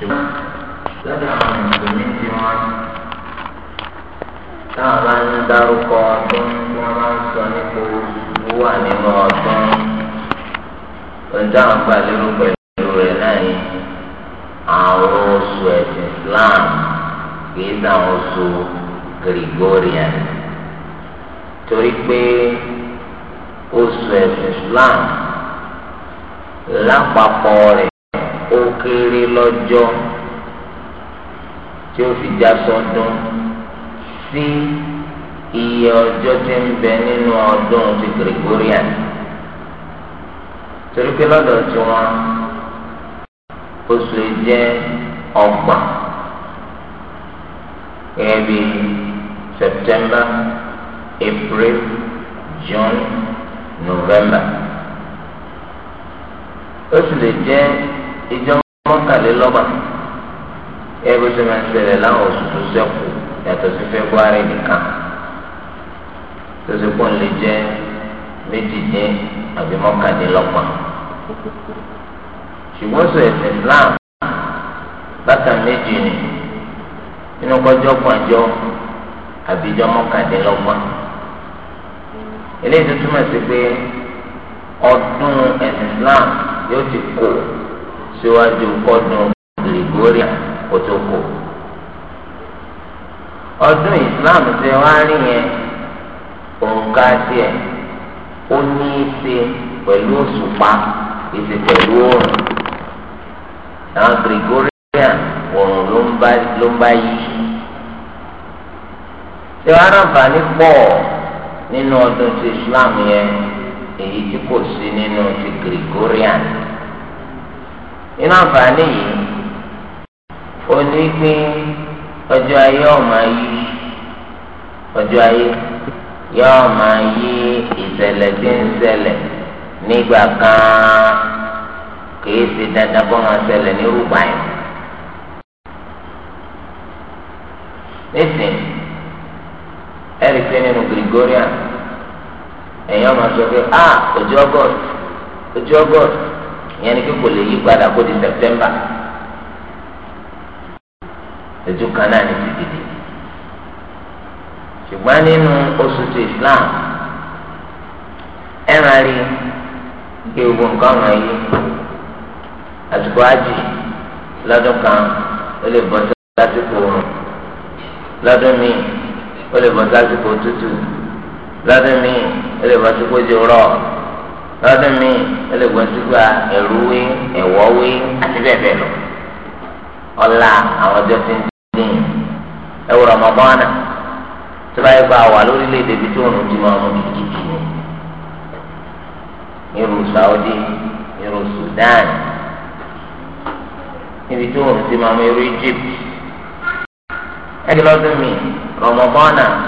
ṣùgbọ́n lọ́dọ̀ àwọn mùsùlùmí tí wọ́n táwọn bá ń dárúkọ ọdún tí wọ́n máa ń sọ nípa owó Islam kìí dáhùn Gregorian torí pé Islam lápapọ̀ rẹ̀ kéré lọ́jọ́ tí ó fi já sọdún sí iye ọjọ́ tí ń bẹ nínú ọdún ti Gregorian torí pé lọ́dọ̀ tí wọ́n oṣù jẹ́ ọgbọ̀n gẹ́gẹ́ bí September, April, June, November ó sì lè jẹ́ ìjọ mọ́kànlélọ́gbọ̀n ẹ̀rọ ṣe máa ń ṣẹlẹ̀ láwọn oṣù tó ṣẹ́kù yàtọ̀ sí february nìkan tó ṣe pọ́n lè jẹ́ méjìdín àbí mọ́kànlélọ́gbọ̀n ṣùgbọ́n sọ ẹ̀sìn Islam bákan méjì ni nínú kọjọ́ pọ́njọ́ àbíjọ́ mọ́kànlélọ́gbọ̀n eléyìí tó túmọ̀ sí pé ọdún ẹ̀sìn Islam yóò ti kó o síwájú kọ́dún lìgóríà kótókò. ọdún islam ṣe wá rí yẹn òǹkà tiẹ̀ ó ní í ṣe pẹ̀lú òṣùpá ìṣe pẹ̀lú òòrùn. àwọn gregorian òòrùn ló ń bá ló ń bá yí. ṣé wàá ràǹfààní pọ̀ nínú ọdún ti islam yẹn èyí tí kò sí nínú ti gregorian iná àǹfààní yìí ó ní pé ọjọ́ ayé ọ̀mà yí ọjọ́ ayé yóò máa yí ìṣẹ̀lẹ̀ tí ń ṣẹlẹ̀ nígbà kan kìí ṣe dandan kó máa ṣẹlẹ̀ ní rúgbà yẹn. nísìnyí ẹ̀rí pé nínú Gregorian èèyàn máa sọ pé ah ojú August ojú August ìyẹn ni kíkò lè yí padà kó di September ètò kan náà ní ti dìde ṣùgbọ́n nínú oṣù tó Islam ẹran rí ewu nǹkan wọ̀nyí àsìkò ájì lọ́dún kan ó lè bọ́ sásìkò oòrùn lọ́dún míì ó lè bọ́ sásìkò òtútù lọ́dún míì ó lè bọ́ sásìkò òjò rọ̀. lọ́dún mi ó lè gbọ́n sígbà ẹ̀rú wé ẹ̀wọ́ wé àti bẹ́ẹ̀ bẹ́ẹ̀ lọ. ọ̀la àwọn ọjọ́ ń dín a lórílẹ̀‐èdè bí tó ń ti máa mú kìkìkì ni. irú Saudi irú Sudan níbi ti máa mú irú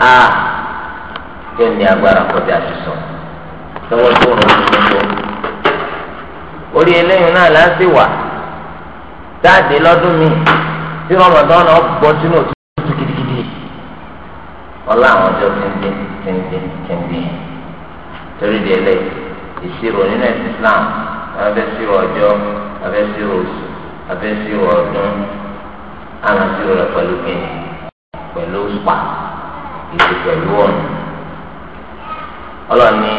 a ah, agbára kọjá tọwọ́ tó rọ̀ lọ́wọ́. orí eléyìí náà láti wà dáàdé lọ́dún mi tí rọmọdán náà gbọ́ sínú òtútù gidigidi ọlá àwọn ọjọ́ kéńdé kéńdé kéńdé torí di eléyìí ìṣirò nínú ẹ̀sìn Islam abẹ́sirò ọjọ́ abẹ́sirò oṣù abẹ́sirò ọdún àwọn ìṣirò rẹ̀ pẹ̀lú kéńdé pẹ̀lú spa ìṣe pẹ̀lú ọ̀nà ọlọ́ni.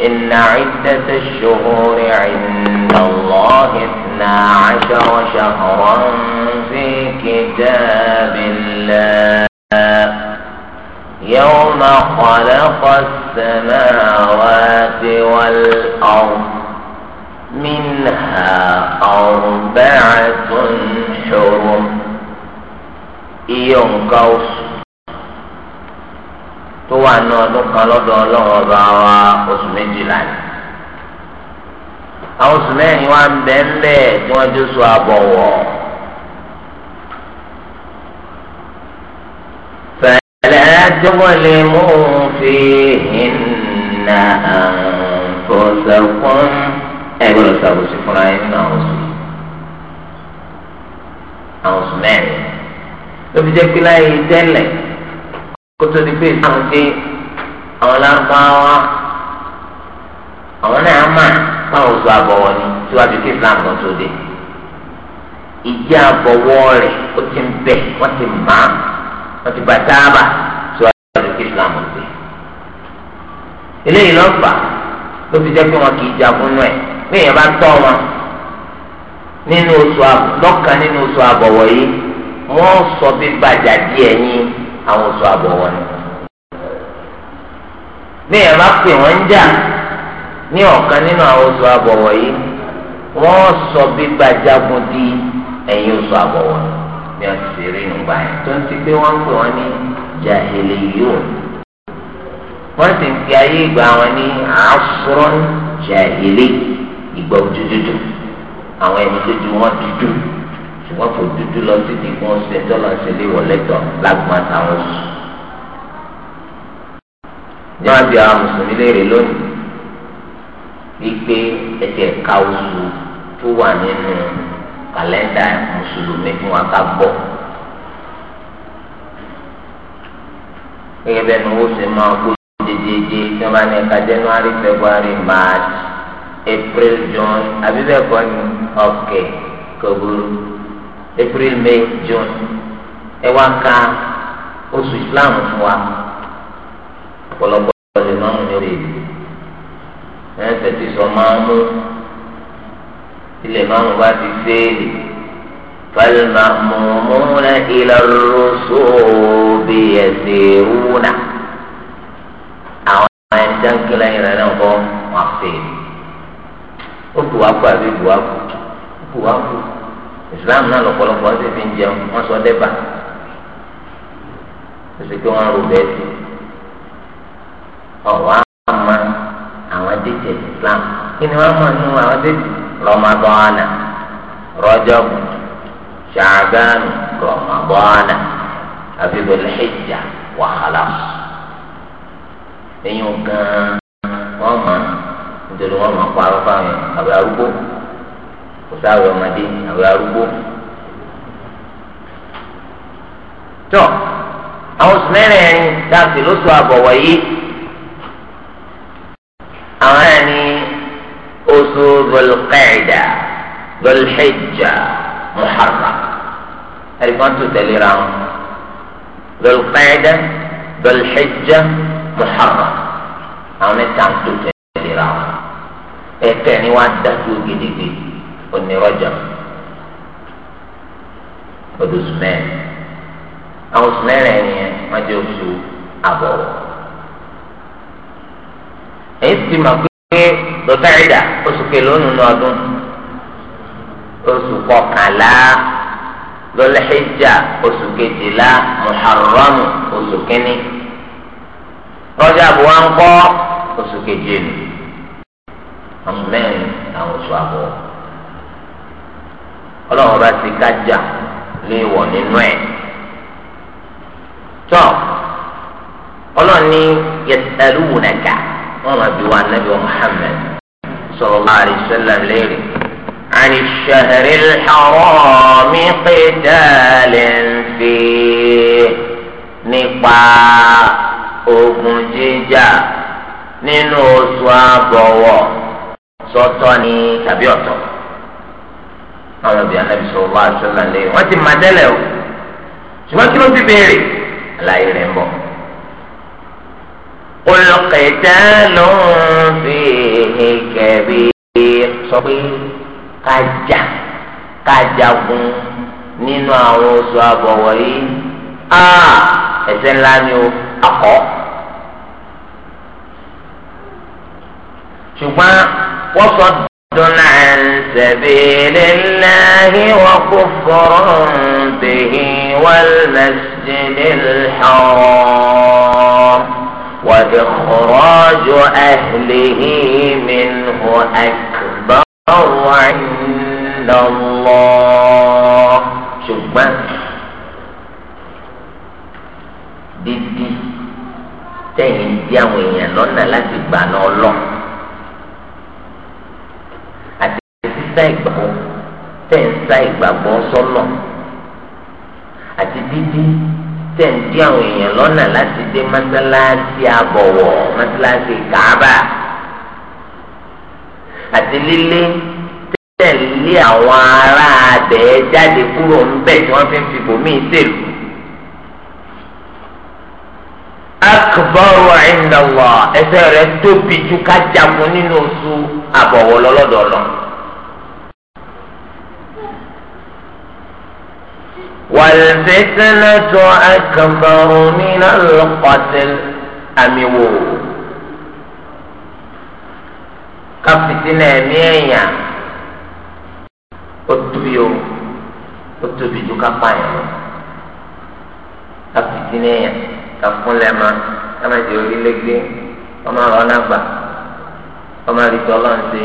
إن عدة الشهور عند الله اثنا عشر شهرا في كتاب الله يوم خلق السماوات والأرض منها أربعة حرم يوم قوس tó wà ní ọdún kan lọ́dọ̀ ọlọ́run ọba wa oṣù méjìlá ni. àwọn oṣù mẹ́rin wá ń bẹ́ẹ̀ ń bẹ́ẹ̀ tí wọ́n jó so àbọ̀wọ̀. فلا تظلموا فيهن أنفسكم أقول سأقول سفرين أوصي أوصي مين لو بدك لا يدلك kótó di pé àwọn dé àwọn lárúbáwá àwọn náà mà báwo sọ àbọ̀wọ̀ ni síwájú kí Islam kan tó dé ìjẹ́ àbọ̀wọ̀ rẹ̀ ó ti ń bẹ̀ wọ́n ti mà á wọ́n ti bá dáàbà síwájú kí Islam dé eléyìí lọ́fà ló fi jẹ́ pé wọn kì í jagun náà ẹ̀ bí èèyàn bá tọ́ wọn nínú oṣù lọ́kàn nínú oṣù àbọ̀wọ̀ yìí wọ́n sọ bí gbàjà díẹ̀ yín. àwọn oṣù àbọ̀ wọn ni. bí ẹ bá pè wọ́n ń jà ní ọ̀kan nínú àwọn oṣù àbọ̀ wọ̀nyí wọ́n sọ bí jagun di ẹ̀yìn oṣù àbọ̀ wọn bí wọ́n ti ṣe rí nígbà yẹn tó wọ́n ń pè wọ́n ní wọ́n fi ayé ìgbà wọn ní wọn kò dúdú lọ títí kí wọn ṣe tọ́lá ṣe lé wọ̀lẹ́tọ̀ lágbọ́n àtàwọn oṣù. ní wọn bí àwọn mùsùlùmí léèrè lónìí wípé ẹsẹ̀ ẹ̀ka oṣù tó wà nínú kàlẹ́ndà mùsùlùmí fún wa ká gbọ́. gẹ́gẹ́ bẹ́ẹ̀ ni owó ṣe máa gbó dédéédé tí wọ́n bá ní ẹ̀ka January February March April June àbí bẹ́ẹ̀ kọ́ ni ọ̀kẹ́ kọ̀ọ̀bùrù april may june ẹ wá ka oṣù islam fún wa ọ̀pọ̀lọpọ̀ ọ̀dẹ̀ máa ń lórí ẹ̀ ẹ̀ tẹ̀sí sọ máa ń mú ilẹ̀ máa ń wá ti fẹ́ẹ̀lì فالمأمومون إلى الرسوب يسيرون àwọn ẹ̀ńtẹ́ńkì lẹ́yìn rẹ̀ náà kọ́ wọn fèèrè ó kù wá kú àbí kù wá kù kù wá kù islam náà lọ́pọ̀lọpọ̀ ọ̀sẹ̀ fi ń jẹun wọ́n sọ dẹ́bà ó sì pé wọ́n rò bẹ́ẹ̀ sí ọ̀wá àmà àwọn adéjẹ islam kí ni wọ́n mọ̀ nínú àwọn adéjẹ rọmọbọ́ọ̀nà rọjọ́bù ṣàgánù rọmọbọ́ọ̀nà àbíbẹ̀lẹ́hìjà wàhálà ẹ̀yìn gan-an wọ́n mọ̀ nítorí wọ́n mọ̀ parọ́ àbí arúgbó kò sáwẹ̀ ọmọdé àwẹ̀ arúgbó. tọ́ àwọn oṣù mẹ́rin dáàbì lóṣù àbọ̀wọ̀ yìí àwọn ẹni oṣù zolqaida zolhijja muharram ẹ̀rí kan tó tẹ̀lé ra wọn zolqaida zolhijja muharram àwọn mẹ́ta tó tẹ̀lé ra wọn ẹ̀kẹ́ ni wọ́n dájú gidigidi onírọ́jà odò sùmẹ́ẹ̀ àwọn sùmẹ́ẹ̀rẹ̀ yẹn wọ́n jẹ́ oṣù àbọ̀wọ̀ èyí ti mọ̀ pé lọ́tà ìdá oṣù kẹlónù ní ọdún oṣù kọkànlá lọ́lẹ́hìjà oṣù kejìlá muharramu oṣù kínní rọ́jà àbúwá ń kọ́ oṣù keje àwọn mẹ́rin àwọn oṣù àbọ̀wọ̀ ọlọ́run bá ti kájà lé wọ̀ nínú ẹ̀. tọ́ ọlọ́run ní yas'alunaka wọ́n máa bí wa nabi wa muhammed sallallahu alaihi wasallam léèrè. عن الشهر الحرام قتال فيه nípa ogun jíjà nínú oṣù àbọ̀wọ̀ sọ́tọ̀ ni àwọn ọbẹ̀ anabi sọ̀rọ̀ wá aṣọ náà lé wọ́n ti máa tẹ́lẹ̀ o ṣùgbọ́n kí ló ti béèrè àlàyé rẹ̀ ń bọ̀. olùkẹ́tà ló ń fi kẹ̀bí sọ pé kájà kájà gun nínú àwọn oṣù àbọ̀wọ̀ yìí ẹ̀ṣẹ̀ ńlá ni o akọ́. ṣùgbọ́n wọ́n sọ صد عن سبيل الله وكفر به والمسجد الحرام وإخراج أهله منه أكبر عند الله شبان dídí tẹ̀yìn dí àwọn لا lọ́nà الله sá ìgbàgbọ́ tẹ̀ ń sá ìgbàgbọ́ sọ́nà àti dídí tẹ̀ ń dí àwọn èèyàn lọ́nà láti dé mọ́sálásí àbọ̀wọ̀ mọ́sálásí kàábà àti lílé tẹ̀lé àwọn ará abẹ́ jáde kúrò ńbẹ̀ tí wọ́n fi ń fipòmíì sèlú. akbaru inda Allah ẹ̀ṣẹ̀ rẹ̀ tóbi ju ká jagun nínú oṣù àbọ̀wọ̀ lọ́lọ́dọ̀ والفتنة أكبر من القتل أم وو كفتنة ميا أتبيو أتبيو كفايا كفتنة ميا kafun lẹ́ẹ̀ma kama jẹ orí lẹ́gbẹ́ ọmọ àwọn ọlọ́gbà ọmọ àdìgbò ọlọ́run ṣe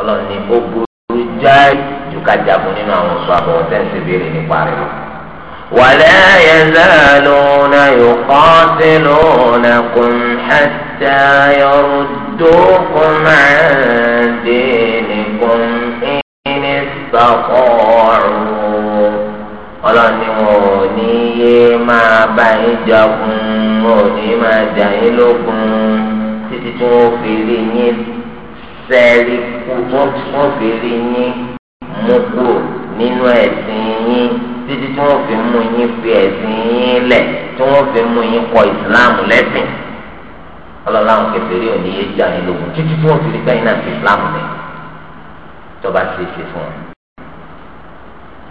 ọlọ́run ní ó burú jáì ju ká jagun nínú àwọn oṣù àbọ̀wọ̀ tẹ́ǹsì béèrè nípa rẹ̀ lọ. ولا يزالون يقاتلونكم حتى يردوكم عن دينكم إن استطاعوا ọlọ́ni wọn ò ní yé máa bá yín jagun ò ní máa jà yín lógun títí tí wọ́n fi rí yín sẹ́ẹ̀rí kú wọ́n fi rí yín mú kúrò nínú ẹ̀sìn yín títí tí wọ́n fi mú yín fi ẹ̀sìn yín lẹ̀ tí wọ́n fi mú yín kọ ìsìláàmù lẹ́sìn ọlọ́lá àwọn kẹfẹ́rẹ́ òní yé jà ní lógun títí tí wọ́n fi rí gbẹ́yìn náà fi ìsìláàmù lẹ̀ tọ́ba ṣe é ṣe fún wọn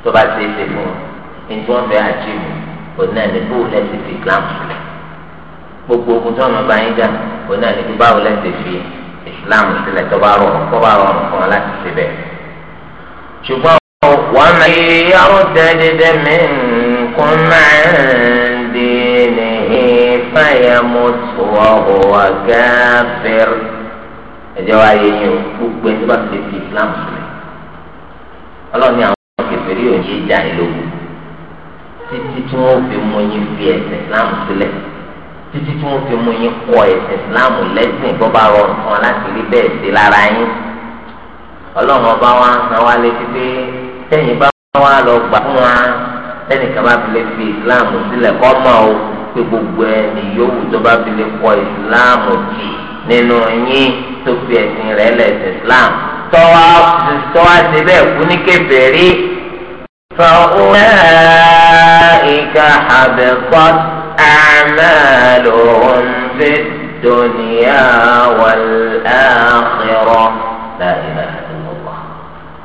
tọ́ba ṣe é ṣe fún wọn ní tí wọ́n fẹ́ àjẹmù òní náà ní bó lẹ́sìn fi ìsìláàmù lẹ̀ gbogbo ogun tí wọ́n máa bá yín jà òní náà ní báwo lẹ́sìn fi ìsìláàmù sílẹ̀ tọ́ba rọrùn kọ́ba rọrùn fún wọn láti ṣe bẹ́ẹ̀ ṣùgbọ́n wọ́n máa yẹ yàrá dẹ́dẹ́dẹ́ mi nǹkan máa ń di ní ìfàyàmùtò ọ̀hún àgáfẹ́rẹ́. ẹ̀jẹ̀ wa yẹ yín o gbogbo ẹni tó bá ti fi Islam sílẹ̀ ọlọ́ọ̀ni àwọn kẹfẹ́rí òye ìjà ìlówó títí tí wọ́n fi mú yín fi ẹ̀sìn Islam sílẹ̀ títí tí wọ́n fi mú yín kọ ẹ̀sìn Islam lẹ́sìn bọ́ bá rọrùn fún ọ láti rí bẹ́ẹ̀ sí lára yín ọlọ́run ọba wa hàn wá létí pé tẹ́yìn bá wá lọ gbà fún wa tẹ́nìkan bá fi lè fi islam sílẹ̀ kọ́ mọ́ o pé gbogbo ẹni yòówù tó bá fi lè kọ islam jì nínú yín tó fi ẹ̀sìn rẹ̀ lẹ̀sìn islam tọ́wá tọ́wá ti bẹ́ẹ̀ kú ní kébèrè فأولئك حبطت أعمالهم في الدنيا والآخرة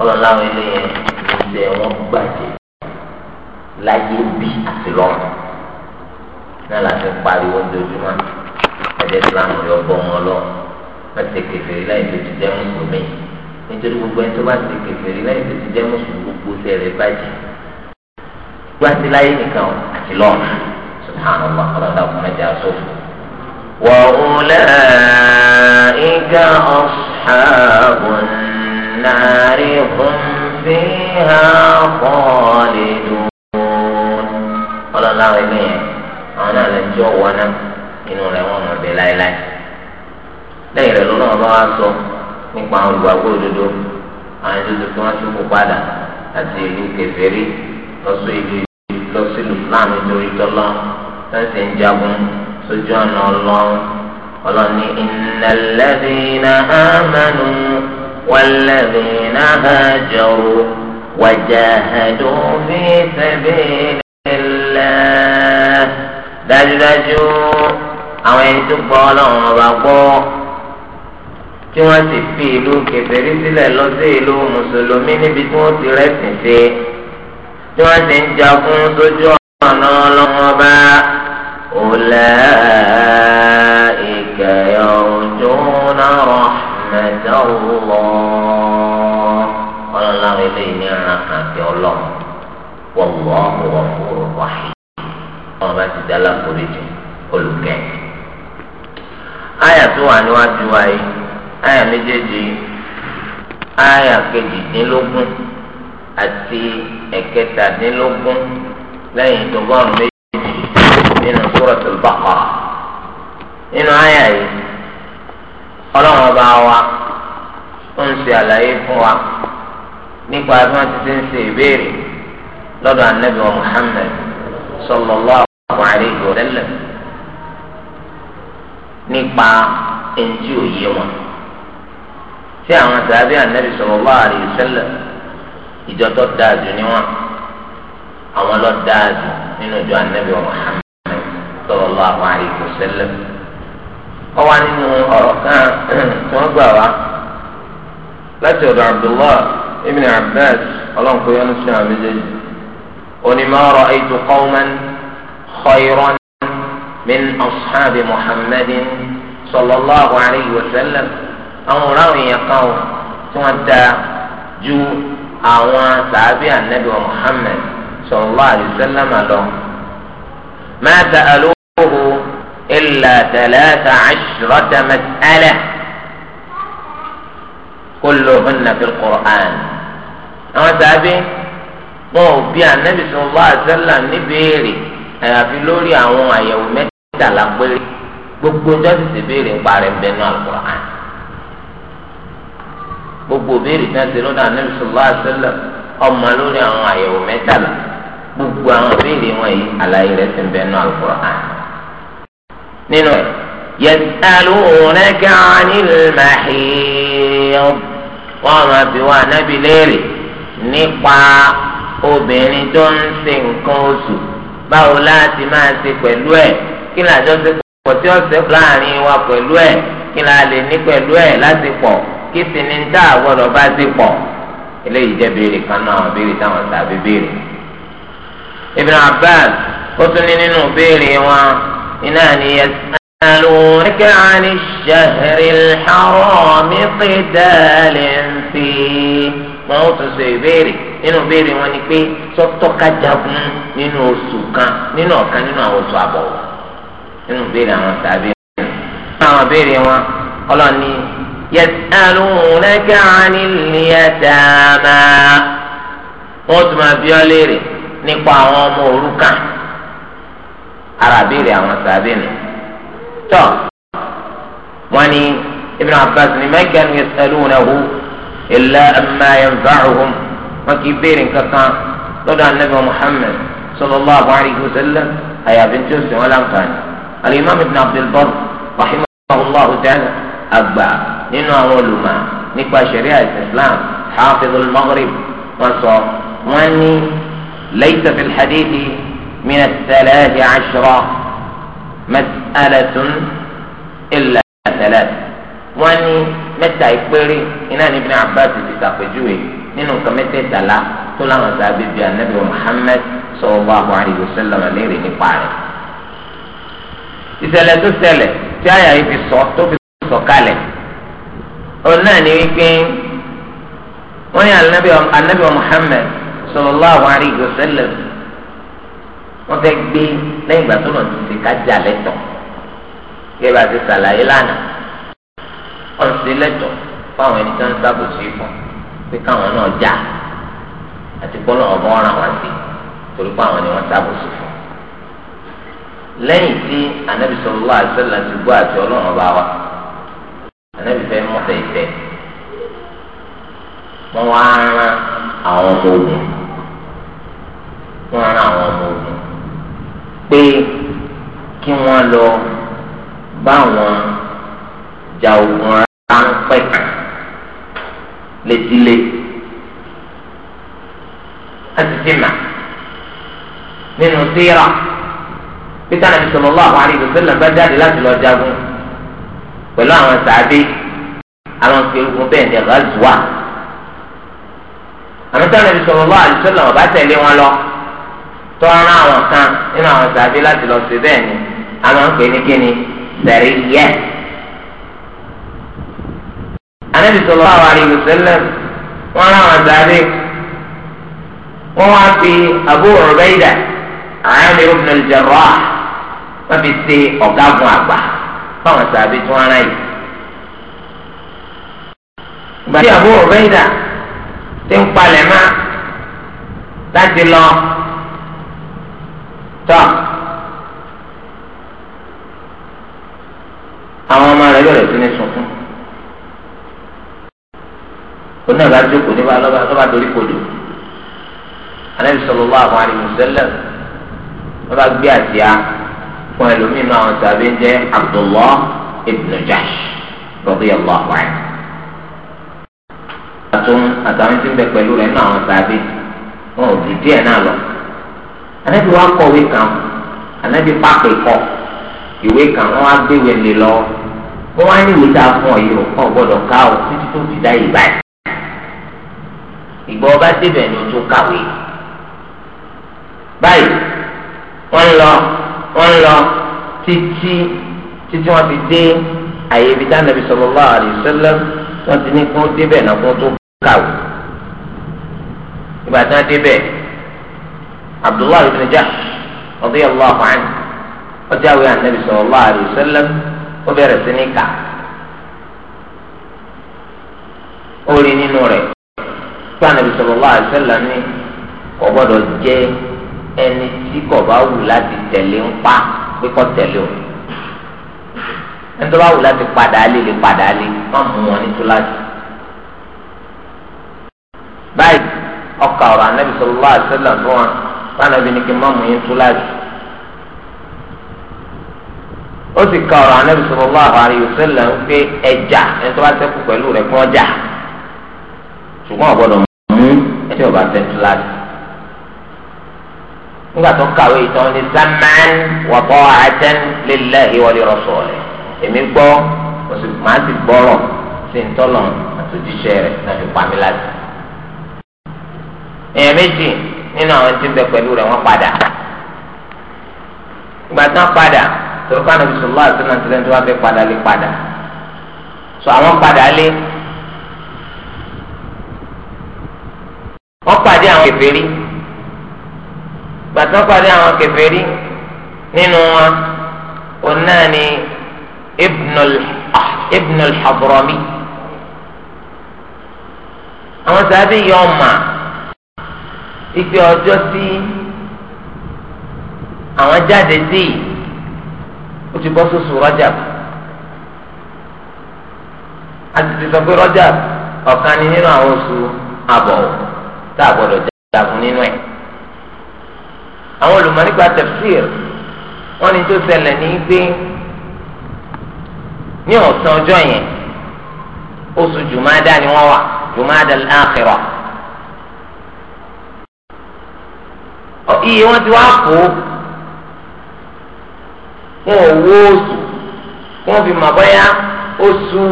ọlọ́run láwọn ilé yẹn ìṣe wọn gbàjẹ́ láyé bí àti lọ́run náà láti pariwo ojoojúmọ́ ẹ̀jẹ̀ islam yọ bọ́ wọn lọ wọ́n ti kèfèrí láì tó ti jẹ́ mùsùlùmí nítorí gbogbo ẹni tó bá ti kèfèrí láì tó ti jẹ́ mùsùlùmí gbogbo ṣe rẹ̀ bàjẹ́ gbàtí láyé nìkan àti lọ́run subhanallah ọlọ́dà kò mẹ́jọ àṣọfò. وأولئك أصحاب النار نار هم فيها خالدون قال الله إليه أنا لنجو وأنا إنه لهم بلاي لاي lẹ́yìn rẹ̀ lọ́nà ọba wa sọ nípa àwọn olùgbàgbọ́ òdodo àwọn ìdúdú tí wọ́n ti kó padà àti ìlú kẹfẹ́rí lọ́sọ ìlú lọ́sílù láàmì torí tọ́lọ́ lọ́sẹ̀ ń jagun sójú ọ̀nà ọlọ́run ọlọ́ni innal ladhina amanu. والذين هاجروا وجاهدوا في سبيل الله dájúdájú àwọn ẹni tó gbọ́ ọlọ́run ọba gbọ́ tí wọ́n ti fi ìlú kèfèrí sílẹ̀ lọ sí ìlú mùsùlùmí níbi tí wọ́n ti rẹ́sìn sí tí wọ́n ti ń jagun sójú ọ̀nà ọlọ́run ọba òlẹ́ ìkẹyọ̀ ọ̀dún náà rọ̀ mẹ́tọ́ àwọn eléyìí ní ara kan àti ọlọ́run wallahu ghafurur rahim wọn bá ti dálá foríjì olùkẹ́. àyà tó wà níwájú wa yìí àyà méjèèjì àyà kejìdínlógún àti ẹ̀kẹtàdínlógún lẹ́yìn méjì nínú nínú àyà yìí ọlọ́run wa ó ń ṣe àlàyé fún wa. nípa bí wọ́n ti ti ń ṣe ìbéèrè lọ́dọ̀ anabi wa muhammed sallallahu alayhi wa sallam nípa ẹnjí òye wọn tí àwọn sàbí anabi sallallahu alayhi wa sallam ìjọ tó dáa jù ní wọn àwọn lọ dáa nínú ìjọ anabi wa muhammed sallallahu alayhi wa sallam ọwọ́ nínú ọ̀rọ̀ kan tí wọ́n gbà wá láti ọ̀dọ̀ abdullahi. ابن عباس قال الله يا مسلم قولي ما رأيت قوما خيرا من أصحاب محمد صلى الله عليه وسلم أو رأي قوم ثم جو أو تعبي النبي محمد صلى الله عليه وسلم لهم ما سألوه إلا ثلاث عشرة مسألة kulluhunna fil Qur'an àwọn sàbí wọn ò bí anabi sallallahu alaihi wasallam ní béèrè àyàfi lórí àwọn àyẹ̀wò mẹ́tàlá péré gbogbo ọjọ́ sì ti béèrè ń parẹ́ bẹ́nu al-Qur'an gbogbo béèrè tí wọ́n ti lọ́dọ̀ anabi sallallahu alaihi wasallam ọmọ lórí àwọn àyẹ̀wò mẹ́tàlá gbogbo àwọn béèrè wọn yìí àlàyé rẹ̀ ti bẹ́nu al-Qur'an nínú ẹ̀ yas'alunaka 'anil mahid wọ́n máa bi wọ́n ànábì léèrè nípa obìnrin tó ń ṣe nǹkan oṣù báwo láti máa ṣe pẹ̀lú ẹ̀ kí ni àjọṣe pọ̀ tí ọ̀sẹ̀ láàrin wa pẹ̀lú ẹ̀ kí ni a lè ní pẹ̀lú ẹ̀ láti pọ̀ kí sì ni dá àwọ̀dọ̀ bá ti pọ̀ eléyìí jẹ́ béèrè kan náà béèrè táwọn sábẹ́ béèrè. Ibn Abbas ó tún ní nínú béèrè wọn iná ni yas'alunaka 'ani ash-shahri al-harami qitalan. ṣe wọn ó tún ṣe ìbéèrè nínú ìbéèrè wọn ni pé sọtọka jagun nínú oṣù kan nínú ọ̀kan nínú àwọn oṣù nínú ìbéèrè àwọn tàbí àwọn ìbéèrè wọn ọlọ́ni yas'alunaka 'anil yatama wọ́n tún máa bí ọ léèrè nípa àwọn ọmọ òrukàn ara àwọn tàbí nù tọ́ wọn ni Abbas ni ilà amma yanfa'uhum wọn kì í béèrè kankan lọ́dọ̀ anabi muhammed sallallahu alayhi wa sallam àyàfi tí ó sìn wọn láǹfààní alimami ibn abdulbar rahimahullahu ta'ala àgbà nínú àwọn olùmọ̀ nípa sharia islam hafizul maghrib wọn sọ wọn ní laysa fil hadithi min ath-thalathi ashra mas'alatun illa thalath. wọ́n ní mẹ́ta ìpéré iná ní Ibn Abbas ti ṣàpèjúwe nínú nǹkan mẹ́tẹ̀ẹ̀ta la tó láwọn sábẹ́ bíi anabi Muhammad sallallahu alaihi wasallam léèrè nípa rẹ̀. ìṣẹ̀lẹ̀ tó ṣẹlẹ̀ tí àyà yìí fi sọ tó fi sọ kalẹ̀ òun náà ní wípé wọ́n ní anabi Muhammad sallallahu alaihi wasallam wọ́n fẹ́ gbé lẹ́yìn ìgbà tó lọ sí kájà lẹ́tọ̀ kí ẹ bá ti ṣàlàyé lánàá ọ̀sẹ̀ lẹ́tọ̀ fáwọn ẹni tó ń sábòsí fún pé káwọn náà já àti gbọ́dọ̀ ọ̀gbọ́n ọ̀ràn wá sí torí pé àwọn ni wọ́n sábòsí fún. lẹ́yìn tí anabi sọlọ́ àṣẹlá ti gbọ́ àti ọlọ́run bá wa anabi fẹ́ mọ́tẹ́ ìfẹ́ wọ́n wá rán àwọn ọmọ ogun wọ́n rán àwọn ọmọ ogun pé kí wọ́n lọ bá wọn jà ogun rárá máa ń pẹ̀ létílé láti dènà nínú síra pété àná sallallahu alaihi wasallam bá jáde láti lọ jagun pẹ̀lú àwọn sàábé àwọn kẹrùkù bẹ́ẹ̀ ní ghazwa àmì tí àná sallallahu alaihi wasallam ọba tẹ̀lé wọn lọ tọ́ran àwọn kan nínú àwọn sàábé láti lọ sí bẹ́ẹ̀ ni àwọn ń pè ní kíni sẹ̀rí yẹ́ anabi sallallahu alaihi wasallam wọn làwọn sáré wọn wá fi Abu Ubaida Amir ibn al-Jarrah wọn fi ṣe ọgágun àgbà fáwọn sáré tí wọn ráyè. gbàtí Abu Ubaida ti ń palẹ̀ mọ́ láti lọ tọ́ àwọn ọmọ rẹ̀ bẹ̀rẹ̀ sí ní sunkún ó náà bá jókòó nípa lọ́ba lọ́ba torí kodò anabi sallallahu alaihi wasallam wọ́n bá gbé àsíá fún ẹlòmíín náà àwọn sàbẹ̀ ń jẹ́ abdullah ibn jahsh radiyallahu anhu. àtún àtàwọn tí ń bẹ pẹ̀lú rẹ̀ náà àwọn sàbẹ̀ wọn ò di díẹ̀ náà lọ. anabi wa kọ̀wé kan anabi pàpẹ kọ ìwé kan wọn wá gbéwèé lé lọ wọn wá ní ìwé tá a fún ọ yìí o kò gbọ́dọ̀ ká o títí tó fi dá yìí báyìí ìgbà ọba débẹ̀ ni o tó kàwé báyìí wọ́n lọ wọ́n lọ títí títí wọ́n fi dé àyè ibi tí Ànábì sallallahu alaihi wasallam wọ́n ti ní kó débẹ̀ náà kó tó kàwé ìgbà tí wọ́n débẹ̀ Abdullahi ibn Jahsh radiyallahu anhu ọjọ́ àwẹ̀ Ànábì sallallahu alaihi wasallam ó bẹ̀rẹ̀ sí ní kà ó rí nínú rẹ̀ sanabi sallallahu alaihi wasallam ni kò gbọ́dọ̀ jẹ ẹni tí kò bá wù láti tẹ̀lé ń pa pé kò tẹ̀lé o ẹni tó bá wù láti padà lé lè padà lé má mú wọn ní túláàsì. báyìí ọkà ọ̀rọ̀ anabi sallallahu alaihi wasallam fún wa sanabi ni kí má mú yín túláàsì. ó sì ka anabi sallallahu alaihi wasallam pé ẹja ẹni tó bá ṣẹ́kù pẹ̀lú rẹ̀ fún tí o bá fẹ́ kíláàsì nígbà tó kàwé ìtàn ní sàmán wàbọ̀ àjẹn lillahi wa li rasuli èmi gbọ́ màá sì gbọ́rọ̀ sí ntọ́nà àtòjíṣẹ́ rẹ̀ náà fi pàmí láti. èèyàn méjì nínú àwọn tí ń bẹ pẹ̀lú rẹ̀ wọ́n padà ìgbà tán padà tòlùkọ́ àná bisalòlá àti nàìjíríà tí wọ́n fẹ́ padà lé padà sọ àwọn padà lé. wọ́n pàdé àwọn kèfèrí gbàtà pàdé àwọn kèfèrí nínú wa òun náà ni ibn al-hadrami àwọn sábẹ yọ ọmọ ìpè ọjọ́ sí àwọn jáde sí ó ti bọ́ sóṣù Rajab àti ti sọ pé Rajab ọ̀kan ni nínú àwọn oṣù àbọ̀wọ̀ tá a gbọ́dọ̀ jagun nínú ẹ̀. àwọn olùmọ̀ nípa tafsir wọ́n ní tó ṣẹlẹ̀ ní pé ní ọ̀sán ọjọ́ yẹn oṣù jùmọ́dá ni wọ́n wà jùmọ́dá al-akhirah. iye wọn ti wá kó wọn ò wó oṣù wọn fi mọ̀ bọ́yá oṣù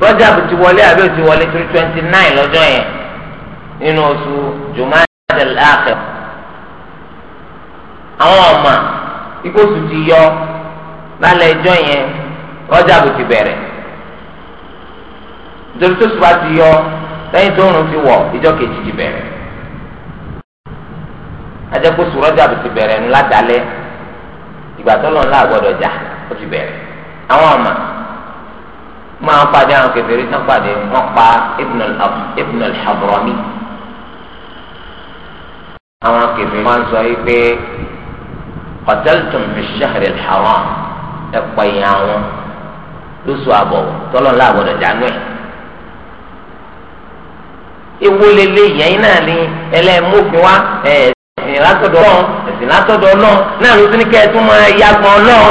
rọ́jà ti wọlé àbí ó ti wọlé three twenty nine lọ́jọ́ yẹn nínú oṣù Jumada al-Akhir àwọn ọmọ ikóṣù ti yọ lálẹ́ ẹjọ́ yẹn ọjà bò ti bẹ̀rẹ̀ nítorí tó ṣùgbọ́n ti yọ lẹ́yìn tó rùn ti wọ̀ ìjọ kejì ti bẹ̀rẹ̀ ajẹ́kóṣù rọ́jà bò ti bẹ̀rẹ̀ ńlá dalẹ́ ìgbà tó lọ́nà àgbọ̀dọ̀ jà ó ti bẹ̀rẹ̀ àwọn ọmọ máa ń padà àwọn kẹfẹ́rẹ́ tán padà wọ́n pa Ibn al-Hadrami. al hadrami àwọn kẹfì máa ń sọ yìí pé qataltum fi shahri al-haram ẹ pa ìyá wọn lóṣù àbọ̀ tọ́lọ́lá àbọ̀dọ̀ jánu ẹ̀. ewu lele yẹn iná ni ẹlẹ́mọ̀fin wa ẹ̀sìn látọ̀dọ̀ náà ẹ̀sìn látọ̀dọ̀ náà náà ló ti ní kẹ́ẹ̀tún máa yagbọn náà.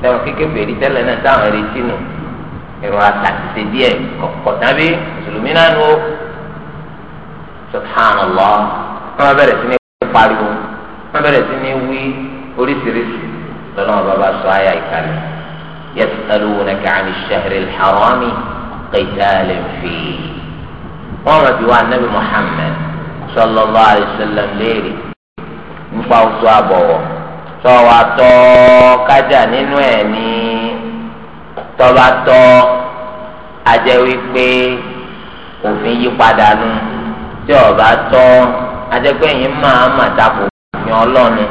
sẹ́wọ̀n kékeré bèrè tẹ́lẹ̀ náà táwọn retí nù ẹ̀rọ àtàtìsẹ̀ díẹ̀ kọ̀ọ̀kan mùsùlùmí náà nù subhanallah wọn bẹ̀rẹ̀ sí ní pariwo wọn bẹ̀rẹ̀ sí ní wí oríṣiríṣi lọ́nà wọn bá sọ àyà ìkàlẹ̀ yas'alunaka 'ani ash-shahri al-harami qitalin fihi wọn rà bí wa nabi muhammed sallallahu alayhi wa sallam léèrè nípa oṣù àbọ̀wọ̀ tọ́wọ́ atọ́ kájà nínú ẹ̀ ní tọ́ba tọ́ ajẹ́ wípé òfin yípadà nù tí ọba tọ́ adẹ́gbẹ́ yìí máa mà dàpọ̀ yàn ọlọ́ni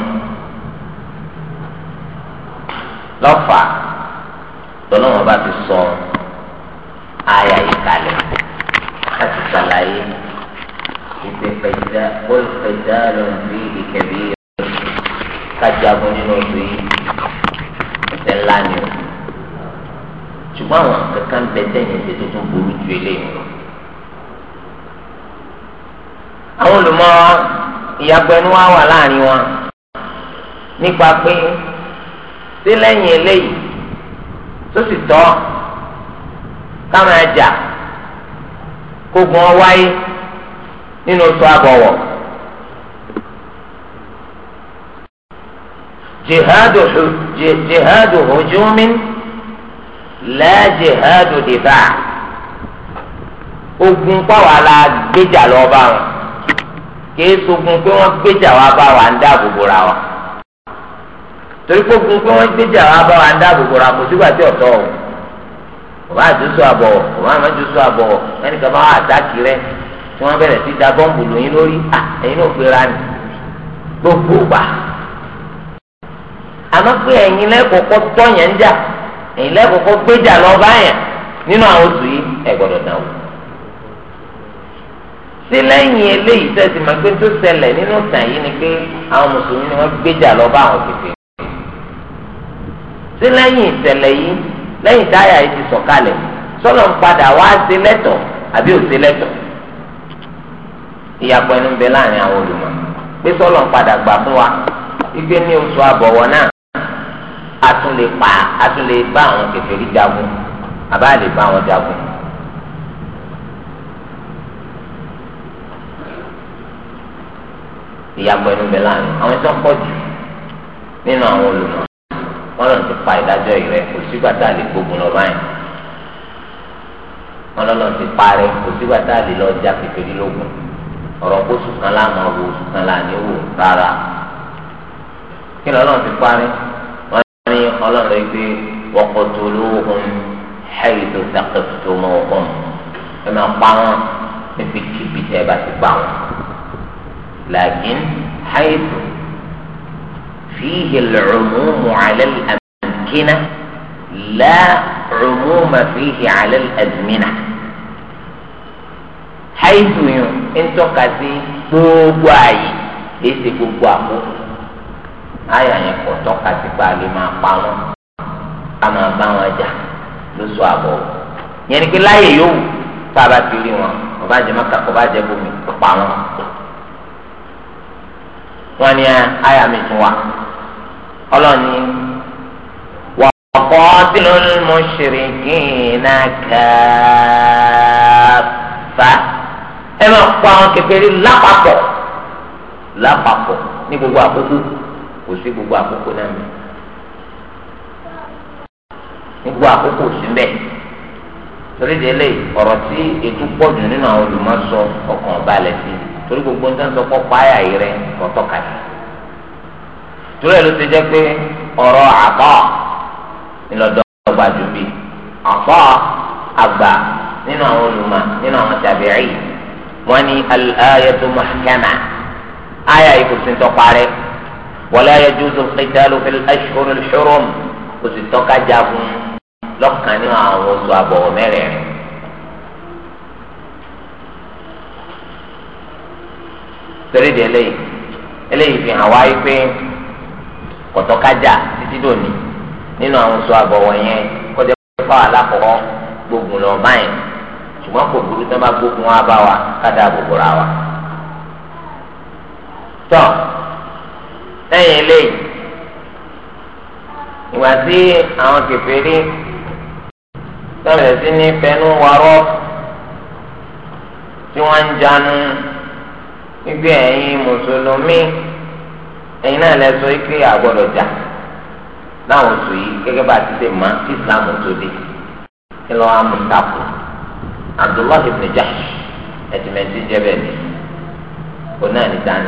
lọ́fà lọ́lọ́wọ́n bá ti sọ àyà ìkàlẹ̀ láti ṣàlàyé ìpèpèjà olùpèjà ló ń bí ìkẹ̀bí kájagun nínú ìlú yìí ẹ̀ṣẹ̀ ńlá ni o ṣùgbọ́n àwọn kankan bẹ tẹ̀yìn ṣe tuntun burú ju eléyìí lọ àwọn olùmọ̀ ìyàgbẹ́nu wa wà láàrin wọn nípa pé sí lẹ́yìn eléyìí tó sì tọ́ káwọn ẹja kógun ọ wáyé nínú oṣù àbọ̀wọ̀. جهاد جهاد هجوم لا جهاد ogun pàwọn alágbèjà lọ bá wọn kìí sogun pé wọn gbéjà wá bá wa ń dáàbò bora wa torí pé pé wọ́n gbéjà wá bá wa ń dáàbò bora kò sígbà tí ọ̀tọ̀ o bàbá àdúsọ àbọ̀wọ̀ bàbá bá wà àtàkì rẹ tí wọ́n sí da lóyún lórí à náà gbéra ni gbogbo gbà pé ń tí lẹ́yìn eléyìí tẹ̀sí máa pé tó ṣẹlẹ̀ nínú ìtàn yìí ni pé àwọn mùsùlùmí ni wọ́n gbéjà lọ bá àwọn kèfè tí lẹ́yìn ìṣẹ̀lẹ̀ yìí lẹ́yìn táyà yìí ti sọ̀kalẹ̀ sọ́nà ń padà wá sí lẹ́tọ̀ àbí òsí lẹ́tọ̀ ìyàpọ̀ ẹnu ń bẹ láàrin àwọn olùmọ̀ pé sọ́nà ń padà gbà fún wa igbe ní oṣù àbọ̀wọ̀ náà a tún lè pa a tún lè bá àwọn kèfèrí jagun jagun ìyàpọ̀ ẹnu bẹ̀ láàrin àwọn tó pọ̀ jù nínú àwọn olùmọ̀ wọn lọ ti pa ìdájọ́ ìrẹ́ kò sígbà tá a lè gbógun lọ báyìí wọn lọ ti parẹ́ kò sígbà tá a lè lọ já kékeré lógun ọ̀rọ̀ kó sùkàn láàmú wo sùkàn láàní wò rárá kí lọ́nà ti parẹ́ wọn ní ọlọ́run ẹgbẹ́ wọ́kọ̀tò lóhùn haythu taqaftumuhum ẹ máa pa wọn níbi kìbìtẹ́ bá ti pa wọn. لكن حيث فيه العموم على الأمكنة لا عموم فيه على الأزمنة حيث انتو قاسي gbogbo ààyè kìí ṣe gbogbo àkókò àyà yẹn kò tọ́ka sí pa lè máa pa wọn ká máa bá wọn jà ló sọ àbọ̀ yẹn ni pé láyè yóò wù tá a bá ti rí wọn ọba jẹ mọ́ka ọba jẹ bómi pa wọn wọn ni àyà mi tún wà ọlọ́ni wà ọ̀pọ̀ọ́dúnrún mọ̀ṣirìkì náà kàáfà ẹ máa pa àwọn kèfèrí lápapọ̀ lápapọ̀ ní gbogbo àkókò kò sí gbogbo àkókò náà mi ní gbogbo àkókò sí mbẹ torí délé ọ̀rọ̀ tí ètò pọ̀jù nínú àwọn olùmọ̀sọ ọ̀kan balẹ̀ sí i torí gbogbo ń dáná sọpọ páyà yìí rẹ kọtọ ka yìí torí ẹ ló ti jẹ pé ọ̀rọ̀ àbọ ńlọdọ ọgbà dùbí àbọ àgbà nínú àwọn olùmọ̀ nínú àwọn tàbíyì wọn ni al-ayatu muhkama àyà yìí kò sí tọparẹ wala yajuzu al-qitalu fil ashhur al-hurum kò sí tọ́ka jagun lọ́kàn nínú àwọn oṣù àbọ̀wọ̀ mẹ́rẹ̀ẹ̀rin. torí de eléyìí eléyìí fi hàn wá pé kọ̀tọ́kájà títí dòní nínú àwọn sọ àbọ̀wọ̀ yẹn kọ́jà pípa alákọ̀ọ́ gbógun lọ báyìí ṣùgbọ́n kò burú tó máa gbógun wá bá wa kádà gbogbo ra wa. tọ lẹ́yìn eléyìí ìgbà tí àwọn kèfèrí tọ́lẹ̀ sí ní fẹnu warọ́ tí wọ́n ń jánu. níbi ẹ̀yin mùsùlùmí ẹ̀yin náà lẹ sọ pé àgbọ̀dọ̀ jà láwọn oṣù yìí gẹ́gẹ́ bá ti ṣe mọ́ kí islam tó dé kí lọ́wọ́ amútakù abdullahi ibn jahsh ẹ̀tìmẹ̀tì jẹ́bẹ̀ ni òun náà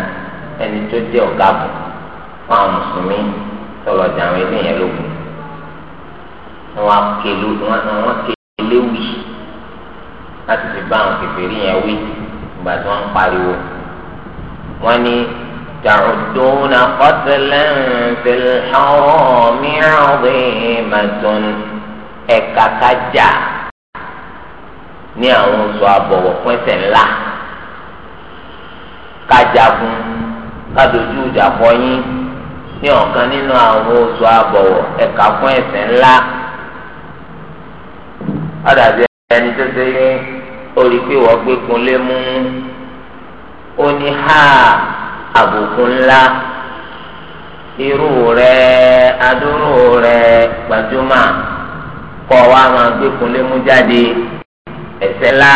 ẹni tó jẹ́ ọ̀gá bù fún àwọn mùsùlùmí tọrọ jà àwọn eléyẹn lógun wọn kele wọn kele wí láti fi bá àwọn kèfèrí yẹn wí ìgbà tí wọn ń pariwo wọ́n ní تعدون قتلا في الحرام عظيمة ẹ̀kàkàjà ní àwọn oṣù àbọ̀wọ̀ fún ẹsẹ̀ ńlá kájagun kádojú ìjà fọyín ní ọ̀kan nínú àwọn oṣù àbọ̀wọ̀ ẹ̀ka fún ẹsẹ̀ ńlá ọ̀dàbí ẹni tó ṣe é ó pé wọ́n gbé kun lé mú oní ha àbùkù ńlá irú rẹ adúrú rẹ gbajúmọ̀ kọ wa máa gbé kunlé mú jáde ẹsẹ̀ la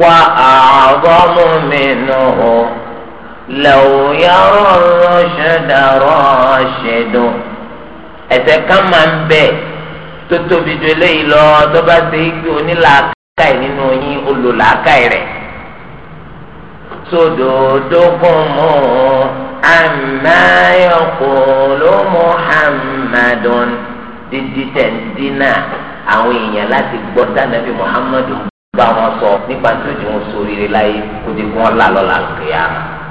wa àbọ̀mú mi nù hù lẹ́wọ̀nyá rọ̀ṣẹ̀dá rọ̀ṣẹ̀dù ẹsẹ̀ kan máa ń bẹ tó tóbi ju eléyìí lọ tó bá ṣe é gbé onílàákàyè nínú yín olùlàákàyè rẹ̀. صدودكم عما يقول محمد dídí tẹ̀ ń dínà àwọn èèyàn láti gbọ́ dánàbí muhammadu bá wọn sọ nípa tó di wọn sóríire láyé kó di wọn là lọ́la kìá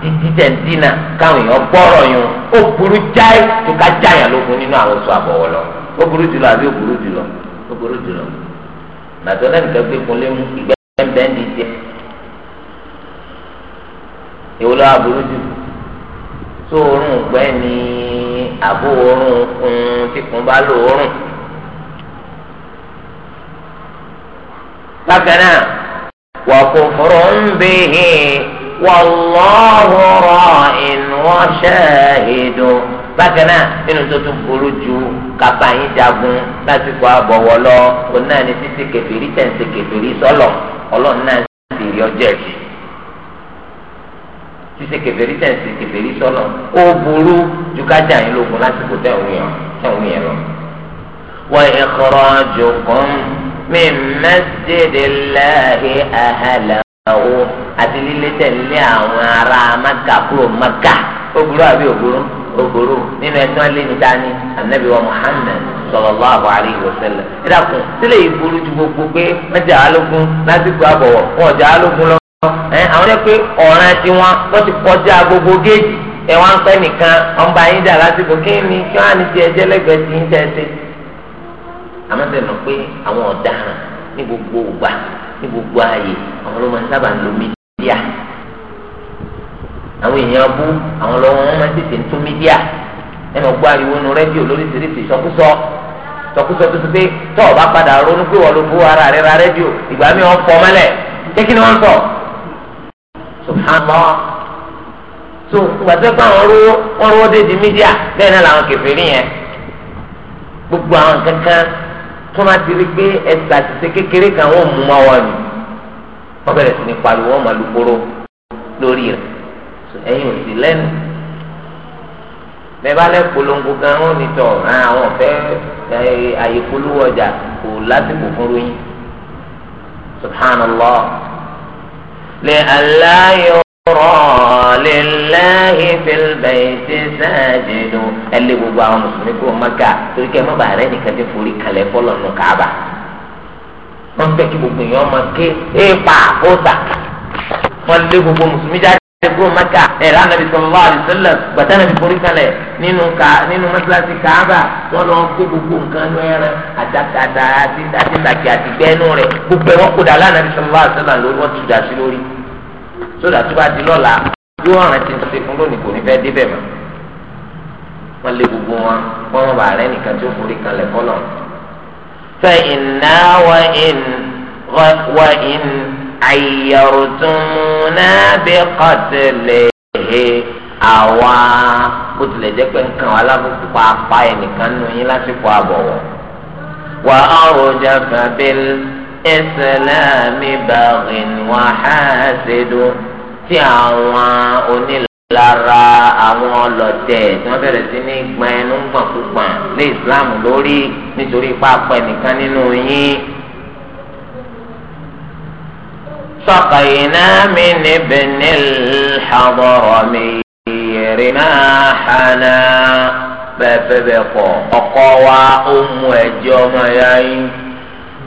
dídí tẹ̀ ń dínà káwọn èèyàn gbọ́rọ̀ yun ó burú jáì tó ká jáyàn lógun nínú àwọn oṣù àbọ̀wọ̀ ó burú jùlọ àbí ó burú jùlọ ó burú jùlọ nàtọ́ lẹ́nu kẹ́gbẹ́ kun lé mú ìgbẹ́ bẹ́ẹ̀ ní tiẹ̀. èwo ló aburú jù tó oorun gbẹ ní àbó oorun kun tí kun bá lò oorun. bákan wà kò fọ̀rọ̀ ń bè é wàlláhu ra'in wa shahidun bákan náà tó tún burú ju kaba yín jagun lásìkò àbọ̀wọ̀ lọ òun náà ní títí kẹfìrí tẹ̀sí kẹfìrí sọ́lọ̀ ọlọ́run náà sì rí ọjọ́ ṣíṣe kẹfẹ́rí tẹ̀ ṣe kẹfẹ́rí sọ́nà ó burú ju kájà yín lógun lásìkò tẹ̀ ń yàn tẹ̀ ń yàn lọ. wa ikhrajukum min masjidillahi ahlahu àti lílé tẹ̀lé àwọn ará maka kúrò maka ó burú àbí ó burú ó burú nínú ẹ̀tọ́ lé ní dání anabi wa muhammed sallallahu alayhi wa sallam. ìdàkùn sílẹ̀ ìburú ju gbogbo pé mẹ́jà alógún lásìkò àbọ̀wọ̀ wọn ò alógún lọ ẹ àwọn jẹ́ pé ọ̀ràn tiwọn wọ́n ti kọjá gbogbo géèjì ẹ wá ń pẹ́ nìkan ọ̀nba yín dà lásìkò kí ni kí wọ́n á ní ti ẹjẹ́ lẹ́gbẹ̀ẹ́ sí yín tẹ́ ẹ ṣe. àmọ́ sẹ́nu pé àwọn ọ̀daràn ní gbogbo ògbà ní gbogbo ààyè àwọn ló máa ń sábà lo mídíà. àwọn èèyàn bú àwọn lọ́wọ́ wọn máa ń tètè tún mídíà ẹ máa gbọ́ ariwo nu rédíò lóríṣiríṣi sọkúsọ sọkúsọ tó ti pé tọ́ọ̀ bá padà ronú pé wọ́n ló bó ara rẹ̀ ra rédíò ìgbà mi wọ́n fọ́ mọ́lẹ̀ kékin ni wọ́n sọ subhanallah so gbàtẹ́ pé àwọn rówó wọn rówó di mídíà bẹ́ẹ̀ náà làwọn kẹfìrí yẹn gbogbo àwọn kankan tó máa ti rí pé ẹsẹ̀ àtìsẹ́ kékeré kan wọ́n mú wọn wọ́n ni wọ́n bẹ̀rẹ̀ sí ní pariwo wọn máa lu kóró lórí rẹ̀ ẹ̀yin ò sí lẹ́nu bẹ́ẹ̀ bá lẹ́ polongo gan wọ́n ní tọ̀ àwọn ọ̀fẹ́ àyè polówó ọjà kò lásìkò fún ròyìn subhanallah. لئلا يرى لله في البيت ساجد ẹlẹ gbogbo àwọn mùsùlùmí kúrò maka torí kẹ ẹ má bàa rẹ nìkan tí forí kalẹ̀ fọlọ nù káàbà wọn fẹ́ kí gbogbo èèyàn máa ké é pa ó ta wọn lé gbogbo mùsùlùmí jáde ẹgbẹ́ maka ẹ̀rọ anabi sọlọ́lá àdìsẹ́lẹ̀ gbàtà nàbí forí kalẹ̀ nínú ka nínú mọ́sálásí káàbà wọn lọ gbé gbogbo nǹkan nù ẹran àdàkàdà àti àtìtàkì àti gbẹ́nu rẹ̀ gbogbo ẹ̀wọ́n kó dàlá anabi sọlọ́lá àdìsẹ́lẹ̀ lórí wọn tùdà sí lórí sódà tó bá di lọ́la yóò hàn ti ṣe fún lónìí kò ní fẹ́ débẹ̀ mọ́ wọn lé gbogbo wọn wọn wọn bá rẹ nìkan tó forí kalẹ̀ kọ́lọ̀ àyẹ̀rùtùmùnà bí kọ́tìlẹ̀ àwa bó tilẹ̀ jẹ́ pé nǹkan alábùkù pàápàá ẹnìkan nù yín lásìkò àbọ̀wọ̀. wà á rọjà fàbíl ìsìlámì bàrìn wà á ṣèdó tí àwọn onílára àwọn ọlọ́tẹ̀ tí wọ́n bẹ̀rẹ̀ sí ní gbọ́n ẹnu gbọ̀n púpọ̀ lé ìsìlámù lórí nítorí pàápàá ẹnìkan nínú yín. سقينا من ابن الحضرمي رماحنا bẹ́ẹ̀bẹ́ẹ̀kọ́ ọkọ wa ó mu ẹ̀jẹ̀ ọmọ ya yín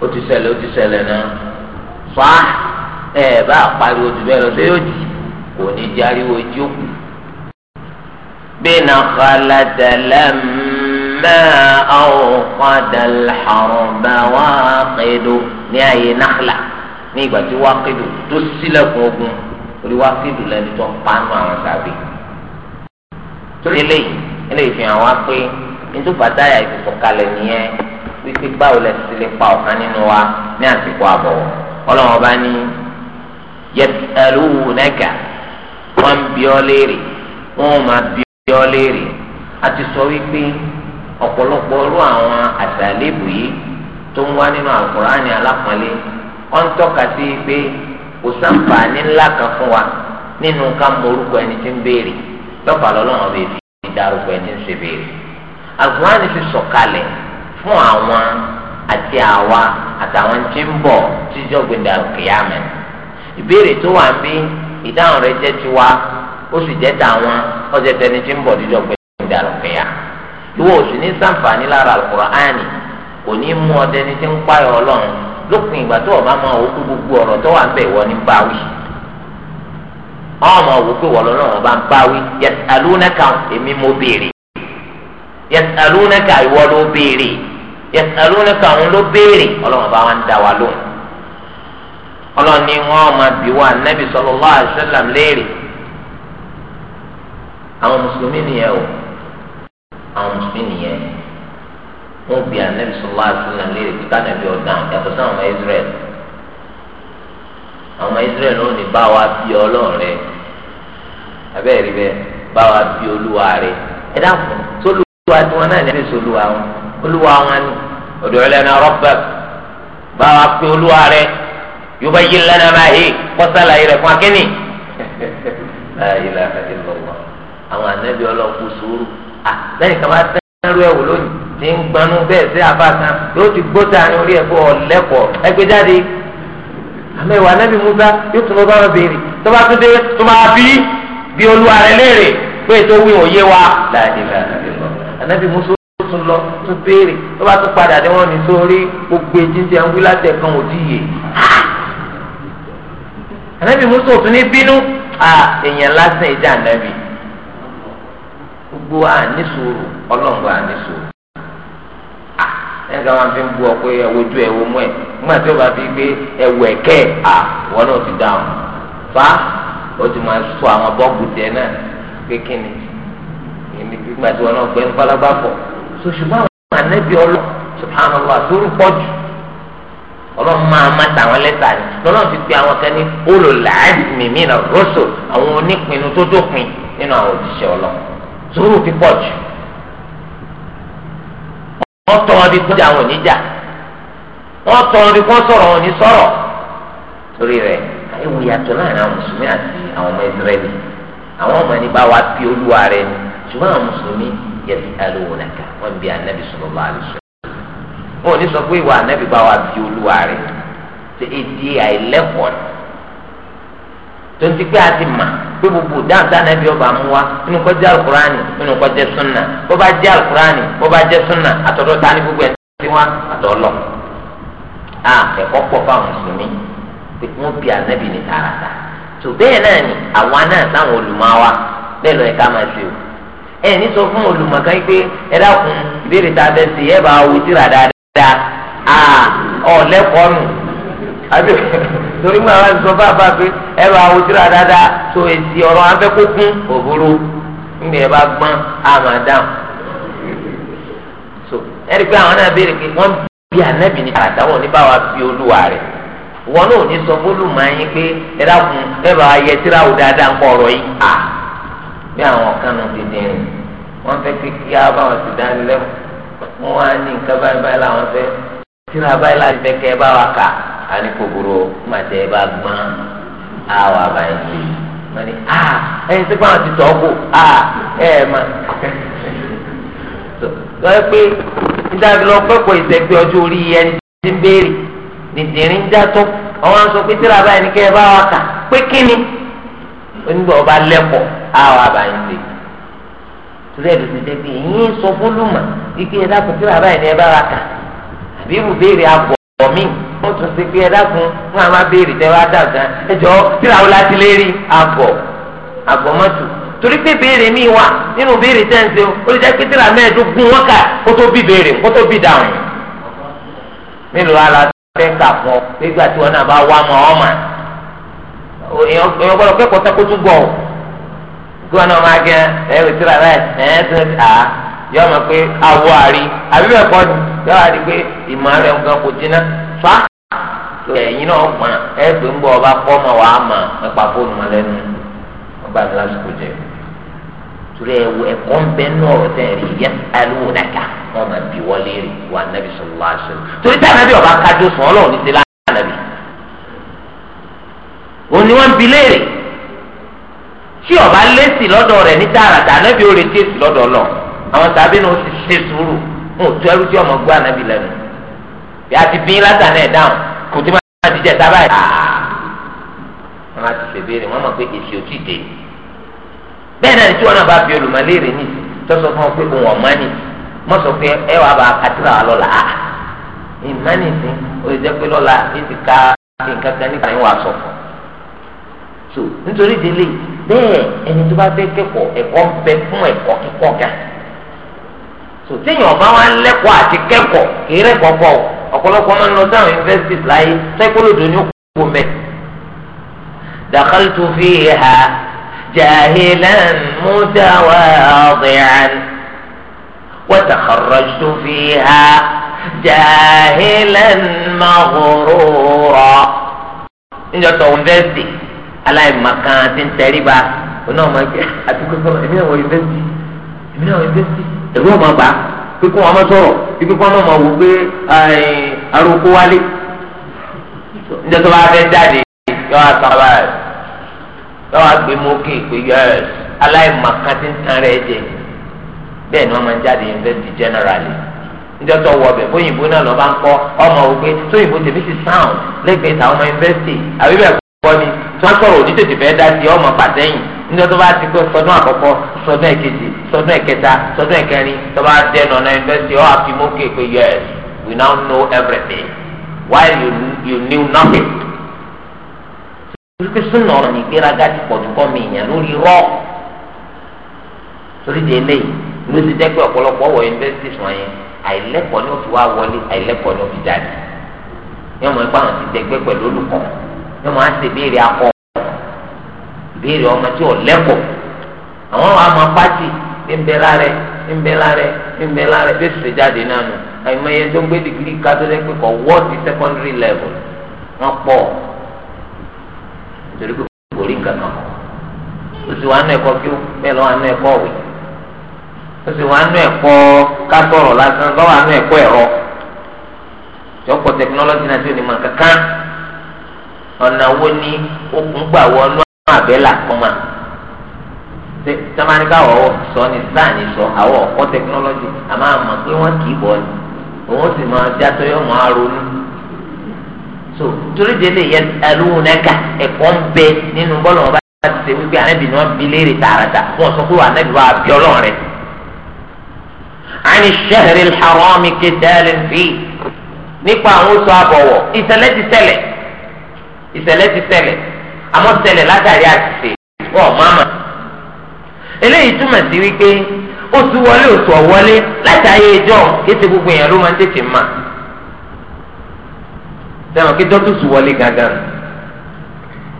ó ti ṣẹlẹ̀ ó ti ṣẹlẹ̀ náà fa ẹ̀ bá pariwo jù bẹ́ẹ̀ lọ sí yóò jì kò ní jẹ́ ariwo ojú òkú. bínú kọlẹ́tẹ̀lẹ́ mẹ́ ọ̀hún kọ́dà lẹ́hàrún bá wà á kédo ní àyè náà ní ìgbà tí wákìlù tó sílẹ̀kùn ogun orí wákìlù lẹ́ni tó panu àwọn tàbí. torí eléyìí eléyìí fi hàn wá pé nítorí bàtáyà ìfòsọ̀kalẹ̀ nìyẹn wípé báwo lẹ ti lè pa ọ̀kan nínú wa ní àsìkò àbọ̀wọ̀ ọlọ́run ọba ní yẹtẹlúwùnẹ́gà wọ́n ń bi ọ́ léèrè wọ́n máa bi ọ́ léèrè a ti sọ wípé ọ̀pọ̀lọpọ̀ ọlú àwọn àṣà yìí tó ń wá nínú àkùrá ní alápọ̀nlé wọ́n tọ́ka sí i pé kò sáǹfààní ńlá kan fún wa nínú ká mọ orúkọ ẹni tí ń béèrè lọ́fà lọ́lọ́run ọ̀bẹ fi dárúkọ ẹni ń ṣe béèrè. àgùnwánì ti sọ̀kalẹ̀ fún àwọn àti àwa àtàwọn tí ń bọ̀ tíjọ́ gbẹ̀dàrú kìyàmẹ́. ìbéèrè tó wà ń bí ìdáhùn rẹ̀ jẹ́ tiwa ó sì jẹ́ tàwọn ọ̀sẹ̀ tẹni tí ń bọ̀ tíjọ́ gbẹ̀dàrú kìyà. ìwọ òsì ní sáǹfààní lára àlùkùránì lópin ìgbà tó o bá máa wò ó gbogbo ọ̀rọ̀ tó wà ń bẹ̀ wọ ní báwí ọmọ wò pé wọ́n lọ́nà wọn bá ń báwí yẹsàlúnàkà èmi mo béèrè yẹsàlúnàkà ìwọ ló béèrè yẹsàlúnàkà òun ló béèrè ọlọ́run bá wọn dá wa lóhùn ọlọ́run ni wọ́n máa bí wa nẹ́bí sallallahu alaihi wasallam léèrè àwọn mùsùlùmí nìyẹn o àwọn mùsùlùmí nìyẹn wọn bí anabi sọlá àtúnà léèrè kí kánàbí ọdàn yàtọ̀ sáwọn ọmọ israẹl àwọn ọmọ israẹl náà ní bá wa bí ọlọ́run rẹ abẹ́rẹ́ bẹ́ẹ̀ bá wa bí olúwa rẹ ẹ dákun sólùwà tí wọn náà ní ẹni wọn olúwa wọn ni ọ̀dọ̀ ẹlẹ́nu bá wa bí olúwa rẹ yóò bá lẹ́nu ara kọ́sálà yìí rẹ fún akínní. ayé la lọ wá àwọn anabi ọlọ́run kú sóòrù à ah, lẹ́yìn kan tẹ ẹrú ẹwò lónìí ti ń gbanú bẹ́ẹ̀ sí abáṣán yóò ti gbó dání orí ẹ̀kọ́ ọ̀lẹ́kọ̀ọ́ ẹgbẹ́ jáde àmẹ́wàá nábì Musa yóò tún lọ bá wọn béèrè tó bá tún dé tó máa bí bí olúwa rẹ léèrè pé ètò wí òye wa láàdì láàdì lọ ànábì Musa yóò tún lọ tún béèrè tó bá tún padà dé wọn ní sórí gbogbo èjì tí a ń wí láti ẹ̀kan ò tíye ànábì Musa ò tún ní bínú à èèyàn lásán ìjà ànábì gbogbo wa ní sùúrù ọlọ́run wa ní sùúrù ẹnìkan máa fi ń bu ọ pé ẹwojú ẹwo mú ẹ mú ẹ tí o bá fi gbé ẹwọ ẹkẹ à wọn náà ti dáhùn fa o ti máa sọ àwọn bọ́ọ̀gù tẹ náà pé kí ni èmi gbígbà tí wọn náà gbẹ ń falágbá pọ̀ so ṣùgbọ́n àwọn ànẹ́bí ọlọ́ subhanallah sórí pọ̀jù ọlọ́run máa má tàwọn lẹ́tà ni lọ́lọ́run ti pe àwọn kan ní olùlàádìmí mi náà rọ́ṣọ̀ àwọn onípinnu tó dópin nínú àwọn òṣìṣẹ́ ọlọ́run sùúrù ti pọ̀ jù wọ́n tọ́ wọn di kọjá wọn níjà wọ́n tọ́ wọn di kọ́ sọ̀rọ̀ wọn ní sọ̀rọ̀ torí rẹ̀ ewu yàtọ̀ láàrin àwọn mùsùlùmí àti àwọn ọmọ ìsirẹ́lì àwọn ọmọ ẹni bá wa bí olúwa rẹ̀ ni ṣùgbọ́n àwọn mùsùlùmí yẹtí alówólaka wọ́n bí anabi sọ̀rọ̀ bá a lè sọ. wọn ò ní sọ pé ìwà anabi bá wa bí olúwa rẹ̀ ṣe é di àìlẹ́kọ̀ọ́ tonti pé a ti mà pé gbogbo dáhùn sáà nàbí ọba mú wa nínú kọ́ jẹ́ alukurani nínú kọ́ jẹ́ sunna bó bá jẹ́ alukurani bó bá jẹ́ sunna àtọ̀dọ̀ ta ni gbogbo ẹ̀ ti wá àtọ̀ lọ. a ẹ̀kọ́ pọ̀ fáwọn mùsùlùmí pé wọ́n bí anabi ní tààràtà tó bẹ́ẹ̀ náà ni àwa náà táwọn olùmọ̀ wa bẹ́ẹ̀ lọ́ọ́ ẹ̀ka máa ṣe o. ẹ ní sọ fún olùmọ̀ kan pé ẹ dákun ìbéèrè ta bẹ́ẹ̀ sí ẹ bá wo tíra dáadáa torí mi àwọn ẹ̀sọ́ bá bá pé ẹ̀rọ dáadáa tó ọ̀rọ̀ òbúrú bá gbọ́n àmà dáhùn. so ẹ̀rí pé àwọn náà béèrè pé wọ́n bí ní àtàwọn oníbàwà bí olúwa rẹ̀ wọn náà ní sọ fólùmọ̀ yín pé ẹ dákun ẹ bá yẹ dáadáa ń kọ ọ̀rọ̀ yìí à bí àwọn kan nù rìn wọ́n fẹ́ pé kí á bá wọn wọ́n ní nǹkan báyìí báyìí àní kòkòrò màtẹ ẹ bá gbọ́n àwọn àbáyé sí i wọ́n ní a ah, ẹyin tí wọ́n ti tọ́ kù a ah, ẹ ẹ ma lọ́yẹ́ pé nítorí lọ pẹ́pọ̀ ìsẹ̀gbẹ́ ọjọ́ orí ẹni tí ń béèrè nìdìrín já tó àwọn aṣọ pé tíra báyìí ní kẹ́ ẹ bá wa kà pé kíni onígbà ọba lẹ́kọ̀ọ́ àwọn àbáyé sí i torí ẹ̀dùn ti dé bí yín sọ fún lùmọ̀ ike ẹ dákun tíra báyìí ní ẹ bá wa kà àbí ibùbéèrè àbọ̀ ọ̀mí wọ́n tún ti pé ẹ̀dá kun fún àwọn abéèrè tẹ́ wá dà gan ẹjọ́ tíráwó láti lè rí àgọ̀ àgọ̀ mọ́tò torí pé béèrè mi wà nínú béèrè tẹ́ ń ṣe ó lè jẹ́ pé tíra mẹ́ẹ̀ẹ́dógún wọ́n kà kó tó bí béèrè kó tó bí dàrún mélòó ara fẹ́ kà fún ọ nígbà tí wọn náà bá wá mọ ọmọ èèyàn gbọ́dọ̀ kẹ́kọ̀ọ́ tẹ́kọ̀ọ́ tún gbọ̀ ọ́ gbọ́dọ̀ máa gẹ ẹ̀rù tíra rẹ̀ ẹ̀ẹ́ tó ń ta á yọ ọmọ pé awọ àrí àbí bẹ́ẹ̀ kọ́ yọ àrí pé ìmọ̀ rẹ̀ nǹkan kò jiná fa ẹ̀yin náà gbọ̀n ẹ pé ń bọ̀ ọba kọ́ ọmọ wàá mà nípa fóònù wọn lẹ́nu ọba mi lásìkò jẹ torí ẹwọ ẹ̀kọ́ ń bẹ ní ọ̀rọ̀ tẹ rí yẹ alówó nàkà wọn máa bí wọlé rí wà nàbì sọlá ṣe torí tí ànábì ọba kájọ sùn Ọlọ́run ní ti lá ànábì òun ni wọn bi léèrè tí ọba lé sí lọ́dọ̀ rẹ̀ ní tààràtà ànábì ó retí èsì lọ́dọ̀ Ọlọ́run àwọn tàbí náà ó sì ṣe sùúrù wọn ò tó ẹrú tí ọmọ gbọ́ ànábì lẹ́nu yà á ti bí látàná ẹ̀ dáhùn kò tí máa ti jẹ sábà yìí. wọn á ti ṣèbéèrè wọn mọ̀ pé èsì ò tí ì dé bẹ́ẹ̀ náà tí wọn náà bá fi olùmọ̀léèrè ní tọ́sọ fún ọ pé òun ọ̀mọ́ ni mọ̀ sọ pé ẹ wàá bá àtìrà wa lọ́la ìmánì sí o lè jẹ́ pé lọ́la ní ti ka nǹkan kan nípa ìwà sọ fún so nítorí délé bẹ́ẹ̀ ẹni tó bá fẹ́ kẹ́kọ̀ọ́ ẹ̀kọ́ bẹ fún ẹ̀kọ́ kíkọ́ gan sòtẹ́yìn ọba wa ń lẹ́kọ̀ọ́ àti kẹ́kọ̀ọ́ kìí rẹ́kọ̀ọ́ bọ̀ ọ̀pọ̀lọpọ̀ máa ń lọ sáwọn universities láyé sẹ́kọ́lódò ní òkú mẹ́. dakhaltu fiha jahilan mutawadi'an wa takharrajtu fiha jahilan maghrura. níjọ́ tó university aláìmọ̀kan ti ń tẹríba onáwó máa ń gbé àti gbogbo ẹ̀mí náà wọ ẹ̀mí náà wọ ẹ̀rú ọmọ bá kíkún ọmọ sọ̀rọ̀ kíkún ọmọ ọmọ wò pé arúgbó wálé níjẹ́ tó bá fẹ́ jáde yọ àtàwọn ẹ̀ yọ àgbé mókè pé yọ ẹ̀ aláìmọ̀kan ti ń tan rẹ̀ jẹ bẹ́ẹ̀ ni wọ́n máa ń jáde yunifásitì generally níjẹ́ tó wọ ọbẹ̀ bóyìnbó náà lọ́ba ń kọ́ ọmọ wò pé tóyìnbó tèmi ti sound lẹ́gbẹ̀ẹ́ tàwọn ọmọ kọ́ni tí wọ́n sọ̀rọ̀ òdí tètè fẹ́ẹ́ dá sí ọmọ pàtẹ́yìn nígbà tó bá ti pé sọdún àkọ́kọ́ sọdún ẹ̀kejì sọdún ẹ̀kẹta sọdún ẹ̀kẹrin tó bá dẹnu ọ̀nà yunifásitì ọ̀ àfimókè pé yes we now know everything while you, you knew nothing. torí pé súnà ọ̀rọ̀ ní ìgbéraga ti pọ̀ jù kọ́ mi ìyẹn lórí rọ́ torí di eléyìí ló ti jẹ́ pé ọ̀pọ̀lọpọ̀ wọ yunifásitì sùn yóò máa ṣe ìbéèrè akọ ìbéèrè ọmọ tí ò lẹ́kọ̀ọ́ àwọn wa máa pàtì ńbẹ́lá rẹ̀ ńbẹ́lá rẹ̀ ńbẹ́lá rẹ̀ bí ṣe jáde náà nù àìmọye tó ń gbé dìgírí ká tó lẹ́pẹ́ kọ́ wọ́ọ̀dì secondary level wọ́n pọ̀ nítorí pé kò rí nǹkan kan ó sì wà nù ẹ̀kọ́ kí ó bẹ́ẹ̀ lọ́wọ́ nù ẹ̀kọ́ òwe ó sì wà nù ẹ̀kọ́ kátọ̀rọ̀ lásán lọ́wọ́ nù ẹ̀kọ́ ẹ̀rọ ìjọpọ̀ technology náà tí ò ní mọ̀ kankan ọ̀nà wo ni okùn gbà wọnú àbẹ́là kan mà tẹmánikà ọwọ sọ ni sáàni sọ àwọ ọkọ tẹkinọlọjì àmọ́ àmọ́ pé wọn kì í bọ ni òun sì máa jásọ yóò máa ronú so torí délé yẹ alóhùnẹ́ka ẹ̀kọ́ ń bẹ nínú bọ́ọ̀lù wọn bá ti ṣe wípé ànábì ni wọn bí léèrè tààràtà wọn sọ pé wà wà á bí ọlọ́run rẹ. عن الشهر الحرام قتال فيه nípa àwọn oṣù àbọ̀wọ̀ ìṣẹ̀lẹ̀ ti ṣẹlẹ̀ ìṣẹ̀lẹ̀ ti ṣẹlẹ̀ àmọ́ ṣẹlẹ̀ látàrí àṣìṣe wọn ò máa mọ̀. eléyìí túmọ̀ sí wípé oṣù wọlé oṣù ọ̀wọ́lé látàrí ẹjọ́ kété gbogbo èèyàn ló máa ń tètè mà. sẹ́wọ̀n kí dọ́tù sù wọlé gangan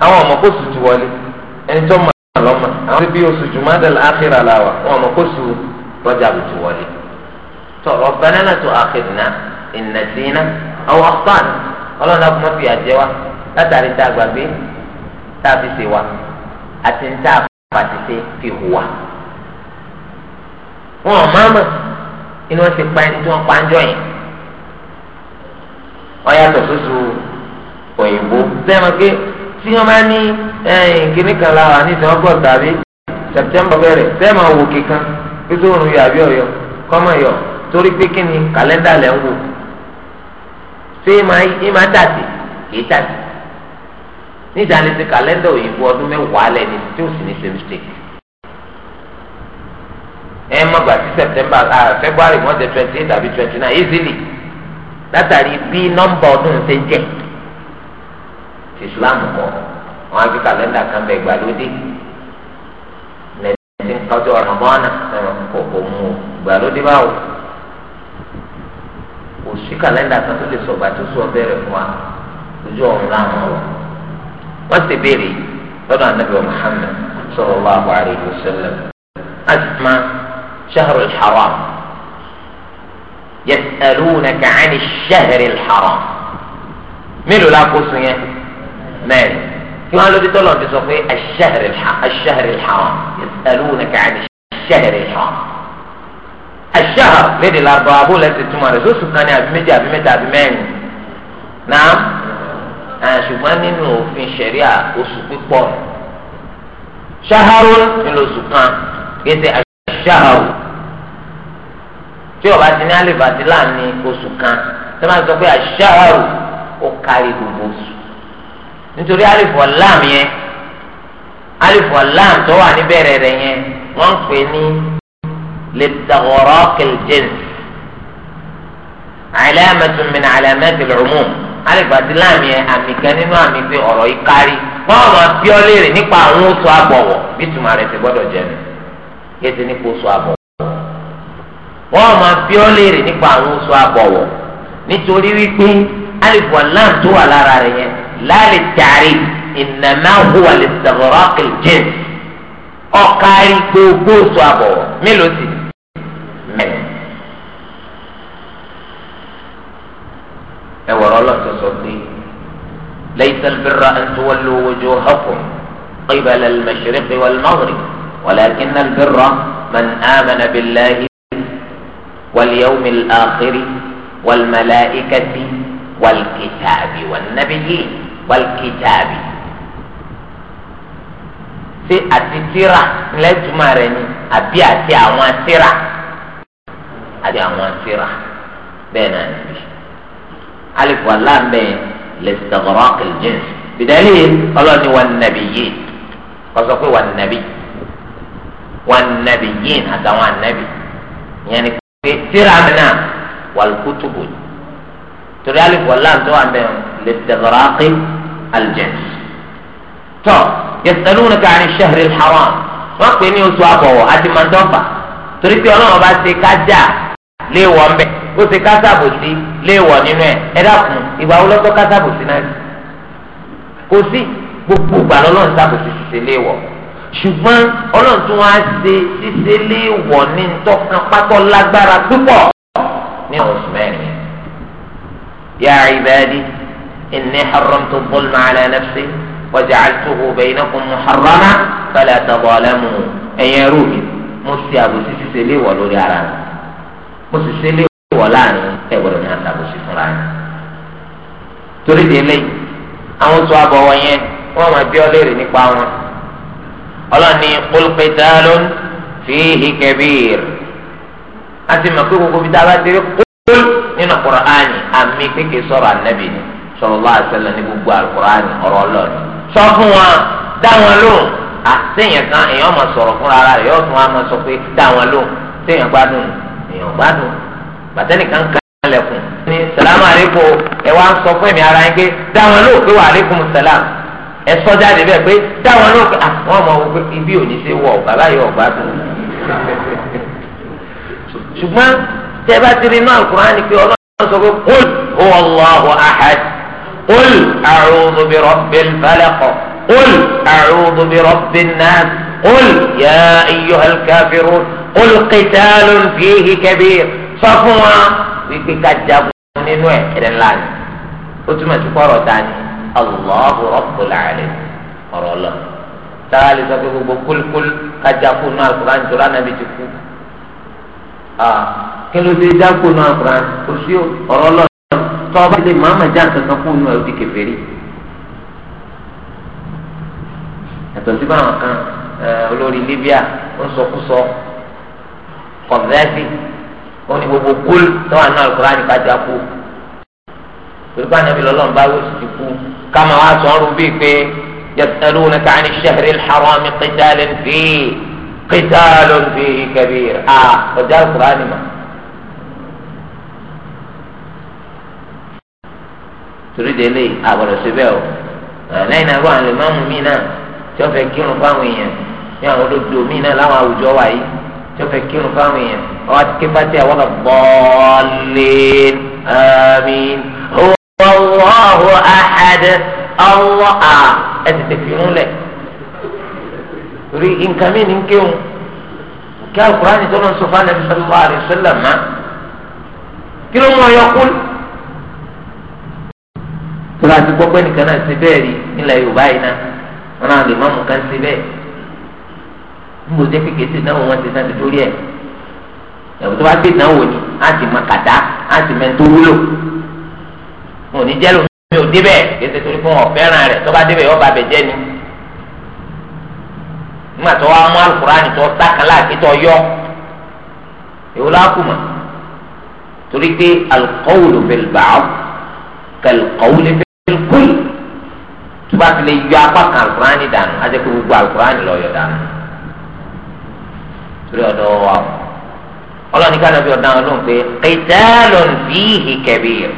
àwọn ọmọ kò sùn tù wọlé ẹni tó mọ̀ lọ́mọ àwọn bí oṣù Jumadal Akhira làwà wọn ọmọ kò sùn rọ́jà bù tù wọlé. tọ́ Rabbana la tu'akhidna in nasina aw akhta'na ọlọ́run á kún mọ́ fìyà jẹ wá látàrí tá a gbàgbé tá a fi ṣe wa àti ń tá a pàṣẹ fi hùwà wọn ò máa mọ̀ inú wọn ti pa ẹni tí wọn pa ń jọ yẹn wọn yàtọ̀ sóso òyìnbó sẹ́wọ̀n pé tí wọ́n bá ní kíní kan lára ní ìsìn ọgọ́ tàbí sẹ̀pítẹ́mbà bẹ̀rẹ̀ sẹ́wọ̀n wò kíkan pípé òun yọ àbí ọ̀yọ́ kọ́mọ yọ torí pé kíni kàlẹ́ndà lẹ́ ń wò ṣé ìmọ̀ dàtì kì í dàtì. níta ni ti kàlẹ́ndà òyìnbó ọdún mẹ́wàá lẹ́ni tí ó sì ní same state ẹ má gbà sí september ah february twenty eight àbí twenty nine easily látàrí bí nọmba ọdún ṣe jẹ́ islam kọ́ wọn á fi kàlẹ́ndà kan bẹ̀ gbàlódé lẹ́yìn tí kọjọ́ kò kò mú gbàlódé báwo kò sí kàlẹ́ndà kan tó lè sọ̀gbà tó sọ bẹ́ẹ̀ rẹ̀ fún wa ojú wọ́n sì béèrè lọ́dọ̀ anabi wa muhammed sallallahu alayhi wa sallam asma shahru haram yasalunaka ani shahri haram mélòó la kó sun yẹn mẹ́rin kí wọ́n á lóbi tọ́lọ̀ ti sọ pé ashahri haram yasalunaka ani shahri haram ashahar lédè lárúbáwá bó lẹ́sẹ̀ tuma rẹ̀ sóṣù kan ní àbí abimẹ́ta àbí mẹ́ta náà. Eh, ṣùgbọ́n nínú òfin ṣẹ̀ríà oṣù pípọ̀ ṣaharu nílò oṣù kan kéde aṣaharu tí ó bá ti ní alẹ́ bàtí láàrin oṣù kan tí wọ́n sọ pé aṣaharu ó kárí gbogbo oṣù nítorí alifọ̀ lam yẹn alifọ̀ lam tó wà níbẹ̀rẹ̀ rẹ̀ yẹn wọ́n ń pè ní lidagorokil jins alamatun min alamatil umum. alìgbàdì láàmì ẹ àmì kan nínú àmì pé ọ̀rọ̀ yìí kárí wọ́n máa bí ọ léèrè nípa àwọn oṣù àbọ̀wọ̀ bí rẹ̀ ti gbọ́dọ̀ jẹ́ mi kéde nípa oṣù àbọ̀wọ̀ wọ́n máa bí ọ léèrè nípa àwọn oṣù àbọ̀wọ̀ nítorí wípé aláǹ tó wà lára rẹ̀ yẹn ìnànà gbogbo oṣù àbọ̀wọ̀ mélòó ẹwọ̀rọ̀ ọlọ́sọ̀ ليس البر أن تولوا وجوهكم قبل المشرق والمغرب ولكن البر من آمن بالله واليوم الآخر والملائكة والكتاب والنبيين والكتاب في àti tíra lẹ́tùmọ̀ rẹ̀ ni àbí àti àwọn tíra àti àwọn alif wà láàmì lẹ́sítọ̀rọ̀ kìlìjìn bìdálì ọlọ́ni wà nàbì yìí kọ́sọ́ pé wà nàbì wà nàbì yìí àtàwọn ànàbì ìyẹn ni pé tíra mi náà wà lùkútùbù torí alif wà láàmì tó wà mẹ́ lẹ́sítọ̀rọ̀ kìlìjìn tọ́ yẹtẹ̀lúwìn ká ní sẹ́hìrì haram wọ́n pè ní oṣù àbọ̀wọ̀ àti mọ̀ndọ́fà torí pé ọlọ́run bá ṣe kájà léèwọ̀ mbẹ́ ó ti kásàbòsí léèwọ̀ nínú ẹ̀ ẹ dákun ìgbà wo lọ́tọ́ kásàbòsí náà kò sí gbogbo ìgbà lọ́lọ́run sábòsí ti ṣe léèwọ̀ ṣùgbọ́n ọlọ́run tún wá ṣe ṣíṣe léèwọ̀ ní ntọ́kan pátọ́ lágbára púpọ̀ ní oṣù mẹ́rin. ya ibadi inni haramtu zulma ala nafsi wa ja'altuhu bainakum muharrama fala tadalamu ẹ̀yẹ́rù mi mo ṣe àbòsí ṣíṣe léèwọ̀ lórí ara mo sì ṣe wọ̀ láàrin ẹ gbọ́dọ̀ ní àtàbòsí fúnra yẹn torí délé àwọn tó abọwọ yẹn wọn máa bí ọlẹ́rìí nípa wọn ọlọ́ni olùpẹ̀tàlón fìhí kẹbíir a ti mọ̀ pé gbogbo bí tá a bá déré kúl nínú kùránì àmì kéèké sọ̀rọ̀ ànábì ni sallallahu alaihi wasallam ní gbogbo àkùránì ọ̀rọ̀ ọlọ́ọ̀ni sọ fún wọn dá wọn lóhùn àtẹ̀yìn kan èèyàn máa sọ̀rọ̀ fúnra rẹ̀ yóò tún wọn máa sọ pé dá wọn lóhùn tẹ̀yìn gbádùn èèyàn gbádùn bàtẹ́nì kan kan lẹ̀kùn ní salamu aleykum ẹ wá ń sọ fún ẹ̀mí ara yín pé dáwọn ló pé wà aleykum salam ẹ sọ jáde bẹ́ẹ̀ pé dáwọn ló pé àwọn ọmọ wọn pé ibi ò ní ṣe wọ bàbá yìí ọgbà tó ṣùgbọ́n tẹ́ bá ti rí inú àlùkùrán ni pé ọlọ́run sọ pé qul huwa Allahu ahad qul a'udhu bi rabbil falaq qul a'udhu bi rabbin nas qul ya ayyuhal kafirun sọ fún wa wípé ká jagun nínú ẹ̀ ẹ̀rẹ̀ ńlá ni ó túmọ̀ sí kọ́rọ̀ ta ni Allahu Rabbul Alamin ọ̀rọ̀ lọ. sáà lè sọ pé gbogbo kúlkúl ká jagun náà kúrò àǹtí rán nàbí ti kú. kí ló dé jagun náà kúrò kò sí ọ̀rọ̀ lọ tọ́ bá lè máa ma já nǹkan fún inú ẹ̀ ó di kèfèrí. ẹ̀tọ́ sí báwọn kan olórí Libya ń sọkúsọ Kọ̀dáfì ó ní gbogbo kúl tó wà nínú àlùkò láti kájà kú pẹ̀lú ànábi lọ́lọ́run bá wọ́n ti kú káma wá sọ ọ́rùn bíi pé yasalunaka ani shahril haram qitalin fihi qitalun fihi kabir a ọjà àlùkò láti mọ̀. torí délé àbọ̀dọ̀ síbẹ̀ o lẹ́yìn náà wọ́n àlè máa mú mi náà tí wọ́n fẹ́ kírun fáwọn èèyàn ní àwọn olódò mi náà láwọn àwùjọ wáyé tó fẹ́ kírun fáwọn èèyàn ọwọ́ àti kébà tí àwọn bọ́ọ̀lìn àmín Allahu ahad ọwọ́ à ẹ tètè fìrún lẹ̀ rí nǹkan mi ní kéwọn kí alukurani tó lọ́n sọ̀fà nàbí sallallahu alayhi wa sallam ma kí ló mú ọyọ kú. tó láti gbọ́ pé nìkan náà ti bẹ́ẹ̀ rí nílẹ̀ Yorùbá yìí náà wọn náà lè má mú kan ti bẹ́ẹ̀ ń bò jẹ́ kékeré sí ìdánwò wọn ti sá ti torí ẹ̀ ẹ̀wọ̀n tó bá gbé ìdánwò ni á ti mọ kàdá á ti mẹ́ tó wúlò wọn ò ní jẹ́ lómi ò débẹ̀ kéde torí fún wọn rẹ̀ tó bá débẹ̀ yọ bàbẹ̀ jẹ́ ni nígbà tó wá mú alukurani tó sákan láàkí tó yọ èwo lákùmọ̀ torí pé alukọ́wùlù fẹ́ bàá kẹlùkọ́wùlù fẹ́ kúlù tó bá ti lè yọ apá kan alukurani dànù á jẹ́ pé gbogbo alukurani lọ yọ dànù torí ọ̀dọ̀ wa o ọlọ́ni ká nàbí ọ̀dọ̀ àwọn lóhùn pé qitalun fihi kabir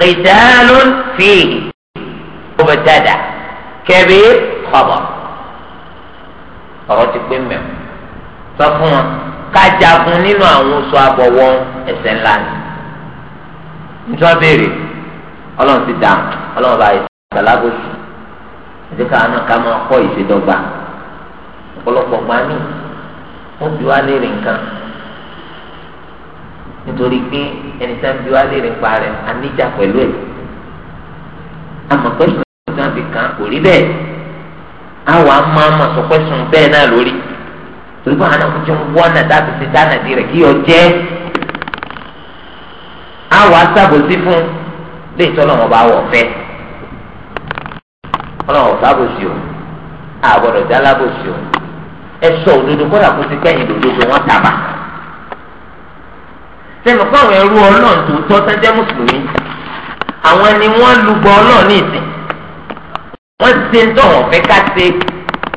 qitalun fihi mubtada kabir khabar ọ̀rọ̀ ti pé mẹ́wọ̀ sọ fún wọn kájagun nínú àwọn oṣù àbọ̀wọ́ ẹ̀ṣẹ̀ ńlá ni nítorí béèrè ọlọ́run ti dáhùn ọlọ́run bá yẹ gbàlágòsì ẹ̀dẹ́ka náà ká máa kọ́ ìṣèdọ́gba ọ̀pọ̀lọpọ̀ gbani ó bi wá léèrè nǹkan nítorí pé ẹni tí wọ́n bi wá léèrè nípa rẹ̀ aníjà pẹ̀lú ẹ̀ àmọ́ pẹ̀sùn náà fi kàn kò rí bẹ́ẹ̀ àwọn amáàmà sọ pẹ̀sùn bẹ́ẹ̀ náà lórí torí pé àwọn ọmọdé ń wọ́n náà dábì sí dáná di rẹ̀ kí yọ jẹ́ àwọn asábòsí fún lè tọ́ lọ́wọ́ bá wọ̀ fẹ́ ọlọ́wọ́ sábòsí o àbọ̀dọ̀ jálábòsí o ẹ sọ òdodo kódà kó ti kẹ́yìn òdodo wọn tàbà sẹ́nu fáwọn ẹrú ọlọ́run tó tọ́ sẹ́jẹ́ mùsùlùmí àwọn ni wọ́n lùgbọ ọlọ́run ní ìsìn wọ́n ṣe ń tọ̀wọ̀n fẹ́ ká ṣe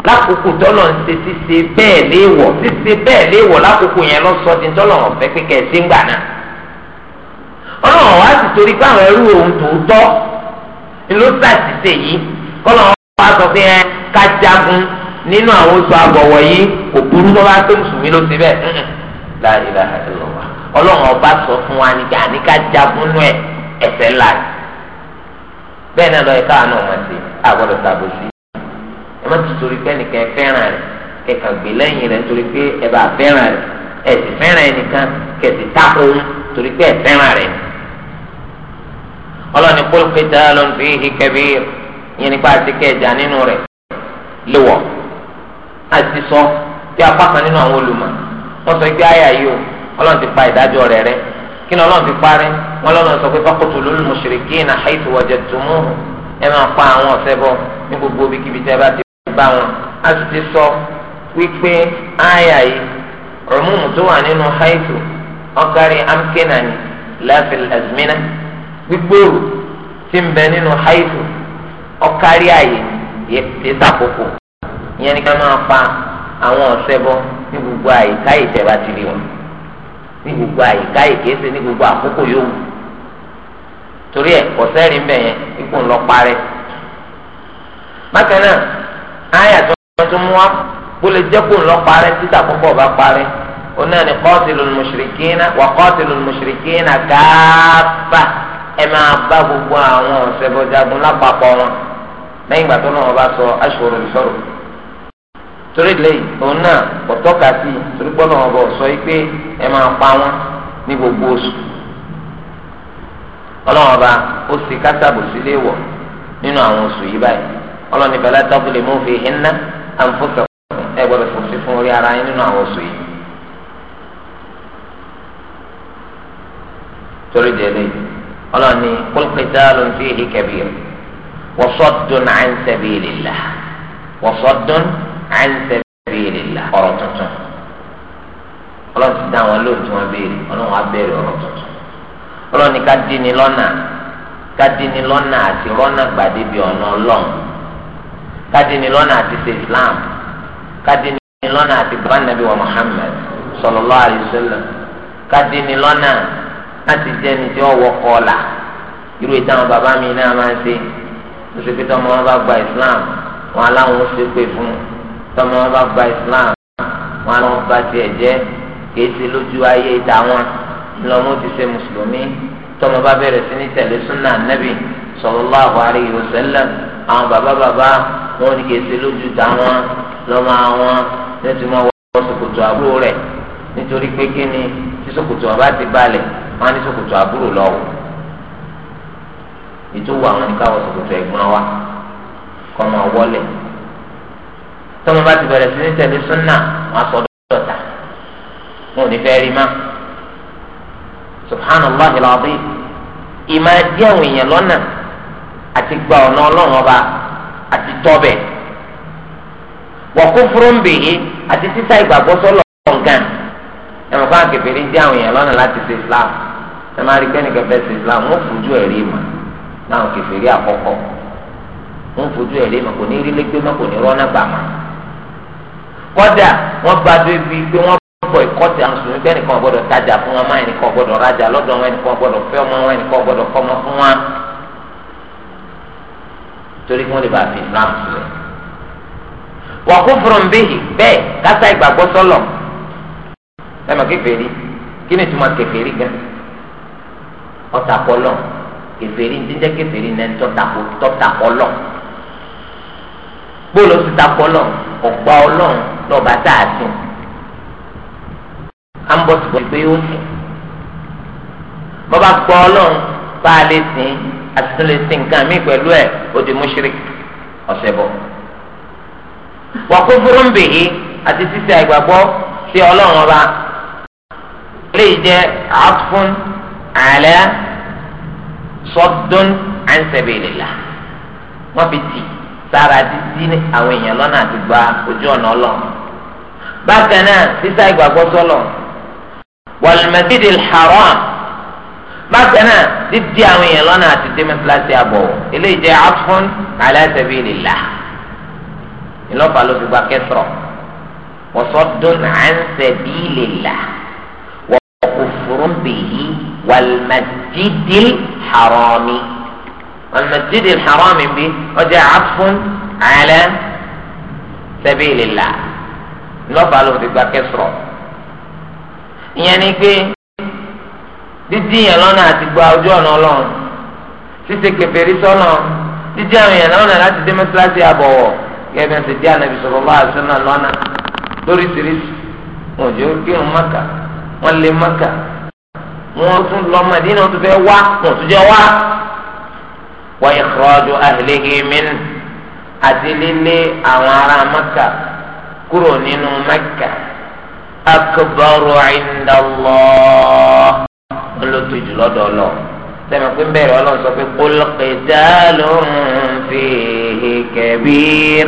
lákòókò tọ́lọ̀ ń ṣe ṣíṣe bẹ́ẹ̀ léèwọ̀ ṣíṣe bẹ́ẹ̀ léèwọ̀ lákòókò yẹn lọ sọ ti tọ́lọ̀ ń fẹ́ pé kẹ́ ṣe ń gbà náà ọlọ́run wá sì torí pé àwọn ẹrú òun tòótọ́ ló ṣàṣìṣe yìí kọ́lọ́run wá sọ pé ẹ ká jagun nínú àwọn oṣù àbọ̀wọ̀ yìí kò burú tó bá pé mùsùlùmí ló ti bẹ́ẹ̀ la ilaha illallah ọlọ́run ọba sọ fún wa nígbà nígbà jagun nú ẹ ẹsẹ̀ ńlá ni bẹ́ẹ̀ náà lọ́ọ́ ẹ̀ka àánú ọmọ sí àgbọ̀dọ̀ tàbó sí ẹ má ti torí pé ẹnìkan ẹ fẹ́ràn rẹ̀ kẹkàn gbé lẹ́yìn rẹ̀ nítorí pé ẹ bá fẹ́ràn rẹ̀ ẹ sì fẹ́ràn ẹnìkan kẹsì tako ń torí pé ẹ fẹ́ràn rẹ̀ ọlọ́ni kólókè àti sọ kí apá kan nínú àwọn sọ pé àyà yìí o ti pa ìdájọ́ rẹ̀ rẹ́ kí ni ọlọ́run ti parí wọn lọ́nà sọ pé faqtulul mushrikina haythu wajadtumuhum ẹ máa pa àwọn ọ̀sẹ̀ bọ̀ ní gbogbo ibikíbi tí ẹ bá ti bá wọn a sì ti sọ wípé àyà yìí tó wà nínú gbígbóòrò ìyẹn ni ká máa pa àwọn ọ̀sẹ̀ ní gbogbo àyíká ìṣẹ̀bá ti rí wọn ní gbogbo àyíká ìkéṣe ní gbogbo àkókò yòówù torí ẹ̀ kọ̀sẹ́rì ń bẹ̀ yẹn ipò ńlọ parẹ́ bákan náà mú wa kó lè jẹ́ kó ńlọ parẹ́ títà ọba parẹ́ ni wa ẹ máa bá gbogbo àwọn ọ̀sẹ̀ jagun lápapọ̀ wọn lẹ́yìn ìgbà tó náà wọ́n bá sọ torí lè òun náà pọ̀tọ́ka sí i torí gbọ́dọ̀ wọn bọ̀ sọ yìí pé ẹ máa pa wọn ní gbogbo oṣù ọlọ́wọ́n ọba ó sì kásàbò sílé wọ̀ nínú àwọn oṣù yìí báyìí ọlọ́ni bẹ̀rẹ̀ tọ́kùlẹ̀ mú fi hinna àǹfọ̀sọ̀ ẹ gbọ́dọ̀ fòfin fún orí ara yín nínú àwọn oṣù yìí. torí délé ọlọ́ni kólkìtà ló ń fi èyí kẹ̀bí rẹ̀ wọ́sọ̀dún àǹsẹ̀bí lè la wọ́sọ̀dún. àìsẹ̀ béèrè là ọ̀rọ̀ tuntun ọlọ́run ti dá àwọn lóòótọ́ tí wọ́n béèrè ọlọ́run á béèrè ọ̀rọ̀ tuntun ọlọ́run ni ká dín ní lọ́nà ká dín ní lọ́nà àti rọ́nà gbàdé bí ọ̀nà ọlọ́run ká dín ní lọ́nà àti ṣe Islam ká dín ní lọ́nà àti bàbá nàbí wa wọ irú ìtàn bàbá mi náà máa ń ṣe ó ṣe pé bá gba Islam wọn aláwọn ó fún tọmọ wọn bá gba islam wọn lọ bá tiẹ̀ jẹ́ kìí ṣe lójú ayé ìdáwọn ńlọmọ ti ṣe mùsùlùmí tọmọ bá bẹ̀rẹ̀ sí ní tẹ̀lé súnà nẹ́bì sallallahu alaihi wasallam àwọn bàbá bàbá wọn ní kìí ṣe lójú ìdáwọn lọmọ àwọn nítorí wọn wọ ṣòkòtò àbúrò rẹ̀ nítorí pé kí ni tí ṣòkòtò ọba ti balẹ̀ wọn ní ṣòkòtò àbúrò lọ́wọ́ ìtòwò àwọn nìkan wọ ṣòkòtò ẹ̀gbọ́n wa kọ́ wọlé tọ́mọ bá ti bẹ̀rẹ̀ sí ní tẹ̀lé súnà wọn aṣọ dọ́ta wọn ò ní fẹ́ rí má subhanallah ilaabi ìmọ̀ ẹ̀dí àwọn èèyàn lọ́nà àti gba ọ̀nà ọlọ́run ọba àti tọ́bẹ̀ wọ́n kún fúrún bèyí àti sísá ìgbàgbọ́ sọ́lọ̀ ọ̀gán ẹ̀mọ̀ fún akẹ́fẹ́ ní dí àwọn èèyàn lọ́nà láti ṣe islam ẹ máa rí kẹ́ni kẹfẹ́ ṣe islam wọ́n fojú ẹ̀ rí mà láwọn kẹfẹ́ rí àkọ́kọ́ wọ́n fojú ẹ̀ rí mà kò ní rí lẹ́gbẹ́ mọ́ kò ní rọ́nà gbà kọ́dà wọ́n gba débi pé wọ́n bọ̀ ìkọ́tì àwọn sùnmí bẹ́ẹ̀ nìkan gbọ́dọ̀ tajà fún wọn máa ẹnìkan gbọ́dọ̀ rajà lọ́dọ̀ wọn ẹnìkan gbọ́dọ̀ fẹ́ ọmọ wọn ẹnìkan gbọ́dọ̀ kọ́mọ fún wọn. torí kí wọ́n lè bá fi Islam sílẹ̀. wà kó fúnrun bíyì bẹ́ẹ̀ kásá ìgbàgbọ́ sọ́lọ̀ ẹ̀mọ kèfèrí kí ni túmọ̀ kèfèrí gan ọ̀tàkọ́lọ̀ kèfèrí jíjẹ́ kèfèrí náà tọ́tàkọ́lọ̀ gbọ́dọ̀ sì takọ́lọ̀ ọ̀gbà ọlọ́run lọ́ba tá a sìn à ń bọ̀ síbò pé ó sìn bọ́ba gbọ́ ọlọ́run bá a lè sìn àti tún lè sìn nǹkan mí pẹ̀lú ẹ̀ ó di mùṣírikí ọ̀sẹ̀ bọ̀ wà kó fúru ń bèyí àti títí àgbàgbọ́ sí ọlọ́run ọba lè jẹ́ àtúfún àlẹ́ sọ́dún ànsẹ̀bìlélà wọ́n fi tì sára títí àwọn èèyàn lọ́nà àti gba ojú ọ̀nà ọlọ́run bákan náà sísá ìgbàgbọ́ sọ́lọ̀ wàlùmẹ́sídì haram bákan náà dídí àwọn èèyàn lọ́nà àti dẹ́mẹ́síláṣí àbọ̀wọ̀ eléyìí jẹ́ afọ́n aláṣẹ́bí lìlá ìlọ́fà ló fi gba kẹsọ̀rọ̀ wọ́sọ́dún àǹṣẹ́bí lìlá wọ́kùfùrún bìyí wàlùmẹ́sídì haram wàlùmẹ́sídì haram bí ọjà afọ́n aláṣẹ́bí lìlá lọ́ba ló fi gba kẹsùrọ̀ ìyẹn ni pé dídí yẹn lọ́nà àti gba ojú ọ̀nà ọlọ́run ṣíṣe kèfèrí sọ́nà dídí àwọn yẹn lọ́nà láti dé mẹ́tíláṣí àbọ̀wọ̀ gẹ́gẹ́ ti dí ànábì sọ̀rọ̀ bá àṣọ́nà lọ́nà lóríṣiríṣi wọn ò jẹ́ kírun mọ́kà wọ́n lé mọ́kà wọ́n tún lọ Mẹ́dínà wọ́n tún fẹ́ wá wọ́n tún jẹ́ wá. wọ́n yẹ kúrọ́jù ahlihi min àti lílé àwọn ará mọ́kà kúrò nínú mẹ́kà akbaru indallah olótú jùlọ dọ̀lọ́ sẹ́mi pé bẹ́ẹ̀rẹ̀ ọlọ́run sọ pé qul qitalun fihi kabir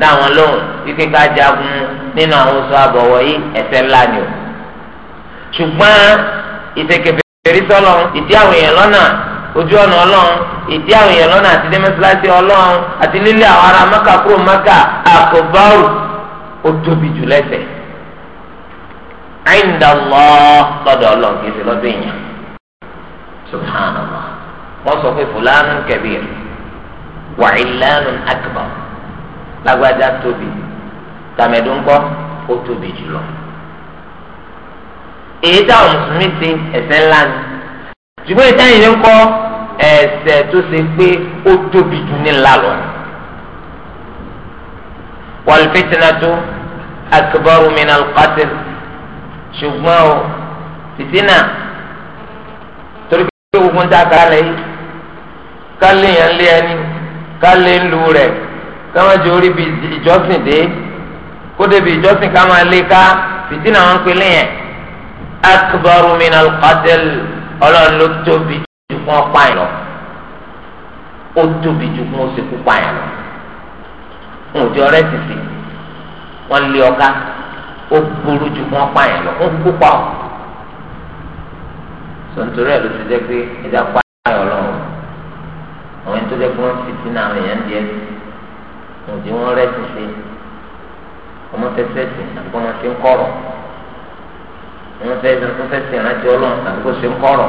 dáwọn lóhùn wípé ká jagun nínú àwọn oṣù àbọ̀wọ̀ yìí ẹ̀ṣẹ̀ ńlá ni o ṣùgbọ́n ìtẹ̀kẹ̀fẹ̀rí sọ́lọ́ ìdí àwọn èèyàn lọ́nà ojú ọ̀nà ọlọ́run ìdí àwọn èèyàn lọ́nà àti dẹ́mẹ́sílásí ọlọ́run àti lílé àwọn ará maka kúrò maka àkọ́bárù ó tóbi jù lẹ́sẹ̀ àyìndà lọ lọ́dọ̀ Ọlọ́run kìí ṣe lọ́dọ̀ èèyàn subhanallah wọ́n sọ pé fúlànù kabir wà ìlànà akbar lágbájá tóbi tàmẹ̀dúnkọ́ ó tóbi jùlọ. èyí táwọn mùsùlùmí ti ẹ̀ṣẹ̀ ńlá ni ṣùgbọ́n ìta yìí ń kọ́ ẹ̀ṣẹ̀ tó ṣe pé ó tóbi jù ní ńlá lọ. wal fitnatu akbaru min al-qatl ṣùgbọ́n o fìtínà torí pé gbogbo ń ta kálẹ̀ yìí kálẹ̀ yẹn lé ẹni kálẹ̀ ń lu rẹ̀ káwọn jẹ orí bi ìjọsìn dé kó débi ìjọsìn ká máa lé ká fìtínà wọn pélé yẹn akbaru min al ọlọ́run ló tóbi ju fún ọ̀pá yẹn lọ ó tóbi ju fún ó ṣekú yẹn lọ ń jọ rẹ ti sìn wọ́n lé ọ̀gá ó burú ju wọ́n pààyàn lọ ó kú pa ọ́ sọ̀ntorí ẹ̀ ló ti jẹ́ pé ẹ̀dá pààyàn ọlọ́run àwọn ẹni tó jẹ́ pé wọ́n fi sínú àwọn èèyàn díẹ̀ wọ́n ti wọ́n rẹ́ ti ṣe ọmọ fẹsẹ̀ sí àbúkọ́ wọn ti ń kọ̀rọ̀ wọ́n fẹ́ wọ́n fẹ́ sí ìrántí ọlọ́run àbúkọ́ ṣe ń kọ̀rọ̀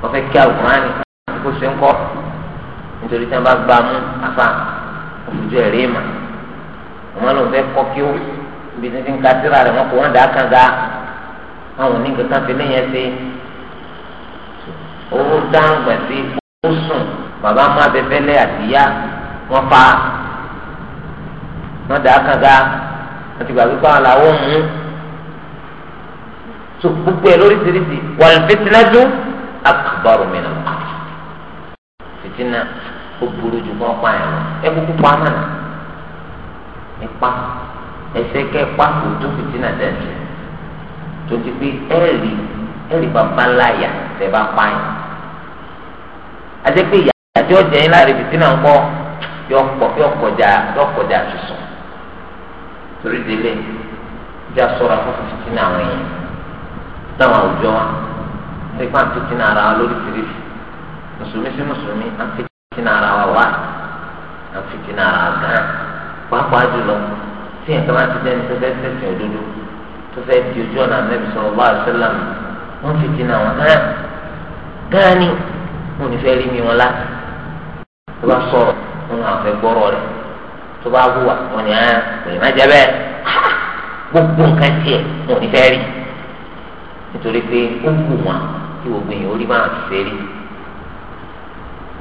wọ́n fẹ́ kí àwòrán àbúkọ́ ṣe ń kọ̀rọ̀ nítorí tí wọ́n bá gbá mú àfa òfin jẹ́ ẹ̀rí ìmọ̀ àwọn ló ń fẹ́ kọ́ kí ó ibi tí ti ń ka síra rẹ̀ wọ́n kó wọ́n dà á kan ga àwọn òní kankan fi léyìn ẹsẹ̀ owó dáńgbà sí ó sùn bàbá má bẹ́fẹ́ lẹ́ àtìyá wọ́n fa wọ́n dà á kan ga wọ́n ti gbàgbé pàwọn làwọn mú tó gbogbo ẹ̀ lóríṣiríṣi wal fitnatu akbaru minal qatl fìtínà ó burú ju kọ́ pa ẹ̀ lọ ẹ kúkú pa á ẹ̀pá ẹsẹ̀ kẹ́pá kò tó fitina dẹ́sẹ̀ tó ti pé ẹ̀rì ẹ̀rì bàbá láyà tẹ̀ bá pa yín àti pé ìyá àti ọ̀jẹ̀ yín láàrin fìtínà ń kọ́ yọ kọjá yọ kọjá sísun torí délé ìjà sọ̀rọ̀ fún fìtínà àwọn èèyàn táwọn àwùjọ wa ṣe pé à ara wa lórí fìrìfì mùsùlùmí sí mùsùlùmí à ń ara wa wá à ń ara gan pàápàá jùlọ tí nǹkan máa ti dẹni tó fẹ́ tẹ̀sán òdodo tó fẹ́ di ojú ọ̀nà ànábì sallallahu alaihi wasallam wọ́n fi dín àwọn gán gán ni wọn ò ní fẹ́ rí mi wọn láti tó bá sọ̀rọ̀ wọn àwọn fẹ́ gbọ́rọ̀ rẹ̀ tó bá hùwà wọn ni àá ah, lè má jẹ́ bẹ́ẹ̀ gbogbo nǹkan tiẹ̀ wọn ò ní fẹ́ rí nítorí pé ó wù wọn kí gbogbo èèyàn orí máa fẹ́ rí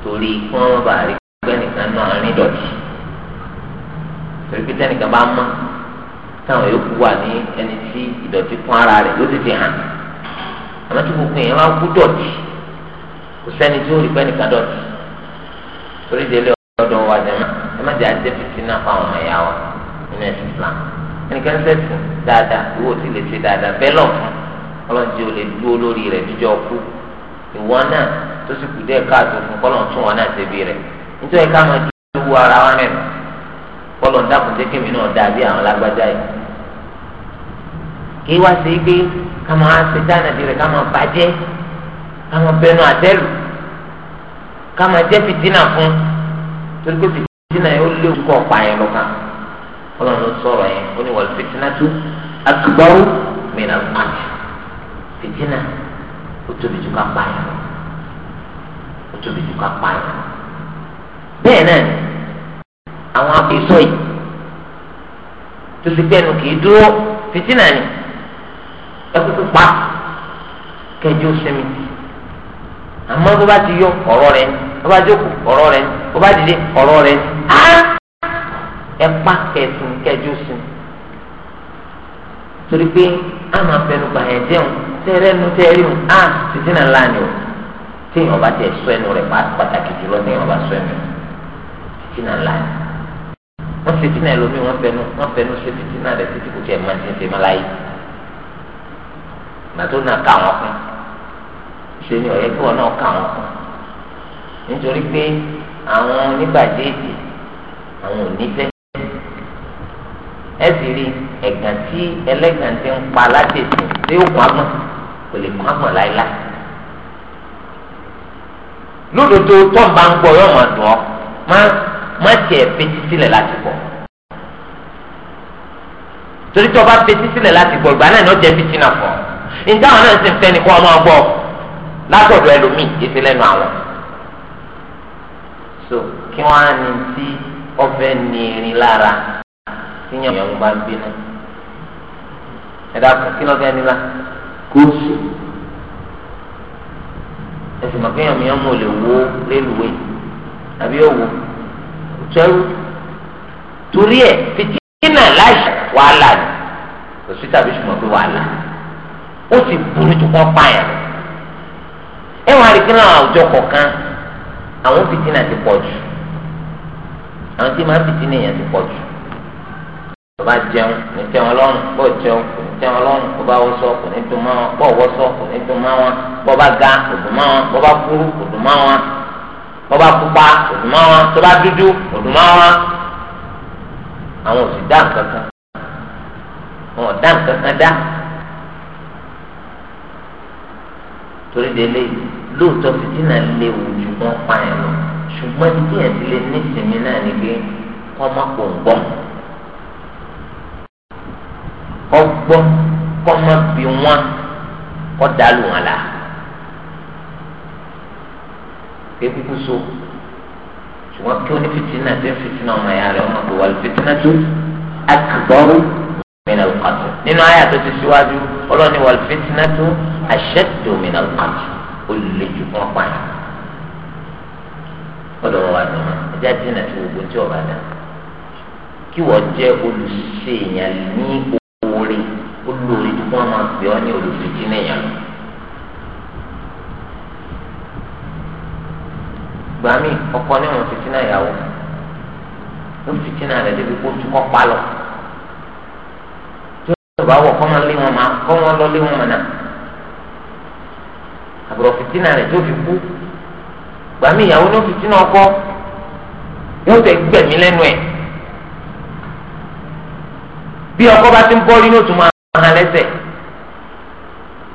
torí kí wọ́n bá rí gbẹ́nìkan náà rìn dọ̀tí. torí pé tẹ́nìkan bá mọ́ táwọn yòókù wà ní ẹni tí ara rẹ̀ yóò tètè hàn àmọ́ tí gbogbo máa kú dọ̀tí kò sẹ́ni tí ó rí pẹ́nìkan dọ̀tí torí délé ọ̀dọ̀ wa jẹ́ ẹ má jẹ́ àjẹ́ fìtínà ọmọ wa nínú ẹ̀sìn Islam sẹ́sìn dáadáa tí lè ṣe dáadáa bẹ́ẹ̀ lọ fún lè dúró lórí rẹ̀ jíjọ kú ìwọ náà tó sì kù dé káàtó fún kọlọ̀ ń dàkún jẹ́ kémi náà dàbí àwọn lágbájá yìí. kí wá sí pé ká máa ṣe dáàdì rẹ̀ ká máa bàjẹ́ ká máa bẹnu àtẹ́lù ká máa jẹ́ fìtínà fún torí pé fìtínà yẹn ó léwu kọ́ ọ̀pá yẹn lọ́kàn kọlọ̀ ló sọ̀rọ̀ yẹn ó ní wọ́n fìtínà tú akbaru mìíràn pàṣẹ fìtínà ó tóbi jù ká pààyàn ó tóbi jù ká pààyàn bẹ́ẹ̀ náà àwọn àfẹsọ yìí tó ti gbẹnu kì í dúró fìtínà ni ẹkúkú pa kẹjọ sẹmi àmọ́ tó bá ti yọ ọ̀rọ̀ rẹ̀ tó bá jókòó ọ̀rọ̀ rẹ̀ tó bá dìde ọ̀rọ̀ rẹ̀ á ẹpa kẹsìn kẹjọ sẹmi torí pé àmọ́ afẹnugba yẹn jẹun tẹrẹ nu tẹrí mu á fìtínà ńlá ni o téèyàn bá tiẹ̀ sọ ẹnu rẹ̀ pàtàkì jùlọ téèyàn bá sọ ẹnu fìtínà ńlá ni wọ́n fi tínà ẹlòmíì wọ́n fẹnu wọ́n fẹnu ṣe fi tínà rẹ̀ títí kò tiẹ̀ máa ti ń ṣe máa láyé gbàtó náà ká wọn kún ṣe ni ọ̀yẹ́ kí wọn náà ká wọn kún nítorí pé àwọn oníbàjẹ́ èdè àwọn onífẹ́ ẹ sì rí ẹ̀gàn tí ẹlẹ́gàn ti ń pa látẹ̀sìn tí ó kún àgbọ̀n kò lè kún àgbọ̀n láéláé lódodo tó ń bá ń gbọ́ yóò máa dùn ọ́ máa má tiẹ̀ fetí sílẹ̀ láti gbọ́ torí tí o bá fetí sílẹ̀ láti gbọ́ ìgbà náà ni ó jẹ́ fi sínú àfọ̀ níta àwọn náà sì ń fẹ́ ni kó ọmọ gbọ́ látọ̀dọ̀ ẹlòmíì ètò lẹ́nu àwọn so kí wọ́n á ní tí ọbẹ̀ ní irin lára tí yàn yàn bá ń bínú ẹ̀dá kí lọ́bẹ̀ nílá kó sùn ẹ̀sìn mọ̀ pé yàn mí yàn mọ̀ lè wo rélùwé àbí òwò sẹ́rú torí ẹ̀ fìtínà láìsí wàhálà ni kò sí tàbí ṣùgbọ́n pé wàhálà ó ti burú tó kọ́ pààyàn ẹ wàá rí kíláà àwùjọ kọ̀ọ̀kan àwọn fìtínà ti pọ̀ jù àwọn tí máa fìtínà yẹn ti pọ̀ jù bàbá jẹun ní tẹwọn lọ́rùn bọ jẹun kò ní tẹwọn lọ́rùn bọ bá wọṣọ kò ní dùn mọ́ wọn bọ wọṣọ kò ní dùn mọ́ wọn bọ bá ga kò dùn mọ́ wọn bọ bá kúrú kò dùn mọ́ wọn bọ́ba pupa òdùmọ́ wọn tó bá dúdú òdùmọ́ wọn àwọn ò sì dá nǹkan kan wọn ò dá nǹkan kan dá torí délé lóòótọ́ fìtínà léwu ju wọn pa ẹ̀ lọ ṣùgbọ́n títí ẹ̀ ti lè ní ìsinmi náà ni pé kọ́ má kó ń gbọ́ kọ́ gbọ́ kọ́ má bí wọn kọ́ dá wọn la kékuku so ṣùgbọ́n tó ní fitina tó ní fitina ọmọ ya rẹ̀ ọmọ gbowó alifitina tó akbọ́rú min alqatl nínú ayé àti ti síwájú ọlọ́ni wà alifitina tó ashaddu min alqatl olùlé ju fún ọ̀pá yẹn ọ̀dọ̀ wà ní ọmọ ẹja dínà tí gbogbo tí ọba dá kí wọ́n jẹ́ olùṣèyàn ní oore olórí tí wọ́n máa fi ọ́ ní olùfitina yẹn gbà mí ọkọ ní òun fìtínà ìyàwó ó fìtínà rẹ̀ débi kó tukọ̀ palọ̀ tí ó bá wọ̀ kọ́ wọn lé wọn máa kọ́ wọn lọ lé wọn mọ̀nà àbúrò fìtínà rẹ̀ tó fi kú gbà mí ìyàwó ní ó fìtínà ọkọ yóò tẹ gbẹ̀mí lẹ́nu ẹ̀ bí ọkọ bá ti ń bọ́ rí ní òtún máa hàn lẹ́sẹ̀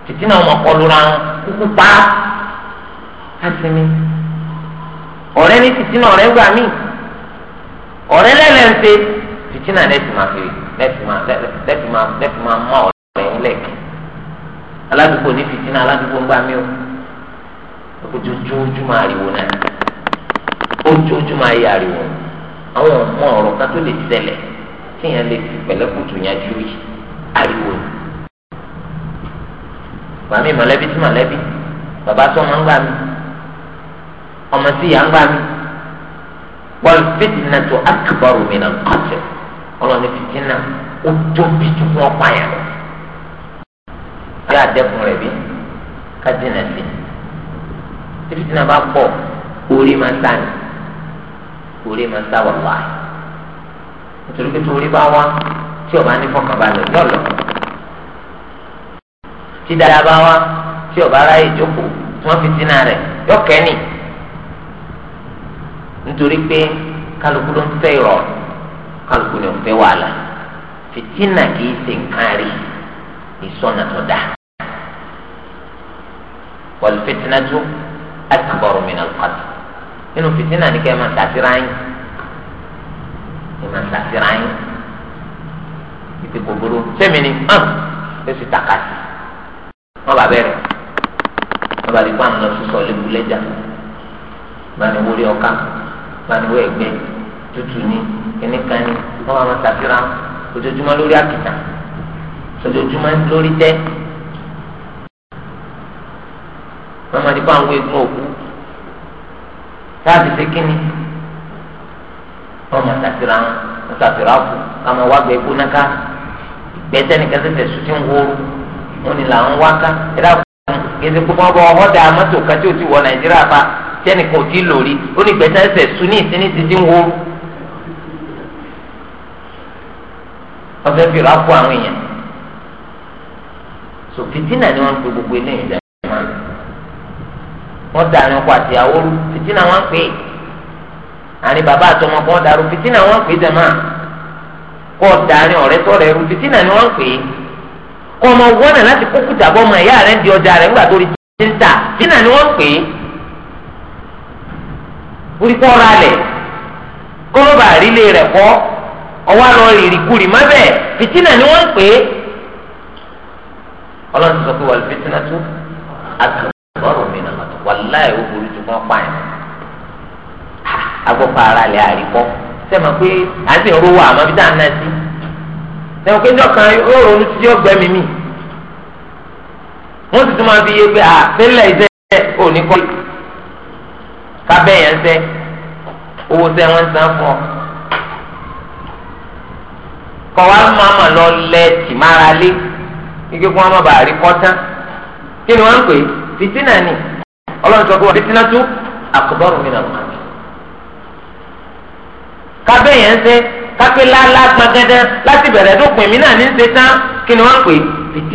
fìtínà ọmọ kọlu ra kúkú pa á sinmi. ọ̀rẹ́ ní fìtínà ọ̀rẹ́ gbà mí ọ̀rẹ́ lẹ́lẹ̀ na fìtínà lẹ́sì máa mọ ọ̀rẹ́ aládùúgbò ní fìtínà aládùúgbò ń gbà mí o ojoojúmọ́ ariwo náà ojoojúmọ́ ayé ariwo àwọn ọmọ ọ̀rọ̀ kan tó lè kéèyàn lè fi pẹ̀lẹ́kùtù yanjú yìí ariwo ni gbàmí mọ̀lẹ́bí sí mọ̀lẹ́bí bàbá ọmọ tí ìyá ń gbà mí wal fitnatu akbaru minal qatl ọlọ́ni fìtínà ó tóbi tó wọ́n pààyàn lọ. bí àdẹ́kùn rẹ̀ bí kájínà sí tí fìtínà bá pọ̀ orí máa ń sáni orí máa ń sá wàlúwà nítorí pé torí bá wá tí ọba ní fọkànbalẹ̀ lọ́lọ́ tí dáadáa bá wá tí ọba aráyè jókòó tí wọ́n fìtínà rẹ̀ yọ̀kẹ́ nìyí nítorí pé kálukú ló ń fẹ́ ìrọ̀ kálukú ló ń fẹ́ wàhálà fìtínà kì í ṣe nǹkan rí ìsọ̀nà tó dáa wal fitnatu akbaru minal qatl nínú fìtínà ni kẹ́ ẹ máa ṣàtìrá yín ẹ máa ṣàtìrá yín ìpè kòkòrò sẹ́mi ni hàn ẹ sì takàtì wọ́n bá bẹ̀rẹ̀ wọ́n bá lè pa àwọn lọ sí sọ̀lẹ́bù lẹ́jà bá ní wọlé ọ̀ka pariwo ẹgbẹ tútù ní kìnnìkan ní wọn máa ṣàfihàn ojoojúmọ́ lórí àkìtà ojoojúmọ́ lórí tẹ wọn máa di pa àwọn egun òkú táàbì sí kínní wọn máa ṣàfihàn wọn ṣàfihàn kù wọn máa wá gbẹ gbóná ká gbẹtẹnìkan tẹsẹ sùn tí ń wóoru wọn ni làwọn wá ká ẹ dá kó kéde kó wọn bọ ọhọdà mọtò kàtí ò ti wọ nàìjíríà pa. tẹnìkan ò tí ì lórí ó ní gbẹ̀tà ẹsẹ̀ sùn ní ìsinmi títí ń wo so fitina ni wọn pe gbogbo eléyìí dẹ́ wọ́n da àrùn ọkọ̀ àti àwòrú fìtínà wọ́n pè é àrùn bàbá àtọmọ kan dàrú fìtínà wọ́n pè é dẹ̀ máa kọ́ da àrùn ọ̀rẹ́ sọ̀rọ̀ ẹ̀rù ni wọ́n pè é kọ́ ọmọ wọ́nà láti kókú tàbọ̀ ọmọ di ọjà ńgbà ni pè orí kọ́ ra lẹ̀ kọ́lọ́bà àrílé rẹ̀ kọ́ ọwọ́ àlọ́ ìrìkúrì má bẹ́ẹ̀ fìtínà ni wọ́n ń pè é ọlọ́run sọ pé wà fìtínà tó àtúntò mi nàá tó wàláì kọ́ pa yẹn agbọ́pọ̀ ara lẹ̀ àríkọ́ sẹ́mi pé àti wà àmọ́ bí dáa sí sẹ́mi pé ńjọ́ kan yóò tí yóò mi wọ́n tún máa fi yé pé ìṣẹ́ òní kábẹ́ yẹn sẹ́ owó sẹ́ wọ́n san fún ọ. kọ̀wá màmá lọ lẹ tìmára lé ike kó má bàa rí kọ́tá kí ni wọ́n ń pè ni ọlọ́run sọ pé wọ́n mi nàá kábẹ́ yẹn sẹ́ láti bẹ̀rẹ̀ náà ní ṣe tán kí ni wọ́n ń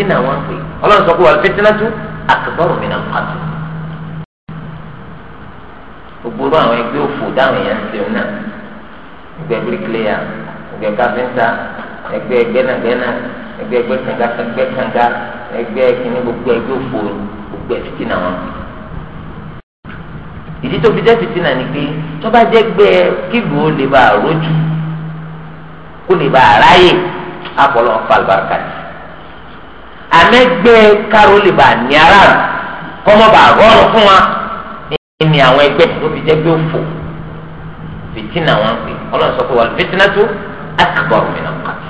pè wọ́n ń pè ọlọ́run sọ pé wọ́n mi nàá gbogbo àwọn ẹgbẹ́ òfò dáhùn yẹn ń ṣe òun náà ẹgbẹ́ bíríkìlẹ́yà ẹgbẹ́ káfíńtà ẹgbẹ́ gbẹ́nàgbẹ́nà ẹgbẹ́ ẹgbẹ́ kànga ẹgbẹ́ kànga ẹgbẹ́ kìíní gbogbo ẹgbẹ́ òfò gbogbo ẹ̀ fìtínà wọn. ìdí tó fi jẹ́ fìtínà ni pé tó bá jẹ́ gbẹ́ kígù ó lè bá àrójù kó lè bá àráyè àpọ̀lọ́ falùbáràkà jù àmẹ́gbẹ́ káró lè bá ní ìní àwọn ẹgbẹ́ tó fi jẹ́ pé ó fò fìtínà wọn pè ọlọ́run sọ pé wà fìtínà tó akbar mìíràn pàtó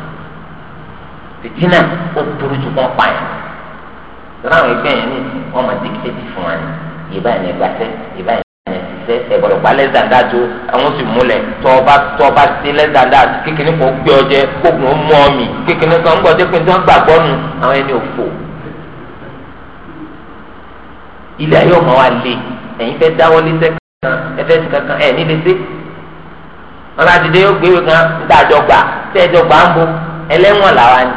fìtínà ó burú ju kọ́ pààyàn lọ́nà àwọn ẹgbẹ́ yẹn ní wọ́n máa dìkítẹ́tì fún wa ní ìbá yẹn gbàtẹ́ ìbá yẹn ṣiṣẹ́ ẹ̀bọ̀dọ̀ pa lẹ́sàdá tó àwọn sì múlẹ̀ tọ́ọ̀bá tọ́ọ̀bá sí lẹ́sàdá kékeré kan gbé ọjẹ́ kókùn ó mú ọmì kékeré kan ń gbọ́dẹ́ pé tí wọ́n gbàgbọ́ nu àwọn ẹni òfò ilé ayé ọmọ wa lé ẹ̀yin fẹ́ dáwọ́ lé sẹ́kàn ẹ̀fẹ́ sí kankan ẹ̀ nílé sí. ọba àdìdé yóò gbéwèé kan níta àjọgbà tẹ́ ẹjọgbà ń bo ẹlẹ́wọ̀n làwa ni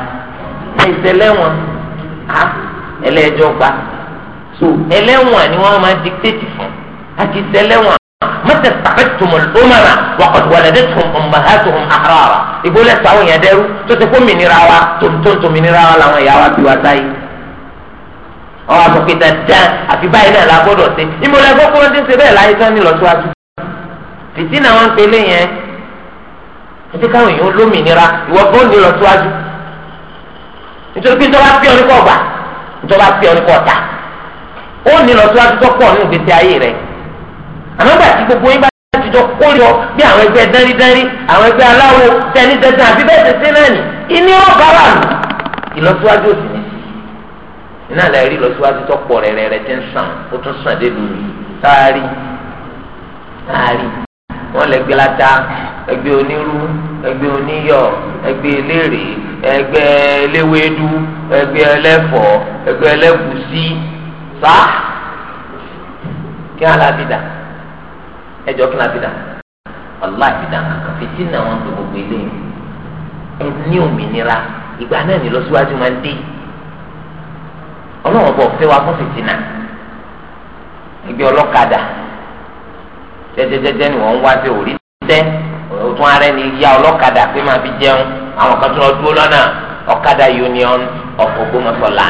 ẹ̀yìnsẹ̀ lẹ́wọ̀n á ẹlẹ́ẹ̀jọgbà so ẹlẹ́wọ̀n ni wọ́n máa dictate fún àkìsẹ̀ lẹ́wọ̀n mọtẹ sàkẹtùmọ lọmọràn wàkọtù wàlẹdẹtùm ọmọhàtùm àhàrà ìgbólẹ sàwọn yẹn dẹrú tó ti kó mìnira wa tó tó tó mìnira wa làwọn ìyá bí wa sáyé ọwọ́ àtọ̀kẹ́ dandan àfi báyìí náà lágbọ́dọ̀ ṣe ìmọ̀lẹ́ gbogbo wọn ti ń ṣe bẹ́ẹ̀ láyé tán ní lọ́síwájú fìtínà wọn ń pelé yẹn ẹ jẹ́ káwọn èèyàn lómìnira ìwọ bó ní lọ́síwájú nítorí pé ìjọba pé ọdún kọ̀ gbà ìjọba pé ọdún kọ̀ tà ó ní lọ́síwájú tó pọ̀ nínú ìgbésí ayé rẹ̀ àmọ́ gbà tí gbogbo yín bá ti jọ kórìọ bí àwọn ẹgbẹ́ dánrídánrí àwọn ẹgbẹ́ aláwo tẹnidẹ́sán àbí bẹ́ẹ̀ tẹ̀sí náà ní ìní ọ̀gá wà lù iná lẹ rí lọsíwájú tó pọ̀ rẹrẹrẹ tí ń sàn ó tún sàn dé lómi táàrí táàrí wọn lè gbé lata ẹgbẹ́ onírú ẹgbẹ́ oníyọ̀ ẹgbẹ́ eléèrè ẹgbẹ́ eléwédú ẹgbẹ́ ẹlẹ́fọ̀ ẹgbẹ́ ẹlẹ́gùsí sá kí alábìdà ẹjọ kí alábìdà ọlábìdà kankan fìtí náà wọn tó gbogbo eléyìí ẹ ní òmìnira ìgbà náà ní lọsíwájú máa ń dé yìí ọlọ́wọ́n bọ̀ fẹ́ wa fún fìtínà ẹgbẹ́ ọlọ́kadà jẹ́jẹ́jẹ́jẹ́ ni wọ́n ń wá sí orí tẹ́ òtún ara ẹni ya ọlọ́kadà pé máa fi jẹun àwọn kan tó lọ dúró lọ́nà ọ̀kadà union of Ògbómọ̀ṣọ́lá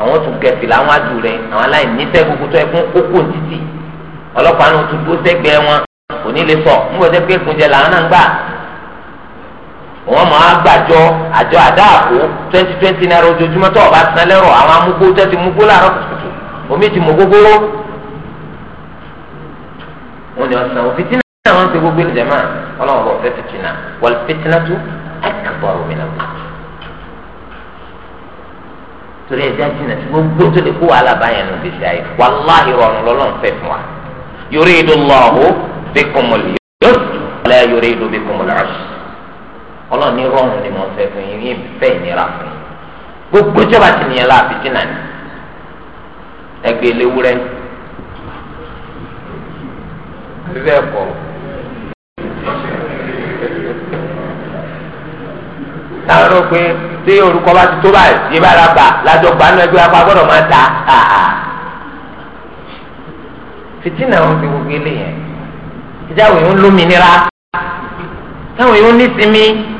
àwọn tún kẹfì làwọn adùn rẹ àwọn aláìní tẹ gbogbo tó ẹkún kókó títì ọlọ́pàá náà tún dúró sẹ́gbẹ̀ẹ́ wọn kò ní lè sọ ń bọ̀ sẹ́gbẹ̀ẹ́ kúnjẹ làwọn náà ń gbà wọ́n máa gbàjọ àjọ àdáàbò twenty twenty naira ojoojúmọ́ tó o bá san lẹ́rọ̀ àwọn amúgbó tó ti múgbó láàárọ̀ kùtùkùtù omi ti mú gógóró wọ́n ní ọ̀sán òfin náà wọ́n ń pe gbogbo ìjẹ́ máa ọlọ́run bọ̀ fẹ́ fìtínà wọ́n fìtínà tó ẹ̀kọ́ omi náà kù. torí ẹja jìnnà tí gbogbo tó lè kó wàhálà báyẹn nù bìsí ayé wàláhì rọrùn lọ́lọ́run fẹ́ fún wa yuridu Allahu bikumul yusra la yuridu bikumul usra ọlọ́run ní rọrùn ni mò ń fẹ́ fún yín yín fẹ́ ìnira fún yín gbogbo ìjọba ti nìyẹn la àfi dínà ní ẹgbẹ́ eléwúrẹ́ bẹ́ẹ̀ kọ́ táwọn ọ̀rọ̀ pé tí orúkọ bá ti tó báyìí yé bá ra gbà lájọ gbà nínú ẹgbẹ́ apá gbọ́dọ̀ máa ta fìtínà wọn fi gbogbo eléyẹn ìjáwé ń lómìnira táwọn èèyàn ní sinmi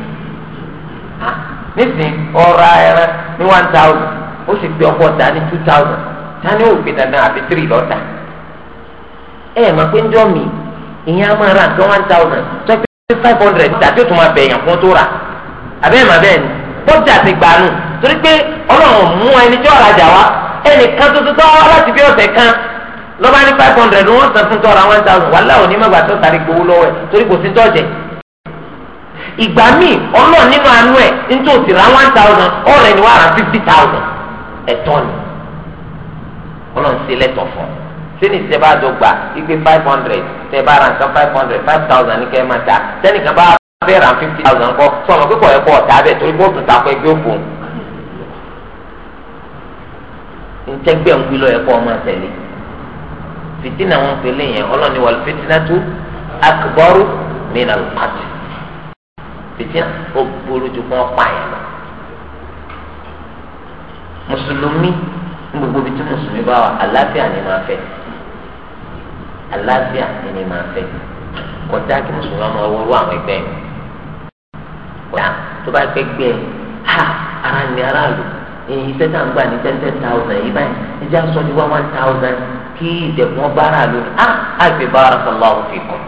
nísìn ọ̀rọ̀ ẹran ní one thousand ó sì gbé ọkọ̀ ta ní two thousand tani ó gbé dandan àbí three lọ́tà ẹ mà pé ń jọ mi ìyẹn á máa ra nǹkan one thousand tó pé five hundred tàbí ó tún máa bẹ̀yàn fún tó rà àbẹ́ẹ̀ mà bẹ́ẹ̀ ni bọ́jà ti gbàánu torí pé ọlọ́run mú ẹni tí ọ̀rọ̀ àjà wa ẹnìkan tuntun tó wá láti bí ọ̀sẹ̀ kan lọ́ba ní five hundred wọ́n san fún tọ́ra one thousand wàhálà òní mọ̀gbà tó sáré gbowó lọ́wọ́ ẹ̀ torí kò sí tọ́jẹ̀ ìgbà míì ọlọ́run nínú anú ẹ̀ nítorí òsì ra one thousand ọ̀rẹ́ ni wàá ra fifty thousand ẹ̀tọ́ ni ọlọ́run ṣe lẹ́tọ̀ fún sẹ́ni tẹ́ bá jọ gbà igbe five hundred tẹ́ bá ra nǹkan five hundred five thousand ní kẹ́ máa ta sẹ́ni kan bá fẹ́ ra fifty thousand kọ́ sọ̀rọ̀ kíkọ̀ ẹ̀kọ́ ọ̀tá bẹ̀ torí bóòtù ta kọ́ ẹgbẹ́ òkun ntẹ́gbẹ́ ń ẹ̀kọ́ ọmọ àtẹ̀lé fìtínà wọn pèlè yẹn fìtínà ó burú ju kó wọn pààyàn lọ mùsùlùmí ní gbogbo ibi tí mùsùlùmí bá ni máa fẹ́ àlàáfíà ni máa fẹ́ kọjá kí mùsùlùmí máa wọrú àwọn ẹgbẹ́ kọjá tó bá gbẹ gbẹ ha ara ni aráàlú èyí tẹ́tà ń gbà ní ten ten yìí báyìí sọ ní one one thousand kí ìdẹ̀kùn ọba aráàlú ni ah, a àgbẹ̀ bá ara lọ́wọ́ fi kọ́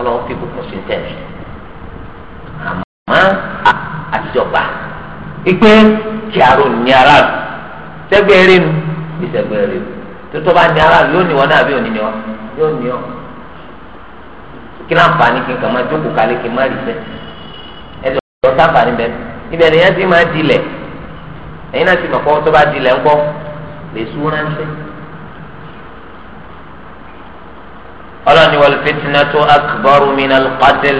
ọlọ́wọ́ fi kọ́ sí jọba ìpè kí aró ní aráàlú sẹgbẹ eré nu bí sẹgbẹ eré nu tótó bá ní aráàlú yóò ní wọn náà bí òní ni ọ yóò ní ọ kí láǹfààní kí n kàn máa jókòó kalẹ̀ kí n má rí sẹ ẹjọ lọ sáǹfààní bẹ́ẹ̀ ibẹ̀ ni yẹn ti máa dilẹ̀ ẹ̀yin náà ti mọ̀ kọ́ tó bá dilẹ̀ ńkọ́ lè sú ránṣẹ́. ọlọ́ni wal fitnatu akbaru minal qatl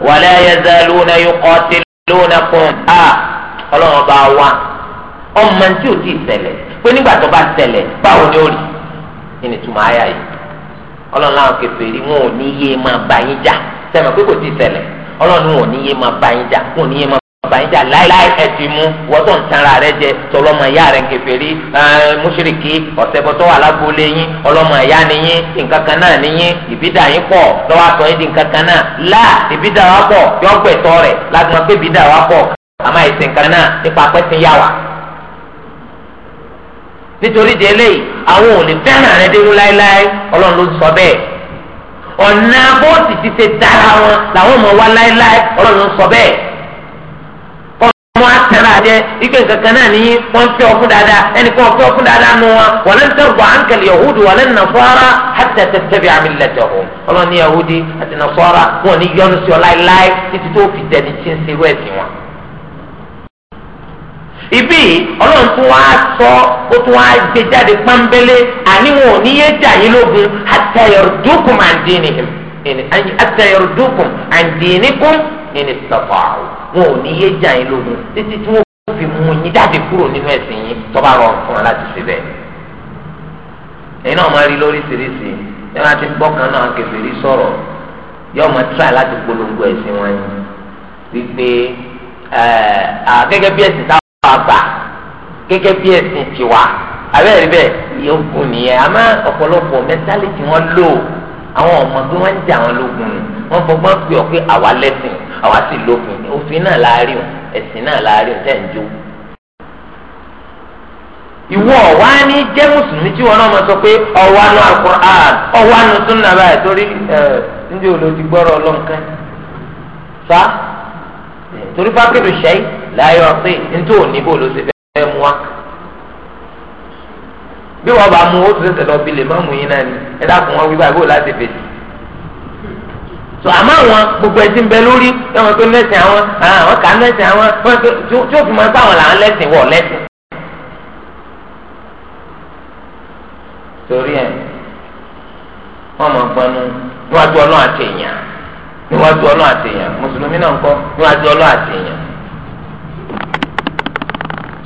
wala yazaluna yuqatil. lónàkùn a ọlọ́run bá wa ọmọ tí ò tí ì pé nígbà tó bá ṣẹlẹ̀ báwo ni ó rí túmọ̀ yìí ọlọ́run láwọn kẹfẹ́ rí wọn ò ní yé máa bá yín jà ọ̀bànújà láíláí ẹ̀sìn mu wọ́tọ̀ ń tanra rẹ jẹ tọlọ́mọ ìyá rẹ kèfèrí mùṣírìkì ọ̀sẹ̀bọ̀tọ̀ wà lágboolé yín ọlọ́mọ ìyá nìyín nǹkan kan náà nìyín ìbídà yín pọ̀ lọ́wọ́ àtọ̀ yín di nǹkan kan náà là ìbídà wa pọ̀ yọ gbẹ̀tọ̀ rẹ̀ lágbọn pé ìbídà wa pọ̀ àmọ́ ìsìn nǹkan náà nípa pẹ́sìn yá wa. nítorí di eléyìí àwọn ò lè fẹ́ràn rẹ dérú láíláí ọlọ́run ló sọ bẹ́ẹ̀ ọ̀nà bóòtù ti ṣe dára wọn làwọn ọmọ wa láíláí ọlọ́run ló sọ mọ́ àtẹ̀rà jẹ́ ike kankan náà ní wọ́n fẹ́ ọkùn dáadáa ẹnì kan fẹ́ ọkùn dáadáa nù wọn wọ́n lẹ́nu tẹ́ bọ̀ àǹkẹ́lẹ̀ yahudu wọ́n lẹ́nu nasọ́ra hàtẹ́ tẹ́tẹ́bi àmìlẹ́tẹ̀ ọ̀hún ọlọ́ni yahudi àti nasọ́ra wọn ní yọnu sí ọ láéláé títí tó fi dẹni tí ń serú ẹ̀sìn wọn. ibi ọlọ́run tún wá sọ ó tún wá gbé jáde pọ́nbélé àníwọ̀n oníyé jà yín lógun hàtẹ́ yọrù dúkùm àǹdínìkùm nínú ìtọ́fà àwọ̀ wọn ò ní yé jà yín lógun títí tí wọ́n fi mú yín jáde kúrò nínú ẹ̀sìn yín tọ́ba rọrùn fún wọn láti ṣe bẹ́ẹ̀. ẹ̀yin náà máa rí lóríṣiríṣi ẹ̀ máa ti gbọ́ kan náà kẹfìrí sọ̀rọ̀ yọ ọmọ tíráì láti polongo ẹ̀sìn wọn yìí wípé gẹ́gẹ́ bí ẹ̀sìn táwọn àgbà gẹ́gẹ́ bí ẹ̀sìn tiwa abẹ́rẹ́ bẹ́ẹ̀ yókùn nìyẹn àmọ́ ọ̀pọ̀lọpọ̀ mẹ́tálítì wọn lò àwọn ọmọ bí wọ́n ń jà wọn lógun wọn fọgbọ́n pé ọ pé àwa lẹ́sìn àwa sì lófin òfin náà láàrin o ẹ̀sìn náà láàrin o tẹ̀ ń jó. ìwọ wa ní jẹ́ mùsùlùmí tí wọn náà máa sọ pé ọwọ́ anú alukur'an ọwọ́ anú sunna báyìí torí ndí olóòtú gbọ́rọ̀ ọlọ́nkán fa torí fákìlù ṣẹ́yìn láyọ̀ pé ntí òní bò ló ṣe fẹ́ mú wa bí wọn bá mú o tún ṣẹ̀ṣẹ̀ lọ bí lè má mú yín náà ni ẹ dákun wọn wí báyìí bó láti fèsì. so àmọ́ àwọn gbogbo ẹtí ń bẹ lórí ẹwọn tó lẹ́sìn àwọn àwọn kà ń lẹ́sìn àwọn wọn tó fi máa bá wọn là lẹ́sìn wọ̀ lẹ́sìn. torí ẹ wọn máa gbọnu níwájú ọlọ́run àti èèyàn níwájú ọlọ́run àti èèyàn mùsùlùmí náà ń kọ́ níwájú ọlọ́run àti èèyàn.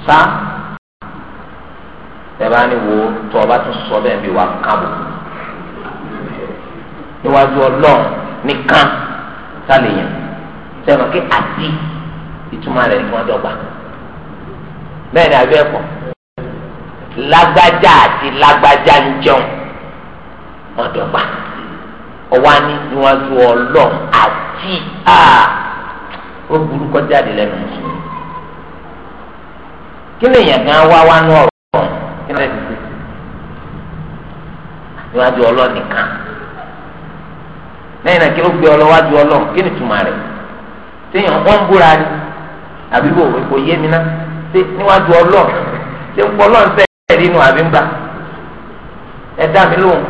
sá wo tó ọba tún sọ bẹ́ẹ̀ bí wàá kábò níwájú ọlọ́run. nìkan sálẹ̀yàn sẹ́wọ̀n kí àti ìtumọ̀ rẹ̀ ni wọ́n dọ́gba bẹ́ẹ̀ ni àbẹ́ ẹ̀kọ́ lágbájá àti lágbájá ń jẹun wọ́n dọ́gba ọwọ́ ni wọ́n ju ọlọ́run àti à ó burú kọjá di lẹ́nu mùsùlùmí kí lèèyàn gan wá wá nú ọ̀rọ̀ kí lè dìde níwájú ọlọ́nìkan. lẹ́yìn náà kí ló gbé ọlọ́wájú ọlọ kí ni tùmọ̀ rẹ̀ téèyàn wọ́n ń búra ni àbí wò kò yé mi ná ṣé níwájú ọlọ́run ṣé ń pọ̀ ọlọ́run sẹ́yìn rí àbí ń bá ẹ mi lóhùn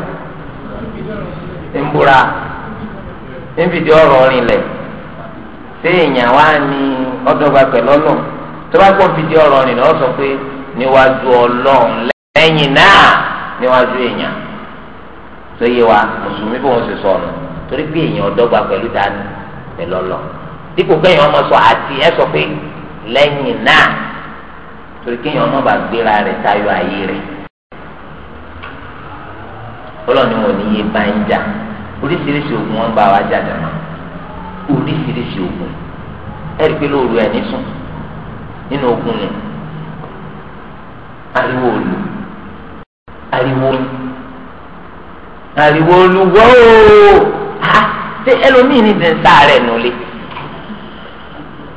ń búra ń fìdí ọ̀rọ̀ lẹ̀ wá ní pẹ̀lú tó bá gbọ́ fìdí ọ̀rọ̀ sọ pé níwájú lẹ́yìn náà níwájú èèyàn tó torí pé èèyàn ọ̀dọ́gba pẹ̀lú dání pẹ̀lú ọlọ dípò kéèyàn ọmọ sọ àti ẹ sọ pé lẹ́yìn náà torí kéèyàn ọmọ bá gbéra rẹ̀ tayọ ayé rẹ̀ ọlọ́ni wọn ní iye bá ń jà oríṣiríṣi oògùn wọn bá wa jà jàmá oríṣiríṣi oògùn ẹ̀rí pé lóru ẹ̀ nísùn nínú oògùn nù ariwo olù ariwo ariwo olù wọ́ọ́. Ah, ṣé ẹlòmíì ní ti ń sá rẹ nulẹ̀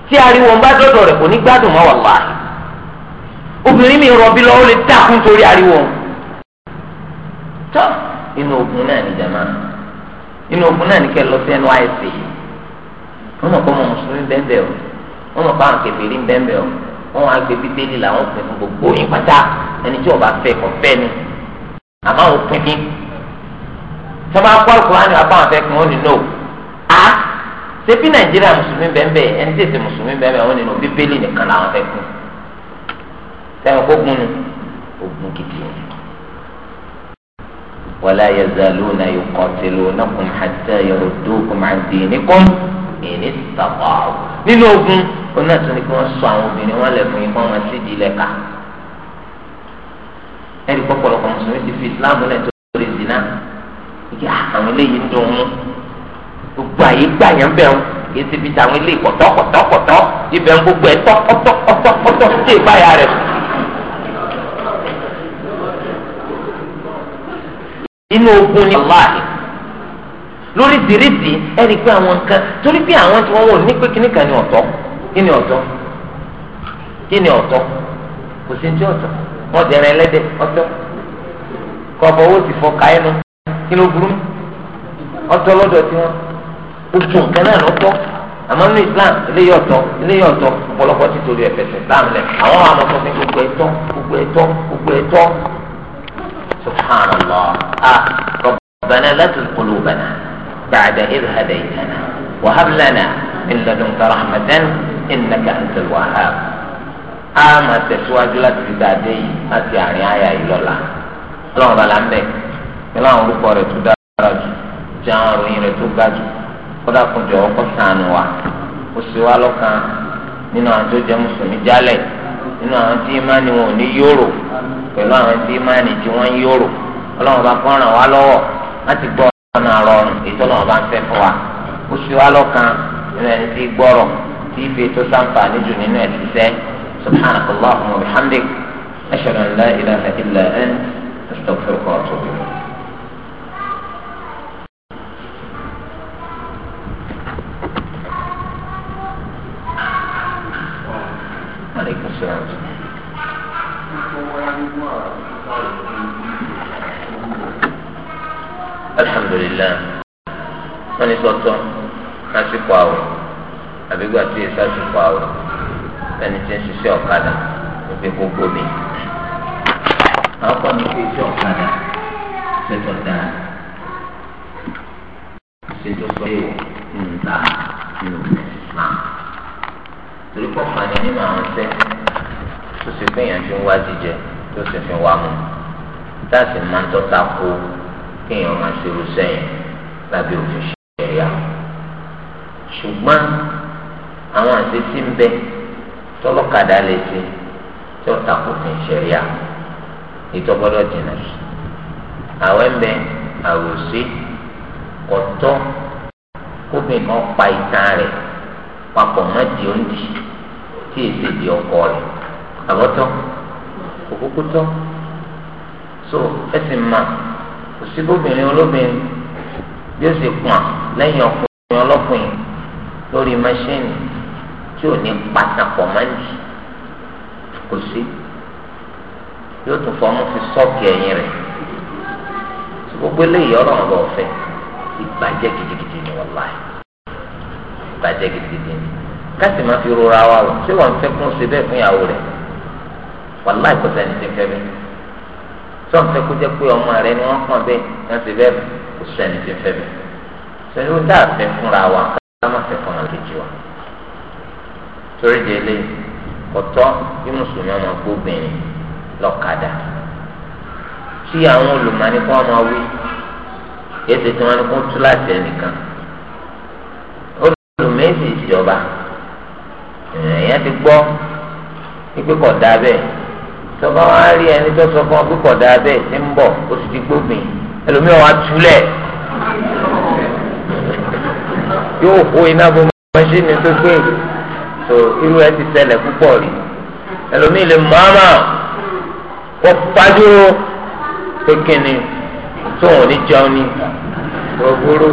tí ariwo ń bá dọ́dọ̀ rẹ̀ kò ní gbádùn mọ́ wàhálà obìnrin mi rọbí lè dákun torí ariwo inú ogun náà ní jama inú ogun náà ní kẹ́ lọ sí ẹnu àìsè wọ́n mọ̀ pé ọmọ mùsùlùmí bẹ́ẹ̀ o wọ́n mọ̀ pé àwọn kẹfìrí bẹ́ẹ̀ gbogbo yín pátá ẹni tí kọ ni àmọ́ òpin sọba kọ́ alukurani wa báwọn fẹ́ kí wọ́n ní no a ṣebí nàìjíríà mùsùlùmí bẹ́ẹ̀ ẹni tí èsì mùsùlùmí bẹ́ẹ̀ wọ́n ní no bíbélì nìkan làwọn fẹ́ kún sẹ́yìn kó gun nu ogun gidi wala yazaluna yuqatilunakum hatta yaruddukum an dinikum in istata'u nínú ogun oní àti ní kí wọ́n sọ àwọn obìnrin wọn lẹ̀ fún yín kí wọ́n sì di ilẹ̀ ká ẹ̀rí pọ̀pọ̀lọpọ̀ mùsùlùmí ti fi islam lẹ̀ ìyá ah, àwọn eléyìí dùn ún gbogbo àyè gbà yẹn bẹ̀ wọn kì í ṣe fi tàwọn ilé ń gbogbo inú ogun ni aláàlì lórí dìrìsì ẹni pé àwọn nǹkan torí bí àwọn tí wò ní pé kíníkà ni ọ̀tọ̀ kí ni ọtọ kí ni kò kí ló burú ọ̀tọ̀ lọ́dọ̀ tí wọn oṣù nǹkan náà lọ́tọ̀ àmọ́ ní islam eléyìí ọ̀tọ̀ eléyìí ọ̀tọ̀ ọ̀pọ̀lọpọ̀ ti torí ẹfẹsẹ islam lẹ àwọn àwọn ọmọ sọfún gbogbo ẹ̀tọ́ gbogbo ẹ̀tọ́ gbogbo ẹ̀tọ́ subhanallah a ربنا لا تزغ قلوبنا بعد إذ هديتنا وهب لنا من لدنك رحمة إنك أنت الوهاب a máa tẹ̀síwájú láti fi dáadé yìí láti àárín àyà yìí lọ́la ọlọ́run bá la ń pẹ̀lú àwọn orúkọ rẹ̀ tó dára jù tí àwọn àròyìn rẹ̀ tó ga jù kódà kún jọ ọkọ̀ sànù wa ó sì wá lọ́kàn nínú àwọn tó jẹ́ mùsùlùmí jálẹ̀ nínú àwọn tí ìmánì wọn ò ní yòrò pẹ̀lú àwọn tí ìmánì tí wọ́n ń yòrò ọlọ́run bá kọ́ ràn wá lọ́wọ́ láti gbọ́ ọ̀nà àrọ̀rùn èyí tó bá ń fẹ́ fún wa ó sì wá lọ́kàn nínú ẹni tí gbọ́rọ̀ tí ìfẹ́ tó sáǹfààní jù nínú ẹ̀sìn sẹ́ subhanaka allahumma wa bihamdik ashhadu an la ilaha illa anta astaghfiruka lásìkò àwọn ẹni tí ń ṣiṣẹ́ ọ̀kadà òfin gbogbo mi. àwọn kan ní iṣẹ́ ọ̀kadà ṣètò dáa ṣètò sọ èèwọ̀ nínú ta nínú Islam. torí pọ̀ kan ní nínú àwọn ṣẹ́ tó ṣe fún èèyàn fi ń wá jíjẹ tó ṣe fi ń wá mu táàsì máa ń tọ́ta kó kéèyàn máa ṣerú sẹ́yìn lábẹ́ òfin ṣẹ̀yà ṣùgbọ́n àwọn àtẹtí ń bẹ tọlọkadà lè ṣe tí ọ̀tà kò fi ń ṣẹ̀ríà ìtọ́gbọ́dọ̀ jìnnà àwẹ̀ ń bẹ àròsí kọ̀tọ́ kóbìnrin kan pa itan rẹ̀ papọ̀ mọ́ di oúnjẹ tí èsì di ọkọ rẹ̀ àbọ̀tọ́ òkúkú tọ́ so ẹ sì mà kò sí bóbìnrin olóbìnrin bí ó sì pọ̀n lẹ́yìn ọkùnrin ọlọ́kùnrin lórí máṣíìnì tí o ní pàtàkọ̀ máa ń dì kò sí yóò tún fọmú fi sọ́ọ̀kì ẹ̀yìn rẹ̀ tí gbogbo eléyìí ọlọ́run bọ̀ fẹ́ ìbàjẹ́ gidigidi ni wọ́n láì ìbàjẹ́ gidigidi ni káàsì máa fi rora wa o ṣé wọ́n fẹ́ kún ṣe bẹ́ẹ̀ fún ìyàwó rẹ̀ wọ́n láì kó sẹ́ni tí ń fẹ́ bẹ́ẹ̀ sọ́ọ̀n fẹ́ kó jẹ́ pé ọmọ rẹ̀ ni wọ́n pọ̀n bẹ́ẹ̀ wọ́n ṣe bẹ́ẹ̀ kó sẹ́ni tí ń fẹ́ bẹ́ẹ̀ sẹ́ni ó dáa fẹ́ fúnra wa ká má fẹ́ fún ọmọ kejì wa torí délé ọ̀tọ̀ bí mùsùlùmí ọmọ gbóbìnrin lọ́kadà tí àwọn olùmọ̀ọ́ni kọ́ ọmọ wí ètò tí wọ́n ní kó tú láti ẹnìkan olùmọ̀ọ́sì ìjọba èèyàn ti gbọ́ pípé kọ̀ dá bẹ́ẹ̀ tọ́ba wa rí ẹni tó sọ fún ọ pé kọ̀ dá bẹ́ẹ̀ ti ń bọ̀ ó sì ti gbóbìn ẹlòmíràn wa túlẹ̀ yóò hó iná bó máa ṣe ní tó gbé yìí so irú ẹ ti ṣẹlẹ̀ púpọ̀ rí ẹlòmíì lè mọ́ọ́mà kó pàdúró pé kíni tó wọn ní jẹun ni gbogbooro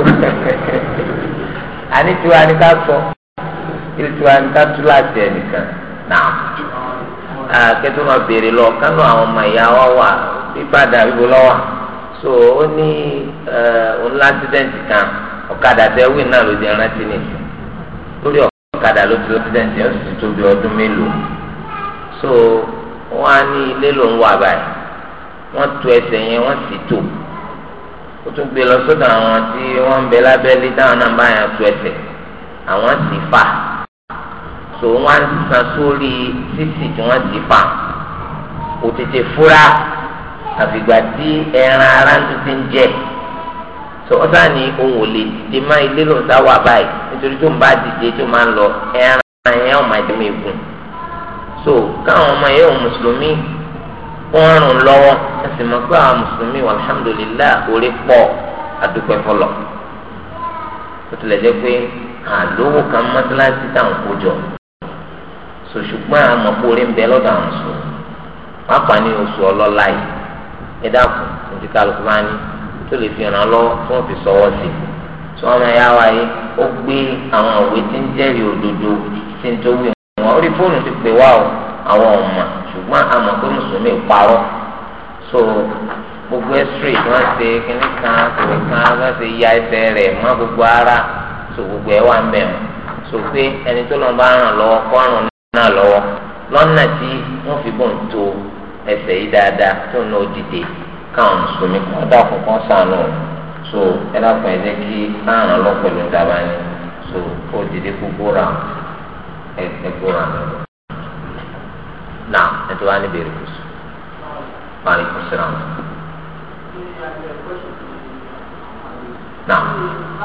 àní tiwa ni ká sọ irú tiwa ni ká tú láti ẹnìkan náà akẹ́tọ́ máa béèrè lọ kánú àwọn ọmọ ìyá wa wà bíbàdà bíbo lọ́wọ́ so ó ní òun lásìdẹ́ǹtì kan ọ̀kadà tẹ́wìn náà ló di ẹran tì ní lórí ọ̀ ọ̀kadà ló ti lọ́sídẹ̀ǹtì ó sì tó bí ọdún mélòó so wọ́n á ní ilé ló ń wà báyìí wọ́n tu ẹsẹ̀ yẹn wọ́n sì tò ó tún gbé lọ sọ́dọ̀ àwọn tí wọ́n ń bẹ lábẹ́lé táwọn náà bá yàn tu ẹsẹ̀ àwọn sì fà so wọ́n á san sórí sísì tí wọ́n sì fà òtètè fúra àfìgbà tí ẹran ara ń tún ti sọ ọ sáà ní ohun ò lè dìde má ilé ló sá wà báyìí nítorí tó ń bá dìde tó lọ ẹran ọmọ mi gùn so káwọn ọmọ ẹ̀yẹ òun mùsùlùmí wọ́n rùn lọ́wọ́ ẹ sì mọ̀ pé àwọn mùsùlùmí wà alhamdulilá orí ó tilẹ̀ jẹ́ pé àlówó kan táwọn kó jọ so ṣùgbọ́n àwọn ọmọkú orí ń bẹ lọ́dọ̀ àwọn sùn pápá ní oṣù ọlọ́lá yìí ẹ dákun tó lè fi ràn lọ́wọ́ tí wọ́n fi sọwọ́ sí tí wọ́n máa yá wa yìí ó gbé àwọn òwe tí ń jẹ́rìí òdodo tí ń tó wí wọn orí fóònù ti pè wá o àwọn ọmọ ṣùgbọ́n àmọ̀ pé mùsùlùmí parọ́ so gbogbo ẹsírì wọn ṣe kíní kan kíní kan wọn ṣe ya ẹsẹ̀ rẹ̀ mọ́ gbogbo ara so gbogbo ẹ wà mẹ́rin so pé ẹni tó lọ bá ràn lọ́wọ́ kọ́ ràn náà lọ́wọ́ lọ́nà tí wọ́n fi bọ̀ ń to ẹsẹ̀ yìí dáadáa tó ń lọ dìde káwọn mùsùlùmí kan ọdọ àkọ́kọ́ sànù so ẹ dákun ẹ jẹ kí àrùn ọlọpẹlú dábàá ni so ó dìde gbogbo ra ẹ gbogbo ra nà ẹ tó wá níbi ìrìkùsù máa rí kùsù náà. Now. Nah.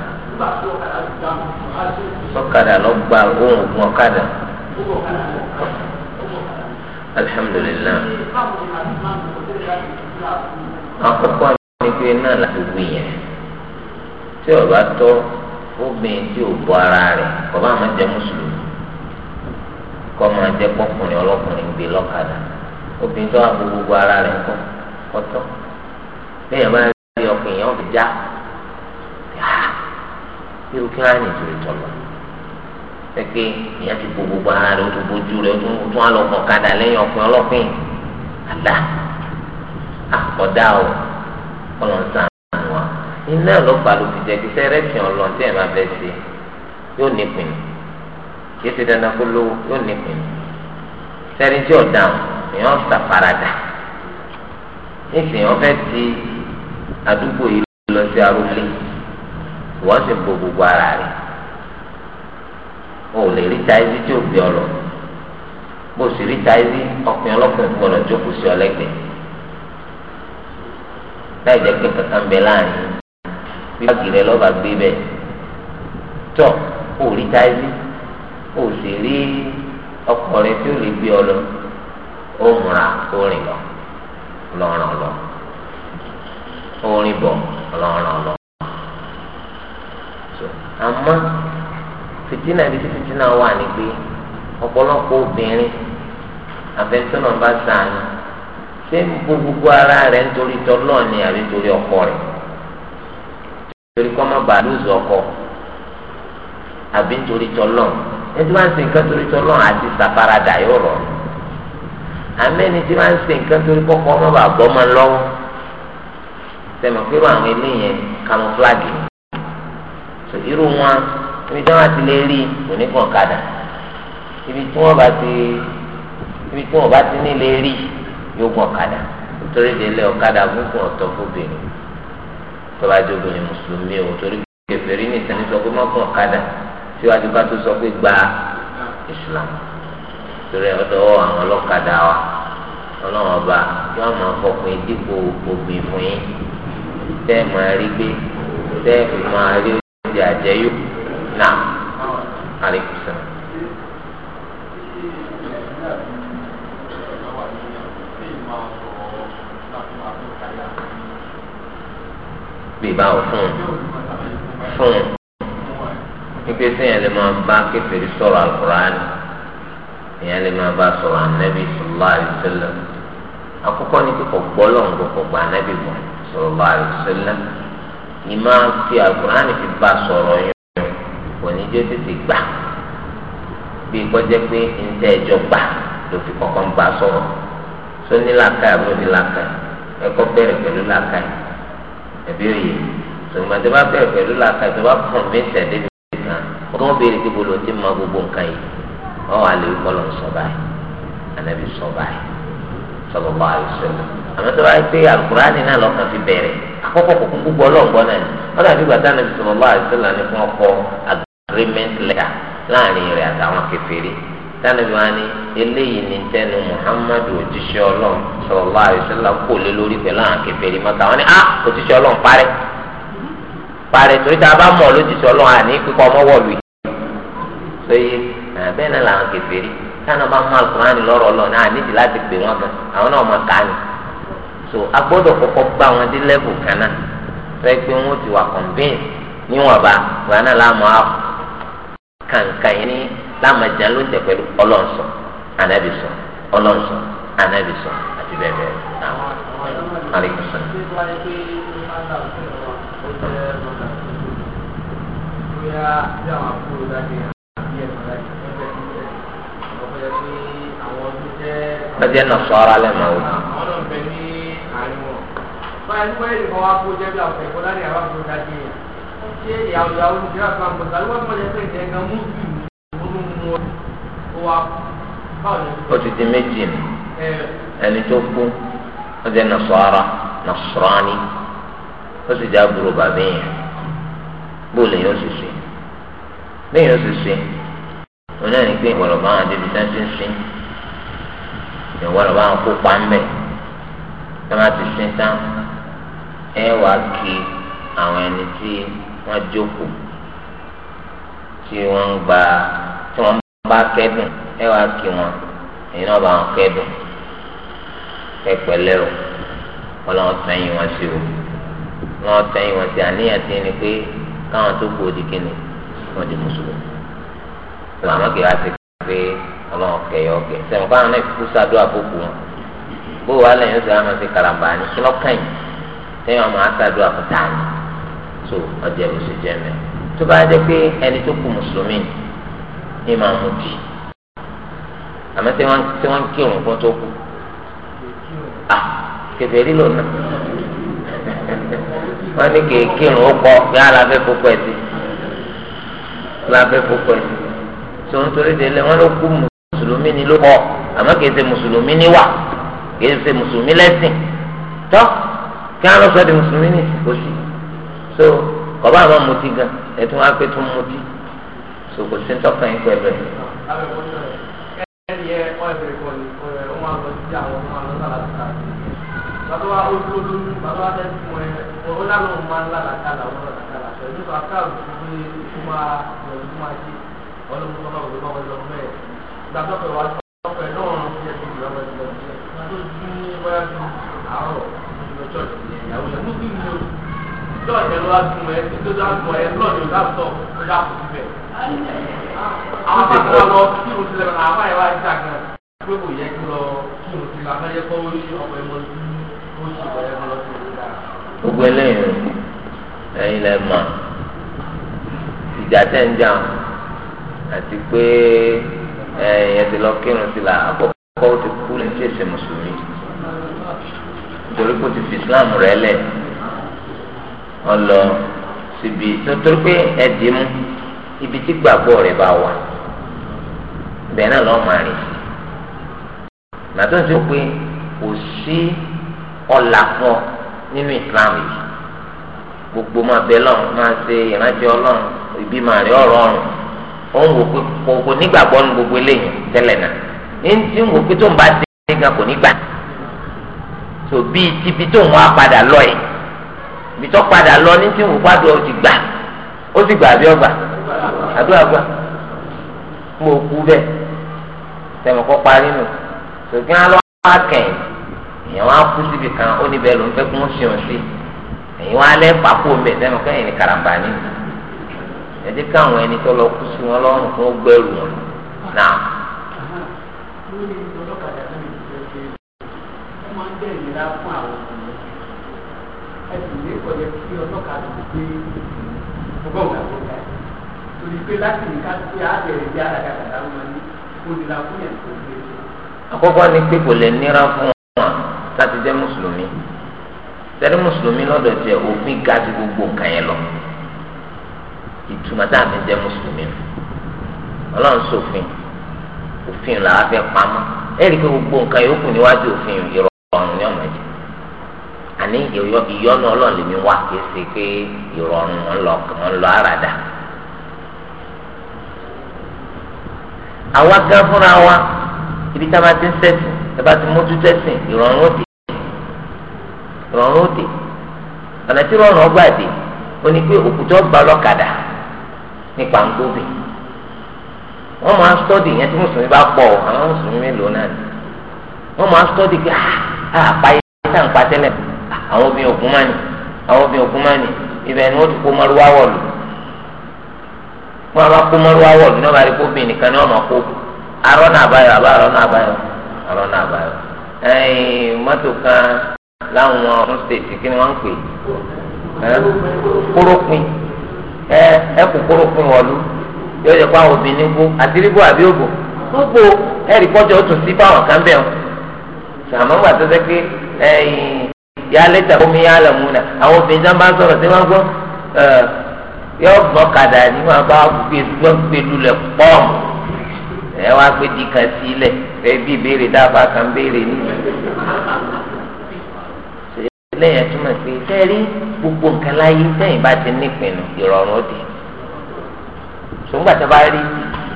sọ́kadà lọ gba ohun ògùn ọ̀kadà alihamudulilayi àkọ́kọ́ anigbe náà la fi wí yẹn tí ó bá tọ́ obìnrin tí ó bọ́ ara rẹ̀ kò bá máa jẹ mùsùlùmí kó máa jẹ pọkùnrin ọlọ́kùnrin gbé lọ́kadà obìnrin tó wà gbogbo ara rẹ̀ kọ kọtọ bẹ́ẹ̀ bá rí ọkùnrin yẹn ó já irú kí wọ́n á yìn ìtòlè tọ̀lọ̀ pẹ̀kẹ́ ìyẹn ti bo gbogbo ara rẹ̀ ó tún bojú rẹ̀ ó tún alọ́ kan kadà lẹ́yìn ọ̀pìn ọlọ́pìn àdá àkọ́dá o ọlọ́nsá wa iná ọlọ́pàá ló fi jẹ́bi sẹ́rẹ́ fi hàn lọ tí ẹ̀ máa bẹ́ sí yóò nípìn kìí ṣe dandan kó lówó yóò nípìn sẹ́ni tí ò dáhùn èèyàn ṣàfaradà nísìnyí wọ́n fẹ́ ti àdúgbò yìí lọ sí arúgbó wọ́n sì bo gbogbo ara rẹ̀ o lè rí táyé tí o gbé ọ lọ bó o sì rí táyé ọkùnrin ọlọ́kùnrin gbọ́dọ̀ jókòó sí ọ lẹ́gbẹ̀ẹ́ láì jẹ́ pé kankan bẹ láàrin bí wọ́n gírẹ́ lọ́ba gbé bẹ́ẹ̀ tọ́ o rí táyé o sì rí ọkùnrin tí o lè gbé ọ lọ ó múra ó lọ lọ́ràn lọ ó bọ̀ lọ́ràn lọ àmọ́ fìtínà ibi tí fìtínà wà ní pé ọ̀pọ̀lọpọ̀ obìnrin àfẹsọ́nà bá sàánù ṣé ń bo gbogbo ara rẹ̀ nítorí tọ́lọ́ ni àbí torí ọkọ rẹ̀ torí kọ́ má bàa lóòzù ọkọ àbí nítorí tọ́lọ́ ẹni tí wọ́n ń ṣe nǹkan torí tọ́lọ́ àti sàfaradà yóò rọ̀ àmẹ́ni tí wọ́n ń ṣe nǹkan torí kọ́kọ́ má bàa bọ́ ọmọ lọ́wọ́ sẹ́mi pé wọ́n àwọn eléyẹn camouflage ni irú wọn ibi tí wọn ti lè rí kò ní kàn kadà ibi tí wọn bá ti ibi tí wọn bá ti ní lè rí yóò gbọ̀n kadà torí délé ọ̀kadà gúngùn ọ̀tọ̀ fóbìnrin tọ́ba jẹ́ obìnrin mùsùlùmí o torí kèfèrí ní ìsẹ́ni sọ pé mọ́kàn ọ̀kadà síwájú ká tó sọ pé gba Islam torí ọ̀dọ̀ àwọn ọlọ́kadà wa ọlọ́wọ́n ọba yóò máa fọkùn dípò obìnrin fún yín tẹ́ ẹ̀ máa rí gbé tẹ́ ẹ̀ máa níbi àjẹyó náà àlékùsọ. bíbá ò fún fún wípé sèyàn lè máa bá kékeré sọ̀rọ̀ àlùkùránì èyàn lè máa bá sọ̀rọ̀ ànábì sallallahu alaihi wasallam àkọ́kọ́ ní kíkọ̀ gbọ́ lọ́nkọ̀ kọ̀ gba ànábì mọ̀ sallallahu alaihi ìmọ̀ fi àgùránì fi bá sọ̀rọ̀ yẹn kò ní jó tètè gbà bí kọjá pé ńdẹ ẹjọ gbà ló fi kọ́kọ́ ń bá sọ̀rọ̀ tó ní làákàyè àbúrò ní làákàyè ẹ̀kọ́ bẹ̀rẹ̀ pẹ̀lú làákàyè ẹ̀bí òye sọ̀gbọ́n tó bá bẹ̀rẹ̀ pẹ̀lú làákàyè tó bá pọ̀ mí tẹ̀lé mi kan wọ́n mọ̀ béèrè kíbo ló ti mọ gbogbo nǹkan yìí wọ́n wà lè kọ́ lọ́n sọ báyìí ànábì sọ báyìí sallallahu alaihi wasallam àmọ́ tó bá ń pé alukurani náà lọ́kàn fi bẹ̀rẹ̀ àkọ́kọ́ kò kún gbogbo ọlọ́ọ̀gbọ́ náà wọ́n dàbí bàtà nàbì sallallahu alaihi wasallam ní fún ọkọ agreement letter láàrin rẹ̀ àtàwọn kèfèrí tánàbí wa ni eléyìí ní tẹnu muhammadu òjíṣẹ́ ọlọ́run sallallahu alaihi wasallam kò lé lórí pẹ̀lú àwọn kèfèrí mọ́ta wọn ni ah òjíṣẹ́ ọlọ́run parẹ́ parẹ́ torí tá a bá mọ̀ lójíṣẹ́ ọlọ́run àní pípa ọmọ wọ̀lú yìí sóyè àbẹ́ náà làwọn kèfèrí tánàbá mọ alukurani lọ́rọ̀ ọlọ́run náà nídìí láti pè wọ́n gan àwọn náà mọ̀ ká ni so a gbọ́dọ̀ kọ́kọ́ gbá wọn dé level kan náà fẹ́ pé wọ́n ti wà convince níwọ̀nba wọn náà láàmú àpò kàǹkàn yìí ní láàmú ajá ló ń tẹ̀ pẹ̀lú ọlọ́nsọ ànábì sọ ọlọ́nsọ ànábì sọ àti bẹ́ẹ̀ bẹ́ẹ̀ náà aleykum sọ. ọjọ́ náà sọ ara lẹ́nu àwọn báyìí wọ́n yẹ kọ́ wá kó jẹ́bi àwọn ẹ̀kọ́ láti àwọn àgbò dájú yẹn ṣé ìyàwó ìyàwó ti rà fún àgbò tàbí wọ́n mọ̀lẹ́ pé ìjẹ́ nǹkan mú bí ìmúlò mú tó kú ó jẹ́ nasara nasrani ó sì já burú bàbá yẹn bó lè yóò sì ṣe lè yóò sì náà ní pé ìwọ̀rọ̀ bá wọn débi ń sin ìwọ̀rọ̀ bá wọn kópa ń bẹ̀ tá wọn ti sin tán. ẹ wàá kí àwọn ẹni tí wọ́n jókòó tí wọ́n ń gba tí wọ́n bá ẹ wàá kí wọn èyí náà bá wọn kẹ́dùn ẹ pẹ̀lẹ́ o wọ́n lọ́wọ́ wọn sí o wọ́n tẹ́yìn wọn sí àníyàn tí ni pé káwọn tó kú òdì kíni di mùsùlùmí wọ́n àmọ́ kí ti pé ọlọ́run kẹyọ kẹ sẹ́wọ̀n fáwọn náà kú sádùn àkókò wọn bó wàá lẹ́yìn ó sì á téèyàn máa ṣàdúrà fún tààmì tó ọjà ìwòsàn jẹmẹ tó bá dé pé ẹni tó kú mùsùlùmí ni màá mú jì àmọ́ tí wọn tí wọn kírun kó tó kú à kẹfẹẹrí lónà wọn ní kì í kírun ó kọ bí aláfẹ fúnpọ ẹ sí aláfẹ fúnpọ ẹ sí tó ń torí délé wọn ló kú mùsùlùmí ni ló kọ àmọ́ kì í ṣe mùsùlùmí níwà kì í ṣe mùsùlùmí lẹ́sìn tó kí á lọ sọ di mùsùlùmí ní kò sí so kọba àmọ́ mutí gan ẹtún wá pé tún mutí so kò sí tọkàn yín pẹ̀lú ẹ. gbàgbọ́ pé wàá sọ ìyàwó yẹn ló bí mi o tó ọ̀tẹ̀ ló wá fún ẹ tó tó dáàbò ẹ lọ́ọ̀ ni o dáàbò tó dáàbò síbẹ̀. àwọn pàtó lọ kí o tilẹ̀ náà àbáyé wá ìjà kan pé kò yẹ kí lọ kí o tilẹ̀ abẹ́yẹ kọ́ orí ọ̀pọ̀ ẹ̀mọ́ ó sì wọlé lọ sí ìlú gbogbo eléyìí ẹ̀yin lẹ mọ̀ ìjà tẹ ń jà àti pé ẹ̀yin ti lọ kírun sí la àkọ́kọ́ ti kú lè ṣèṣe mùsùlùmí torí kò ti fi islam rẹ̀ lẹ̀ ọlọ síbi torí pé ẹdì mú ibi tí gbàgbọ́ rẹ̀ bá wà bẹ́ẹ̀ náà lọ́ọ́ máa rìn sí màtó ń sọ pé kò sí ọ̀là fún ọ nínú islam yìí gbogbo máa bẹ lọ́run máa ṣe ìrántí ọlọ́run ìbí máa rí ọ̀rọ̀ ọ̀run òun wò pé kò nígbàgbọ́ nu gbogbo eléyìí tẹ́lẹ̀ náà ní tí ń wò pé tó ń bá ṣe é gan kò ní tó bíi tibi tó ń wá padà lọ yìí ibi tó padà lọ ní tí wọ́n gbádùn ọ ti gbà ó ti gbà àbí ọgbà àdúrà gbà mo kú bẹ́ẹ̀ tẹ̀mọ̀ kọ́ parí nù sòkè á lọ wá kẹ̀yìn èèyàn wá kú síbi kan ó níbẹ̀ ló ń fẹ́ kún sí òun sí èyí wá lẹ́ pàkó mbẹ tẹ̀mọ̀ kẹ́yìn ní karamba ní ẹ̀dí káwọn ẹni tó lọ kú sí wọn lọ́rùn fún gbẹrù wọn náà jẹ́ ìlera fún àwọn ọmọ ẹ sì ní kọjá sí ọlọ́kadà gbé ọgọ́rùn-ún àgbọ̀gá torí pé láti nìka sí àbẹ̀rẹ̀ bí alágàdàdà wọn ní olùlà fún yẹn tó gbé. àkọ́kọ́ ni pé kò lè nira fún wọn láti jẹ́ mùsùlùmí tẹ́lẹ̀ mùsùlùmí lọ́dọ̀ tiẹ̀ òfin ga ju gbogbo nǹkan yẹn lọ ìtumọ̀ tá a fi jẹ́ mùsùlùmí ọlọ́run sófin òfin làwọn fẹ́ pamọ́ ẹ̀rí pé gbogbo nǹkan yòókù níwájú òfin ìrọ̀ ọrùn ní ọ̀nà yìí àní ìyọnu ọlọ́run lèmi wá kí ẹ ṣe pé ìrọ̀rùn ńlọ àràdà. àwa gan fúnra wa ibi tá a bá ti ń sẹ́sìn ẹ bá ti mójú tẹ́sìn ìrọ̀rùn òde ìrọ̀rùn òde ọ̀nà tí ìrọ̀rùn ọgbà dé ó ní pé òkùtọ́ gba ọlọ́kadà nípa ńgbóbi wọ́n máa ń sọ́ọ̀dì yẹn tí mùsùlùmí bá pọ̀ àwọn mùsùlùmí mélòó náà wọ́n máa ń sọ́ọ̀dì pé ah ha akpa náà ń pa tẹ́lẹ̀ àwọn obìnrin òkú máa ní àwọn obìnrin òkú máa ní ibẹ̀ ni wọ́n ti kó bá rí kó bìnrin nìkan ni wọ́n máa kó arọ́ náà báyọ̀ àbá arọ́ náà báyọ̀ arọ́ náà báyọ̀ ẹ̀yìn kan láwọn stéètì kí ni àmọ́ gbà tó sẹ́ pé yálé tàbí omi yálè mú nà àwọn obìnrin sábà ń sọ̀rọ̀ sí wọn gbọ́ yọ gbọ́ kàdà ní wọn bá gbẹdú lẹ̀ pọ́ọ̀m ẹ wá pé di kan sílẹ̀ fẹ́ bí ìbéèrè dábàá kan béèrè ní lẹ́yìn túmọ̀ sí sẹ́rí gbogbo nǹkan láyé sẹ́yìn bá ti nípinnu ìrọ̀rùn òdì ṣùgbọ́n àti bá rí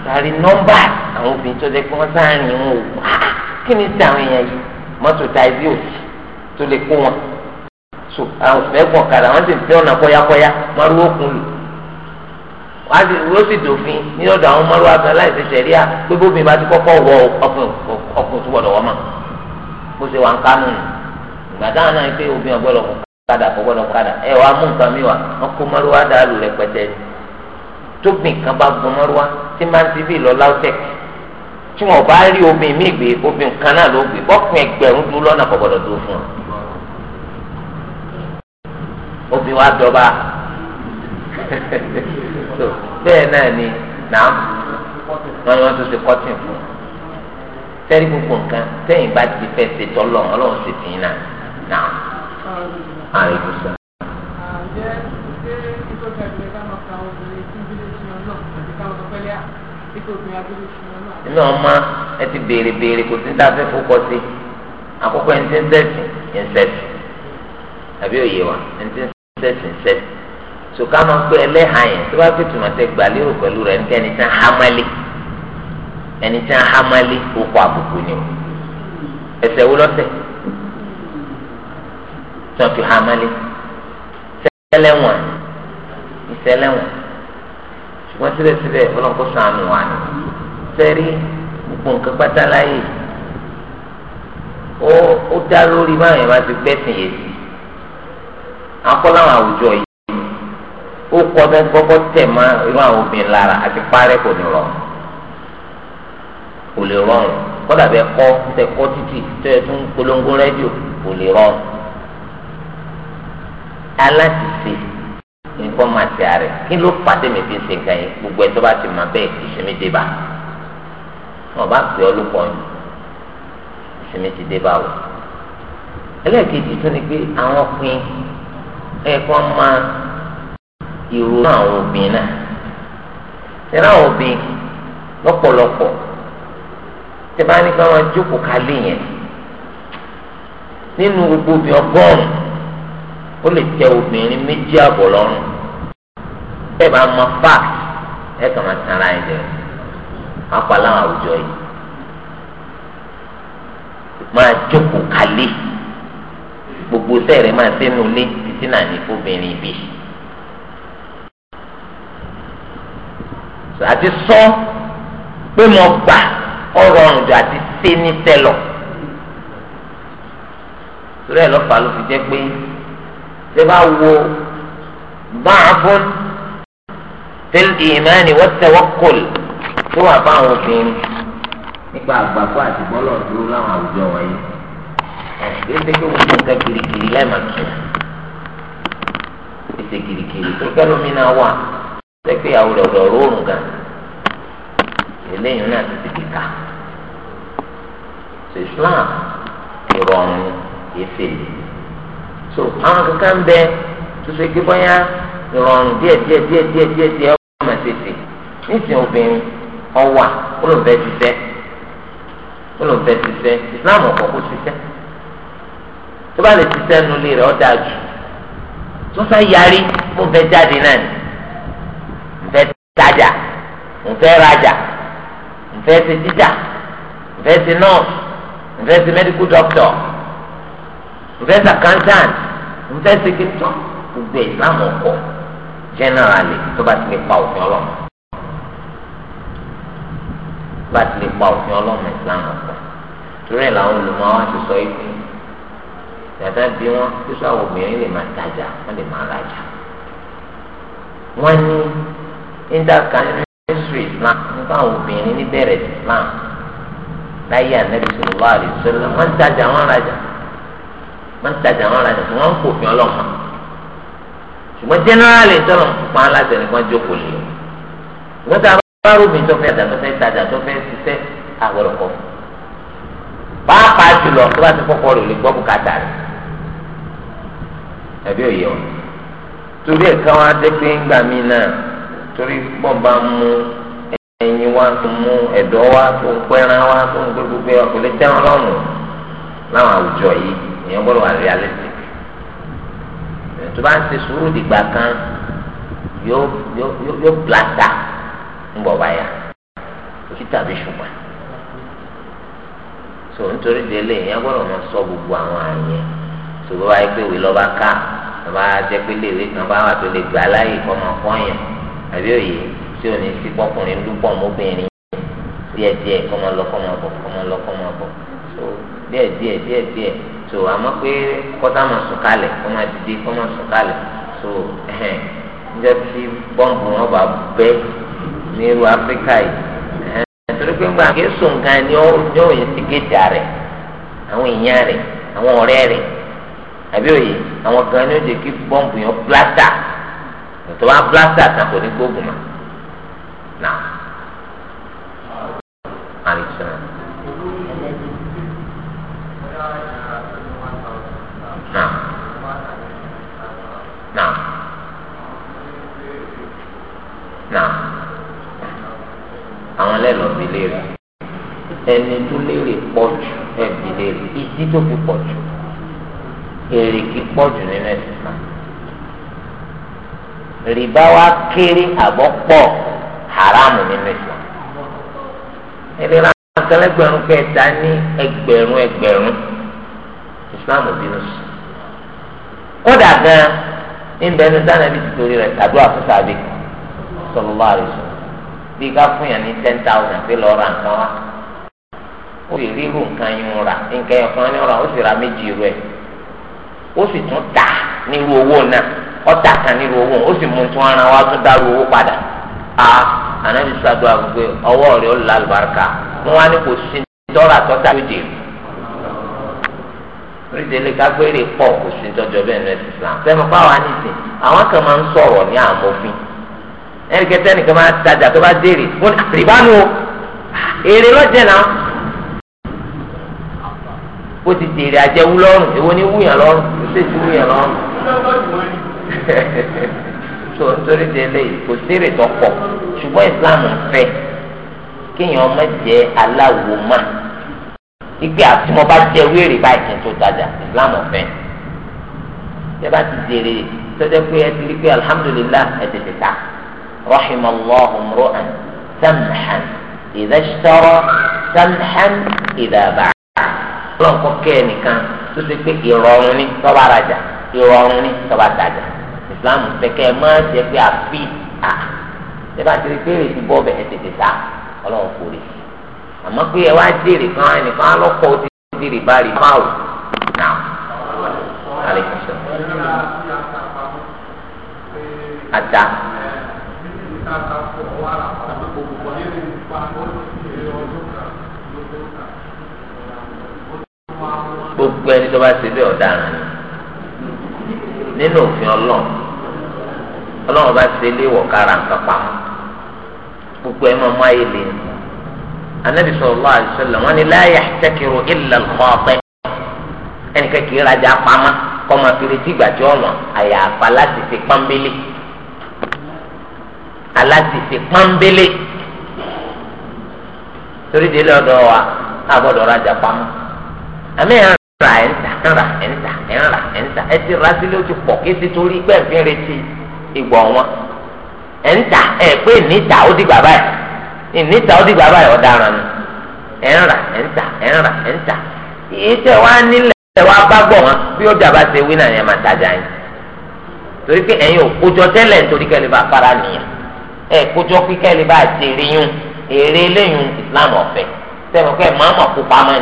sáré nọ́mbà àwọn obìnrin tó jẹ́ pé wọ́n sáré wọn ò wá ah, kí ni sí àwọn èèyàn yìí mọ́tò táìsì òsì tó lè kó wọn so àwọn òsì mẹ́gbọ̀n kadà wọ́n sì ń fẹ́ ọ̀nà kọ́yákọ́yá márùwó kun lù wọ́n á sì wọ́n sì dòfin ní ọ̀dọ̀ àwọn márùwó abẹ́ láìsí sẹ̀ríà pé bóbi bá ti kọ́kọ́ wọ ọkùnrin tó gbọ́dọ̀ wọ́n mọ̀ bó ṣe wà ń kánú nù ìgbà táwọn náà pé obìnrin ọgbọ́dọ̀ kọ́ kadà kọ́ gbọ́dọ̀ kadà ẹ wàá mú nǹkan mi wá wọ́n kó márùwó adàlù rẹpẹtẹ tóbi nǹkan bá gun tí máa ń ti bí tí wọn bá rí omi mi gbé omi nǹkan náà ló gbé bọ́kùn ẹgbẹ̀rún dúró lọ́nà kò gbọ́dọ̀ dúró fún un. omi wa dọba bẹ́ẹ̀ náà ni nàá wọn ni wọn tún ṣe kọ́tìn fún un. sẹ́rí gbogbo nǹkan sẹ́yìn bá ti fẹ́ ṣe tọ́lọ̀ ọlọ́run ṣe tì í náà náà àti ká máa pẹ́lẹ́ àti kò inú ọmọ ẹ ti béèrè béèrè kò sí dáa fẹ́ fọkọ sí àkọ́kọ́ ẹni tí ń sẹ́sìn ń sẹ́sìn àbí òye wa ẹni tí ń sẹ́sìn ń sẹ́sìn sùkà máa ń pẹ́ ẹlẹ́hà yẹn tó bá pètè màtẹ́ gbà lérò pẹ̀lú rẹ̀ ní ẹni tí ń hámálé ẹni tí ń hámálé òkò àbùkù ni o ẹsẹ̀ wo lọ́sẹ̀ tí wọ́n fi hámálé sẹ́lẹ̀wọ̀n ìsẹ́lẹ̀wọ̀n ṣùgbọ́n síbẹ̀síbẹ̀ ọlọ́nkọ́sọ àánú wa ni sẹ́rí gbogbo nǹkan pátá láyè ó ó dá lórí báwọn yẹn bá ti gbẹ́sìn yẹn sí akọ́lá àwọn àwùjọ yìí ó kọ́ ọ́ gbọ́gbọ́ tẹ̀ mọ́ irú àwọn obìnrin lára àti parẹ́ kò ní rọrùn kò lè rọrùn kọ́dà bẹ́ẹ̀ kọ́ tẹ kọ́ títì tẹ ẹ tún polongo rẹ́díò kò lè rọrùn aláṣìṣe nǹkan máa ti àárẹ̀ kí ló pàdé mi fi ṣe nǹkan yẹn gbogbo ẹ̀ tó bá ti máa bẹ́ẹ̀ ìṣẹ́mi dé bá wọn bá pè ọ lóko ọyìn ìsinmi ti dé báwò ẹlẹ́ẹ̀kejì tó ni pé àwọn ọkùnrin ẹ̀kọ́ máa ìrònú àwọn obìnrin náà tẹ̀lé àwọn obìnrin lọ́pọ̀lọpọ̀ tẹ́ bá ní ká wọn jókòó kálé yẹn nínú gbogbo obìnrin ọgọ́rùn-ún ó lè tẹ obìnrin méjì àbọ̀ lọ́rùn bẹ́ẹ̀ bá máa fà ẹ̀ kàn máa tara ẹ̀ jẹ́ apá láwọn àwùjọ yìí máa jókòó kalẹ̀ gbogbo sẹ́ẹ̀rẹ̀ máa sẹ́nu lé títí náà ní fóbìnrin ibì. àti sọ pé mo gbà ọ̀rọ̀ ọ̀rùn jù àti sé ní tẹ́lọ. torí ẹ̀ lọ́fà ló fi jẹ́ pé ṣé bá wo báà fún tẹ́lẹ̀ ìmáàní wọ́n tẹ́wọ́ kọ́lù ó wà fáwọn obìnrin nípa àgbàkọ àti bọ́lọ̀ dúró láwọn àwùjọ wọ̀nyí ẹ̀ẹ́dẹ́gbẹ́ tó gbogbo nǹkan kirikiri lẹ́ẹ̀ma kì í ètè kirikiri tó kẹ́ló mi náà wà sẹ́pẹ́ ìyàwó rẹ̀ ọ̀dọ̀ rọrùn gan eléyìí náà ti ti kíkà so Islam ìrọ̀rùn èsè so àwọn kankan ń bẹ tó ṣe kí bọ́yá ìrọ̀rùn díẹ̀ díẹ̀ díẹ̀ díẹ̀ díẹ̀ díẹ̀ ọmọ tètè nísìnyí obìnrin ọwà olùfẹ́ ṣiṣẹ́ olùfẹ́ ṣiṣẹ́ islam ọ̀pọ̀ kó ṣiṣẹ́ tó bá lè ṣiṣẹ́ nulẹ̀ rẹ̀ ọ́ dáa jù tó fẹ́ yarí mo fẹ́ jáde náà ni mo fẹ́ tajà mo fẹ́ rajà mo fẹ́ ṣe jíjà mo fẹ́ ṣe nọ́ọ̀sì mo fẹ́ ṣe mẹ́díkù dọ́kítọ̀ mo fẹ́ ṣe àkántàn mo fẹ́ ṣe kí n tọ́ gbogbo islam ọ̀pọ̀ generally tó bá ti lè pa òfin ọlọ́run láti lè pa òfin ọlọ́run islam ọ̀pọ̀ torí ẹ̀ làwọn olùmọ̀ wa ti sọ ìpín yàtá bí wọn sísọ àwọn obìnrin lè máa tajà wọn lè máa rajà wọn ní intercountry islam nípa àwọn obìnrin níbẹ̀rẹ̀ islam láyé ànábì sọlọ́wọ́ àdìsọ́lá wọn tajà wọn rajà wọn tajà wọn rajà wọn kò fi ọlọ́run ṣùgbọ́n generally tọ́lọ̀ ń aláṣẹ nìkan jókòó lé wọn fárúmi tó fẹ́ dàtọ́ fẹ́ tajà tó fẹ́ ṣiṣẹ́ àgbẹ̀rọ̀ kọ́ fún pàápàá jùlọ tó bá ti kọ́kọ́ rẹ̀ lè gbọ́ bùkátà rẹ̀ ẹ̀bí òye ọ̀ torí ẹ̀ka wọn adé pé ń gbà mí náà torí bọ́ọ̀bà mú ẹyin wa tó mú ẹ̀dọ́ wa tó ń pẹ́ran wa tó ń gbégbé wa kò lè tẹ́ran lọ́rùn láwọn àwùjọ yìí èèyàn gbọ́dọ̀ wà realistic tó bá ń ṣe sùúrù dìgbà kan yóò yóò yóò blasta. ń bọ̀ báyà kò sí tàbí ṣùgbọ́n so nítorí délé ìyá gbọ́dọ̀ máa sọ gbogbo àwọn àyẹn so bá wáyé pé lọ́ba ká bàbá jẹ́ pé kan bá wà tó lè gbà kọ́ máa kọ́ yẹn àbí òye tí ò ní sí pọ́kùnrin dúpọ̀ mọ́bìnrin kọ́ máa lọ kọ́ máa bọ̀ kọ́ máa lọ kọ́ máa bọ̀ so díẹ̀díẹ̀ díẹ̀díẹ̀ so àmọ́ pé kọ́tà máa sùn kọ́ máa dìde kọ́ máa sùn so ẹ̀hẹ̀n níjẹ́ tí bọ́ǹbù ní irú áfíríkà yìí torí pé ńgbà kí sùn nǹkan ni ó ní òye ti géjà rẹ̀ àwọn èèyàn rẹ̀ àwọn ọ̀rẹ́ rẹ̀ àbí òye àwọn kan ní ó jẹ́ kí bọ́ǹbù yẹn blasta tó bá blasta tán ní gbógun mọ́ náà. Now. Now àwọn lẹ́lọ́ bi léèrè ẹni tó léèrè pọ̀ jù ẹbí léèrè ìdí tó fi pọ̀ jù èrè kí pọ̀ jù nínú ẹ̀sìn náà rìbá wa kéré àbọ̀ pọ̀ haramu nínú ẹ̀sìn ẹni rà akẹlẹgbẹrún kẹta ní ẹgbẹ̀rún ẹgbẹ̀rún Islam bínú sùn kódà gan ní bẹnu sànà bí tìtorí rẹ tàdúrà fún sàbí sọlọ bí ká fún yàn ní ten thousand pé lọ ra nǹkan wá ó lè rí nǹkan yín ra nǹkan o si ra meji ó sì ra méjì rẹ̀ ó sì tún tà nírú owó náà ó kan nírú owó ó sì mú tún ara wa tún dárú owó padà a ànábi sàdúrà gbogbo ọwọ́ rẹ̀ ó wọn wá ní kò sí dọ́là tọ́ta yóò dé kágbére pọ̀ kò sí bẹ́ẹ̀ ní ẹ̀sìn Islam àníṣe àwọn kan máa ń sọ̀rọ̀ ní ẹnì kẹtẹ nìkan máa tajà tó bá dèrè wọn ah, rìbánu o ah, èrè lọ́jẹ̀ náà ó ti dèrè àjẹwú lọ́rùn èwo ni wúyàn lọ́rùn ó sì ti wúyàn lọ́rùn so nítorí délé kò sírè tó pọ̀ ṣùgbọ́n Islam ń fẹ́ kéèyàn ọmọ jẹ́ aláwo mà igbe àti mo bá jẹ wéèrè báyìí kí n tó tajà Islam ọ̀fẹ́ tẹ bá ti dèrè tọ́jọ́ pé ẹ ti rí pé alihamudulilayi ẹ tètè ta. رحم الله امرؤا سمحا إذا اشترى سمحا إذا باع lọ́n kọ́ kẹ́ ẹnìkan tó ṣe pé ìrọ̀rùn ni tọ́ba rajà ìrọ̀rùn ni tọ́ba tajà Islam fẹ́kẹ́ máa ṣe pé àfi à ṣe bá ti rí pé èrè ti bọ́ bẹ̀ ẹ̀ tètè ta ọlọ́run kò rí àmọ́ pé ẹ wá jèrè kan ẹnìkan alọ́kọ̀ ó ti jèrè bá rí márùn náà alẹ́ kìí sọ. ata káàkà fún ọwọ́ ara tàbí gbogbo ayé ní ipa ọdún ọdún kan lọ́dún kan. gbogbo ẹni tó bá ṣe bẹ́ẹ̀ ọ̀daràn ni nínú òfin ọlọ́run ọlọ́run bá ṣe léwọ̀ kára nǹkan pamọ́ gbogbo ẹ máa ayé lè ní. anabi sallallahu alaihi wọn ni la yahtakiru illa al-khati' ẹnìkan kì í rajà pamọ́ kọ́ máa fi retí àyàfà láti fi pọ́nbélé aláṣìṣe pọ́nbélé torí délé ọ̀dọ̀ wa àgbọ̀dọ̀ rajà pamọ́ àmì ẹ̀ ń ra ẹ̀ ń tà ń ra ẹ̀ ń tà ẹ̀ ń ra ẹ̀ ń tà ẹ ti ra sílé ó ti pọ̀ kí ti torí pẹ́ẹ́fín retí ìgbọ̀ wọn ẹ̀ ń tà ẹ̀ pé níta ó di bàbá ẹ̀ níta ó di bàbá ẹ̀ ọ̀daràn ni ẹ̀ ń ra ẹ̀ ń tà ẹ̀ ń ra ẹ̀ ń tà ìtẹ̀ wá nílẹ̀ ẹ̀ wá bá gbọ̀ wọn bí ó jàbá ṣe wí náà ẹ̀ máa tajà yín torí pé ẹ̀yin ò kójọ tẹ́lẹ̀ nítorí kẹ́lẹ́ bá fara nìyẹn ẹ kójọ kíkẹ́ lè bá ṣe rí èrè eléyìí islam ọ̀fẹ́ sẹ́wọ̀n kó pamọ́ ni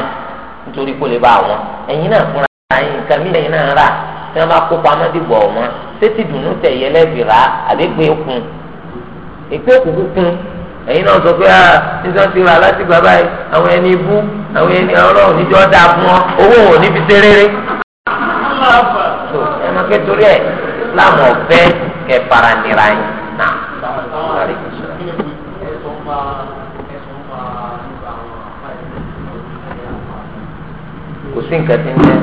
nítorí kó lè bá wọn ẹ̀yin náà fúnra ẹ̀yin nǹkan mi lẹ́yìn náà rà tí wọ́n bá kó pamọ́ dìbò wọn dùnú tẹ̀ yẹ àlégbé kun a nígbà tí ra ah, láti bàbá yìí àwọn ẹni bú àwọn ẹni ọlọ́run níjọ́ dáa fún owó ní ẹ̀ kò sí nǹkan tí ń jẹ́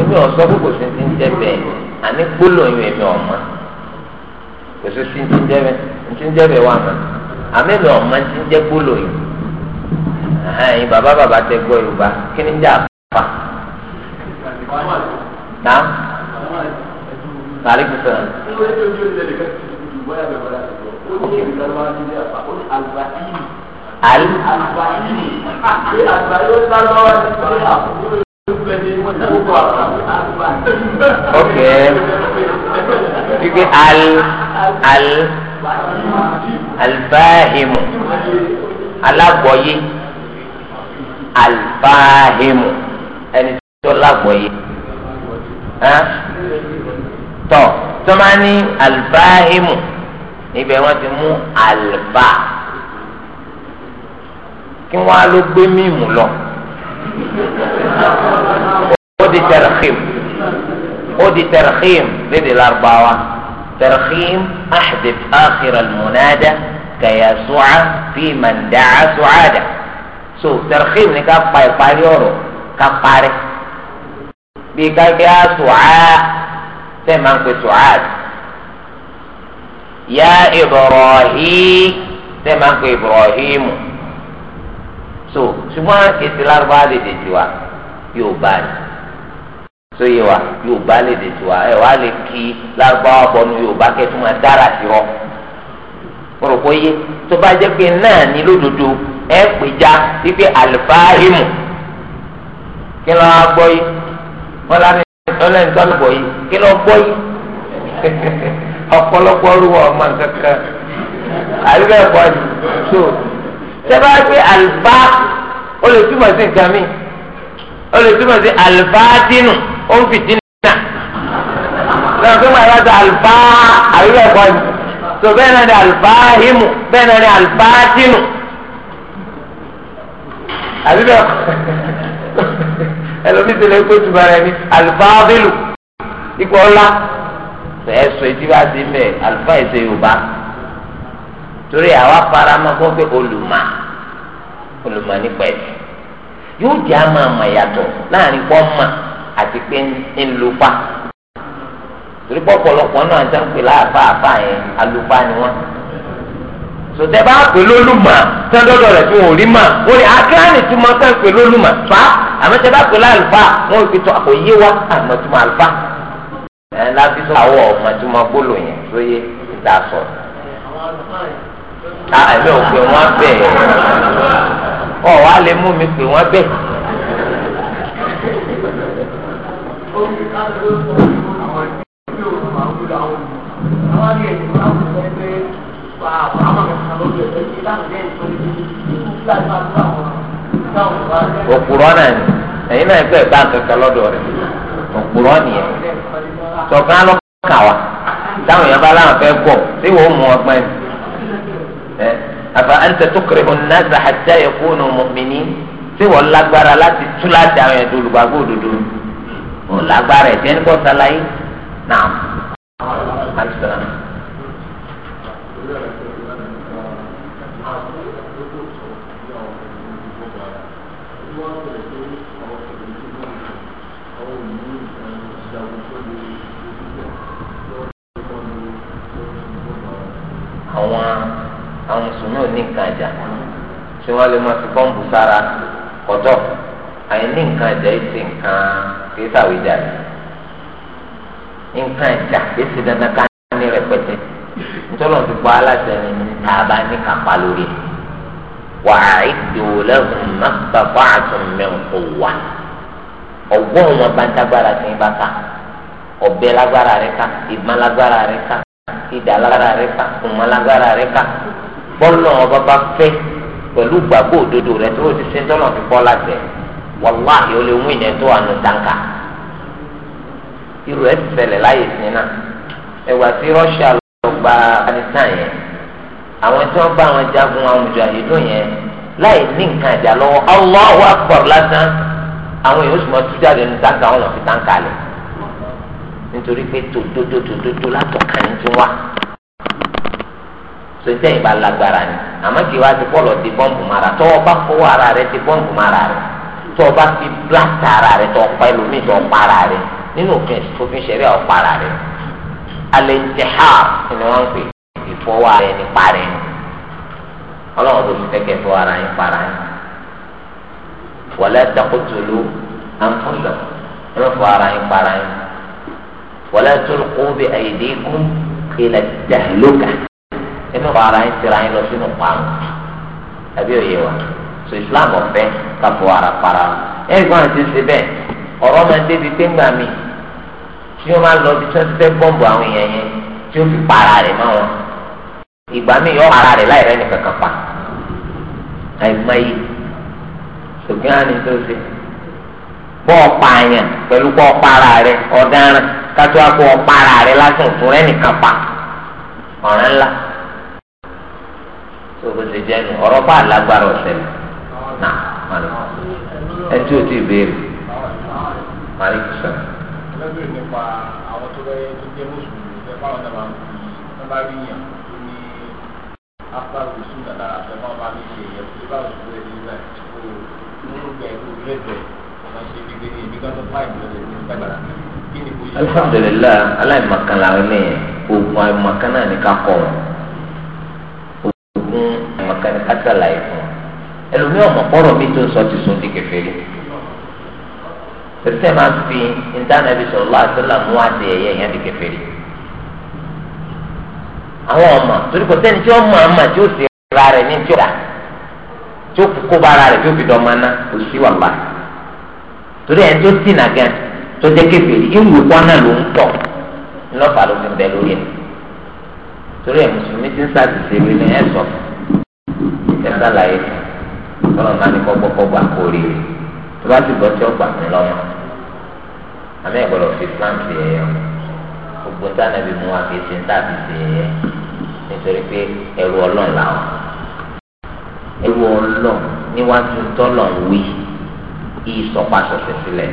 èmi ọ̀sọ́ pé kò sí ti ń jẹ́ bẹ́ẹ̀ àní gbólóyún èmi ọ̀mọ́ kò sí ti ń jẹ́ bẹ́ẹ̀ ti ń jẹ́ bẹ́ẹ̀ wà mọ́ àmì èmi ọ̀mọ́ ti ń jẹ́ gbólóyún ẹ̀yin bàbá bàbá tẹ gbọ́ yorùbá kí ni ń jẹ́ àpá nà tàrí kùsọ̀ nà. ó ní èmi lọ́wọ́ á jẹ́ àpá ó ní àlùbáyé al. ok wípé al al alfahimu alágbọ̀yé alfahimu ẹni tó lágbọ̀yé tọ́ tọ́ máa ní alfahimu ibẹ̀ wọ́n ti mú alfa. kí wọ́n á ló gbé mímu lọ. ó di tẹ̀rẹ̀kìm ó di tẹ̀rẹ̀kìm lédè lárúbáwá tẹ̀rẹ̀kìm ahdif akhira almunada kayasuca fi man daca sucada so tẹ̀rẹ̀kìm ni ká pa ìparí ọ̀rọ̀ ká parí bí ká kí á sucá tẹ̀ ma ń pè yá sucada. يا إبراهيم تمام إبراهيم so ṣùgbọ́n ètò lárúbá lè dè tiwa yóò bá a so yé wa yóò bá lè dè tiwa ẹ wàá lè kí lárúbá bọnu yóò bá kẹtù máa dára sí ọ mo rò pé yé tó bá jẹ́ pé náà ní lódodo ẹ pè já wípé àlùfáàhìmù kí ló wá gbọ́ yìí wọ́n lá ní ọlọ́run tó lọ́gbọ̀ yìí kí ló gbọ́ yìí ọ̀pọ̀lọpọ̀ rúwọ̀ ọmọ nǹkan kan àlùfáà ẹ̀kọ́ yìí so sẹ́fà pé àlùbá ó lè túmọ̀ sí nǹkan mi ó lè túmọ̀ sí àlùbá dínú ó ń fìdí nínà lọ́nà pé wọ́n yà sọ àlùbá àríwá ẹ̀kọ́ ni tó bẹ́ẹ̀ náà ni àlùbá himu bẹ́ẹ̀ náà ni àlùbá dínú àbí bẹ́ẹ̀ ẹlòmí ti lè kó tuma rẹ ní àlùbá bílù ikú ọlá ẹ̀ sọ ètí bá ti mẹ́ àlùbá ẹ̀ yorùbá torí àwa faramọ́ kó pé olùmọ̀ olùmọ̀ nípa ẹ̀sìn yóò jẹ́ àmọ́ àmọ́ yàtọ̀ láàrin pọ́nmọ́ àti pé ńlùpá torí pọ̀pọ̀lọpọ̀ náà ń sẹ́ńpẹ̀ láàfà àfà yẹn alùpá ni wọ́n sọtẹ́ bá pè lólùmọ̀ sẹ́ńdọ́dọ̀ rẹ̀ fún òrímà ó ní akéwàní tí mo kàn pè lólùmọ̀ fa àmọ́ tẹ́ bá pè láàlùfà wọ́n fi tọ́ àpò yé wa àmọ́ tí mo àlùfà ẹ̀ láti sọ àwọn ọmọ tí mo gbólò yẹn sóye ìdásọ̀rọ̀ a ẹ̀mí ò pé wọ́n bẹ̀ ọ wá lè mú mi pé wọ́n bẹ̀. òpùrọ́ náà ni ẹ̀yin náà ẹgbẹ́ bá kankan lọ́dọ̀ rẹ̀ òpùrọ́ nìyẹn sọ̀kan lọ́kàn wa táwọn èèyàn bá láwọn fẹ́ bọ̀ tí wọ́n mú ọgbọ́n ẹ̀ àbá àǹtẹ tó kéré hàn náà zàhàtà ẹ̀kọ́ nù mọ̀mìnì tí wọ́n lágbára láti tú láti àwọn ẹ̀dùn olùgbàgbọ́ òdodo wọn lágbára ẹ̀jẹ̀ ní bọ́ta láyé náà. àwọn àwọn mùsùlùmí ò ní nǹkan ìjà tí wọ́n lè máa fi bọ́ǹbù sára kọ̀tọ̀ àìní nǹkan ìjà yìí ti nǹkan kìí sàwíjà rẹ̀ nǹkan ìjà yìí ti dandan ká ní rẹpẹtẹ nítorí ti pa aláṣẹ ni tá a bá ní kápá lórí ẹ̀ wàhídì òlẹ́hùn mẹ́fàfà àtúnmẹ́kọ̀ wà ọgbọ́n wọn bá ń bá ká ọ̀bẹ lágbára rẹ̀ ká lágbára rẹ̀ bọ́lá ọba bá fẹ́ pẹ̀lú gbàgbọ́ òdodo rẹ tó o ti ṣe tọ́nà fi kọ́ wàláhì o lè wí ní tanka irú ẹ̀ ti ṣẹlẹ̀ láyè sí náà tí Russia lọ gba Afghanistan yẹn àwọn tí wọ́n bá àwọn jagun yẹn láì ní nǹkan ìjà lọ́wọ́ Akbar lásán àwọn èèyàn sì mọ tanka wọn lọ tanka nítorí pé tòdodo tòdodo ti wá. sọtẹ́ ìbá lágbára ni àmọ́ kí wá ti pọ̀lọ̀ di bọ́ǹbù mara tọ́ ọba fọwọ́ ara rẹ ti bọ́ǹbù mara rẹ tọ́ ọba fi blasta ara rẹ tọ́ ọpa ẹlòmíì tọ́ ọpa ara rẹ nínú òfin òfin ṣẹ̀ríà ọpa ara rẹ alẹ́ ń tẹ̀ ha ni wọ́n ń pè ìfọwọ́ ara ẹni parẹ́ ni ọlọ́run tó fi kẹ́kẹ́ fọwọ́ ara yẹn para yẹn wala taqtulu anfusakum ẹ̀rọ fọwọ́ ara yẹn para yẹn wala tulqu bi aydikum ila tahluka inú ara yín tira yín lọ sínú parun àbí òye wa so islam ọ̀fẹ́ kápò ara para ẹ̀gbọ́n àti ṣe bẹ́ẹ̀ ọ̀rọ̀ máa débi pé ńgbà mi tí wọ́n máa lọ bí tí wọ́n ti fẹ́ bọ́ǹbù àwọn èèyàn yẹn tí ó fi para rẹ̀ mọ́ wọn ìgbà mi yọ ara rẹ̀ láì rẹ́ nìkan kan pa àìmọye ṣùgbọ́n àní tó ṣe bọ́ ọ̀pá àyàn pẹ̀lú bọ́ ọ̀pá rẹ̀ ọ̀daràn kátó àpò ọ̀pá rẹ̀ lásán òtún rẹ́ nìkan gbogbo ṣe jẹ́ nu ọ̀rọ̀ bá lágbára ọ̀sẹ̀ mi nà màlẹ́ ẹ tí o ti béèrè màlẹ́ kì í sọ. ẹlẹ́gbẹ̀rẹ̀ nípa àwọn tó bẹ́ẹ̀ tó jẹ́ mùsùlùmí ẹ báwọn náà máa ń fi nígbà rí yàn tó ní afárò sùn dàda àti ẹ máa ní ṣe èyẹ tó bá sùn lé nígbà tó múlò bẹ́ẹ̀ tó lẹ́bẹ̀ẹ́ ọmọ ṣe gbígbé ní ibi gánà fáì lọ́dẹ̀ ní gbàgbàrà kí ni kò yẹ. alihamudulilayi aláìmọ̀kan làwọn ènìyàn oògùn àìmọ̀kan náà ní ká kọ̀ wọ́n ní ọmọkan ní kásálàyé fún un ẹlòmíì ọmọ pọ̀rọ̀ mi tó ń sọ ti sùn di kẹfẹ́rí pẹ̀lú tẹ́ máa fi ìdáná ibi sọ̀rọ̀ láti là mú àti ẹ̀yẹ yẹn di kẹfẹ́rí àwọn ọmọ torí kò sẹ́ni tí wọ́n mọ àmà tí ó sì ra rẹ̀ ní tí ó dà tí ó kó bá ara rẹ̀ tí ó fi dán ọmọ náà kò sí wàhálà torí ẹni tó sì nàgẹ́ tó jẹ́ kẹfẹ́rí ìlú náà ló ń pọ̀ ńlọ́fà ló fi bẹ lórí ẹ̀ torí ẹ̀ mùsùlùmí ti ń ṣàtìsí rí ni ẹ̀ sọ ẹ̀ sàlàyé tọ́lọ̀ máa ní kọ́gbọ́kọ́gbà kó rí rí tó bá ti gbọ́ tí ó gbà mí lọ́wọ́ àmì ìgbọ̀lọ̀ fi plan sí ẹ̀yọ gbogbo dáná bí mu wá fi ṣe ń tàbí sí ẹ̀yẹ nítorí pé ẹrù ọlọ́run làwọn ẹrù ọlọ́run níwájú tọ́lọ̀ ń wí ìsọpasọ̀sẹ̀ sílẹ̀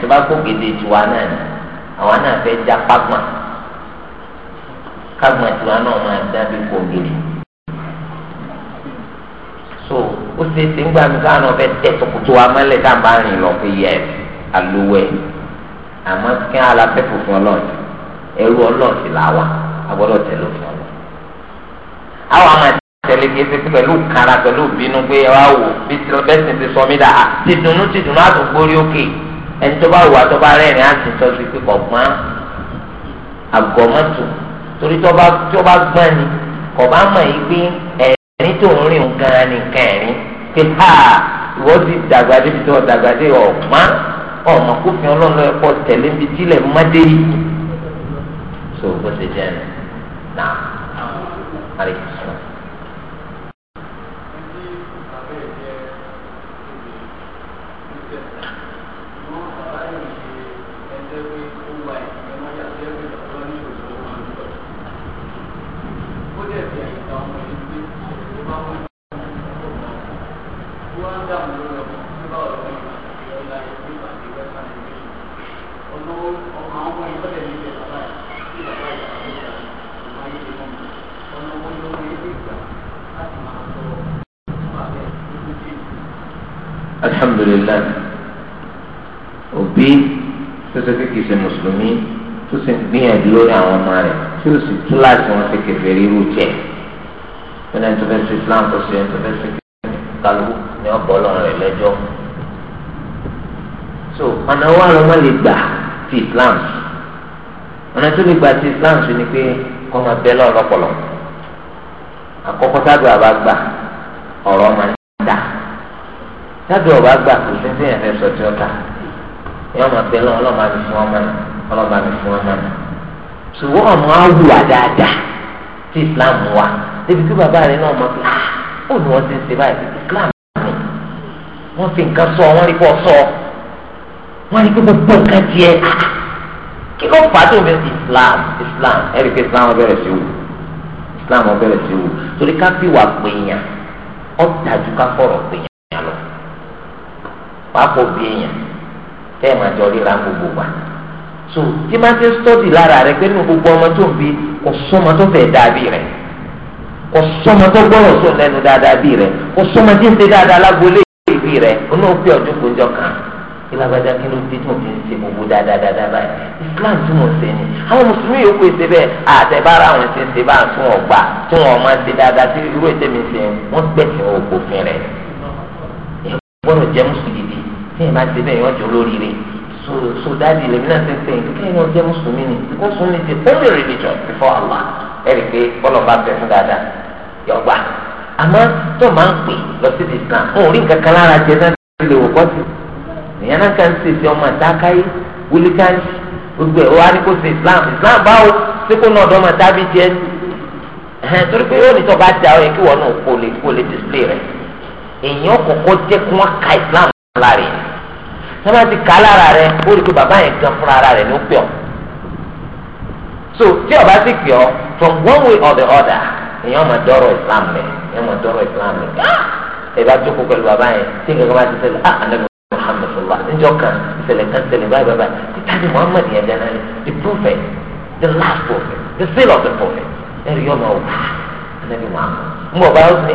tó bá kó gèdè tiwa náà ni àwọn náà fẹ́ já pápá kágbọn tiwa náà máa dábì kó gèrè so ó ṣe é ṣe ń gbà mí káwọn ọbẹ tẹ tọkùtù wa mọ́lẹ̀ tá rìn lọ pé yẹ alówẹ àmọ́ kí á la fẹfọ fún Ọlọ́run ẹrú Ọlọ́run sì là wà á gbọ́dọ̀ tẹ̀lé fún Ọlọ́run àwọn àmà tẹ̀lé kí ẹsẹ pẹ̀lú kara pẹ̀lú bínú pé ẹ wá wò bí bẹsìn ti sọ mí dà ah, tìdùnnú tìdùnnú àtúgbórí òkè ẹni tó bá wù àtọ́ bá rẹ̀ ní àti sọ sí pé kọ̀ọ̀kan àgọ́mọ́tò torí tó bá tó bá gbọ́n ni kò bá mọ̀ yìí pé ẹ̀rín tó ń rìn gan-an ni kẹrin pé ha ìwọ ti dàgbà débi tó dàgbà dé ọ̀pọ̀n ọmọ kófin ọlọ́run lọ́ọ́ ẹ̀kọ́ tẹ̀lé ń tílẹ̀ mọ́dé yìí so bó ṣe jẹ́ nà àríkìsọ́. alhamdulillah òbí tó ṣe pé kì í ṣe mùsùlùmí tó ṣe ń gbìyànjú lórí àwọn ọmọ rẹ̀ tí ó sì tú láti wọn ṣe kẹfẹ ríru jẹ pé náà tó fẹ́ ṣe islam tó ṣe tó fẹ́ ṣe kẹfẹ kálukú. ni wọn bọ́ lọ́rùn rẹ̀ lẹ́jọ́ so ọ̀nà wa ló má lè gbà ti Islam ọ̀nà tó lè gbà ti Islam sí ni pé kọ́ máa bẹ́ lọ́rùn lọ́pọ̀lọ́ àkọ́kọ́ sábà àbá gbà ọ̀rọ̀ máa ń dà sábà àbá gbà kò sí sí ẹ̀fẹ́ sọ tí ó ta yọ máa bẹ́ lọ́rùn ọlọ́mà mi fún ọmọ náà ọlọ́mà mi fún ọmọ náà ṣùgbọ́n ọmọ awùwà dáadáa ti Islam wa débi tí bàbá rẹ̀ náà mọ̀ pé ah, ó ní wọ́n ti ń ṣe báyìí Islam wọ́n fi nǹkan sọ wọ́n rí pọ̀ sọ wọ́n rí pé gbogbo nǹkan tiẹ̀ kí ló fà á tó bẹ́ẹ̀ islam islam ẹ̀rí pé islam ọbẹ̀rẹ̀ sí wù islam ọbẹ̀rẹ̀ sí wù torí ká fi wà péyàn ọ̀ dájú ká fọ̀rọ̀ péyàn lọ pàápọ̀ bí èèyàn tẹ́ ẹ̀ máa jọ ríra gbogbo wa so tí máa ti sọ́ọ̀dì lára rẹ pé nínú gbogbo ọmọ tó ń bí kò sọ́mọ tó fẹ́ dàbí rẹ̀ kò sọ́mọ tó gbọ́rọ̀ sọ lẹ́nu dáadáa bí rẹ̀ torí rẹ oní òpè ọdún kojọ kan ìlàgbàjà kí ló dé tí mo fi ń ṣe gbogbo dáadáa báyìí Islam tí mo ṣe ni àwọn mùsùlùmí yòókù ètè bẹ́ẹ̀ àtẹ̀bára àwọn ètè ṣe bá ń fún ọgbà tí wọn máa ṣe dáadáa tí irú ètè mi ṣe wọn gbẹ̀sìn ògbófin rẹ̀ èyí gbọ́dọ̀ jẹ́ mùsùlùmí tí èyí máa ṣe bẹ́ẹ̀ yọ̀ọ́ jọ lórí rẹ̀ so dáàdi lèmi náà ṣe ń sẹ́yìn kíkẹ́ yẹn jẹ́ mùsùlùmí ni kó sùn ti only religion before Allah ẹ̀rì pé bọ́lọ̀ bá bẹ̀ fún dáadáa yọ̀gbà àmọ́ tó máa ń pè lọ sí di tàn òun rí nǹkan kan lára jẹ náà lè wò kọ́sì ìyẹn náà kàn ń ṣe ti ọmọ àtàkáyé wílí káyé gbogbo ẹ̀ wá ní kó ṣe Islam Islam báwo ṣé kó náà dọ́mọ tábí jẹ́ ẹ̀hẹ́n torí pé yóò ní tó bá da ọ yẹ kí wọ́n náà kó lè kó lè display rẹ̀ èèyàn kọ̀kọ́ jẹ́ kí wọ́n ka Islam lára rẹ̀ sábà ti kà á lára rẹ̀ ó rí i pé bàbá yẹn gan fúnra ara rẹ̀ ló pè ọ́ so tí ọba sì pè ọ́ from one way or the other èèyàn máa dọ́rọ̀ islam mẹ́ èèyàn máa dọ́rọ̀ islam mẹ́ ah! ẹ bá jókòó pẹ̀lú bàbá yẹn tí nǹkan bá ti ṣẹlẹ̀ ah anabi muhammed sallallahu alaihi níjọ́ kan ìṣẹ̀lẹ̀ kan ṣẹlẹ̀ báyìí bàbá títà muhammed yẹn dáná ni the prophet the last prophet the seal of the prophet ẹ̀rí yọ máa wò ah anabi muhammed ń bọ̀ báyọ̀ ah, sí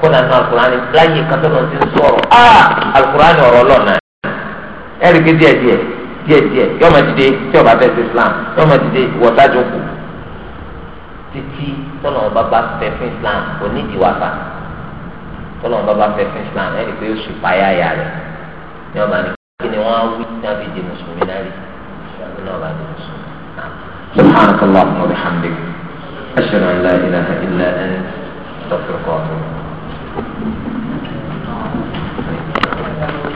kó nà nù alukurani láyé kátó náà ti ń sọ̀rọ̀ ah alukurani ọ̀rọ̀ lọ́nà ẹ̀rí ké díẹ̀ díẹ̀ díẹ̀ díẹ̀ yọ tọ́lọ̀ wọn bá bá fẹ́ fún islam kò ní ìdíwà bá tọ́lọ̀ wọn bá bá fẹ́ fún islam ẹni pé oṣù payáyà rẹ̀ ní ọba ní kí ni wọ́n á wí náà di mùsùlùmí náà rí ní ọba di mùsùlùmí. سبحانك اللهم وبحمدك أشهد أن لا إله إلا أنت أستغفرك وأتوب إليك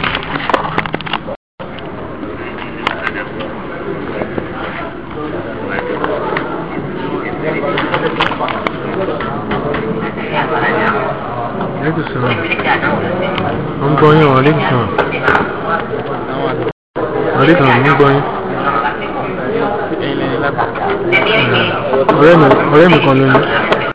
lẹ́kùsàn ń gbọ́yìn ọ̀rọ̀ lẹ́kùsàn ọ̀rọ̀ lẹ́kùsàn ń gbọ́yìn. ọ̀rẹ́ mi kan ló ní.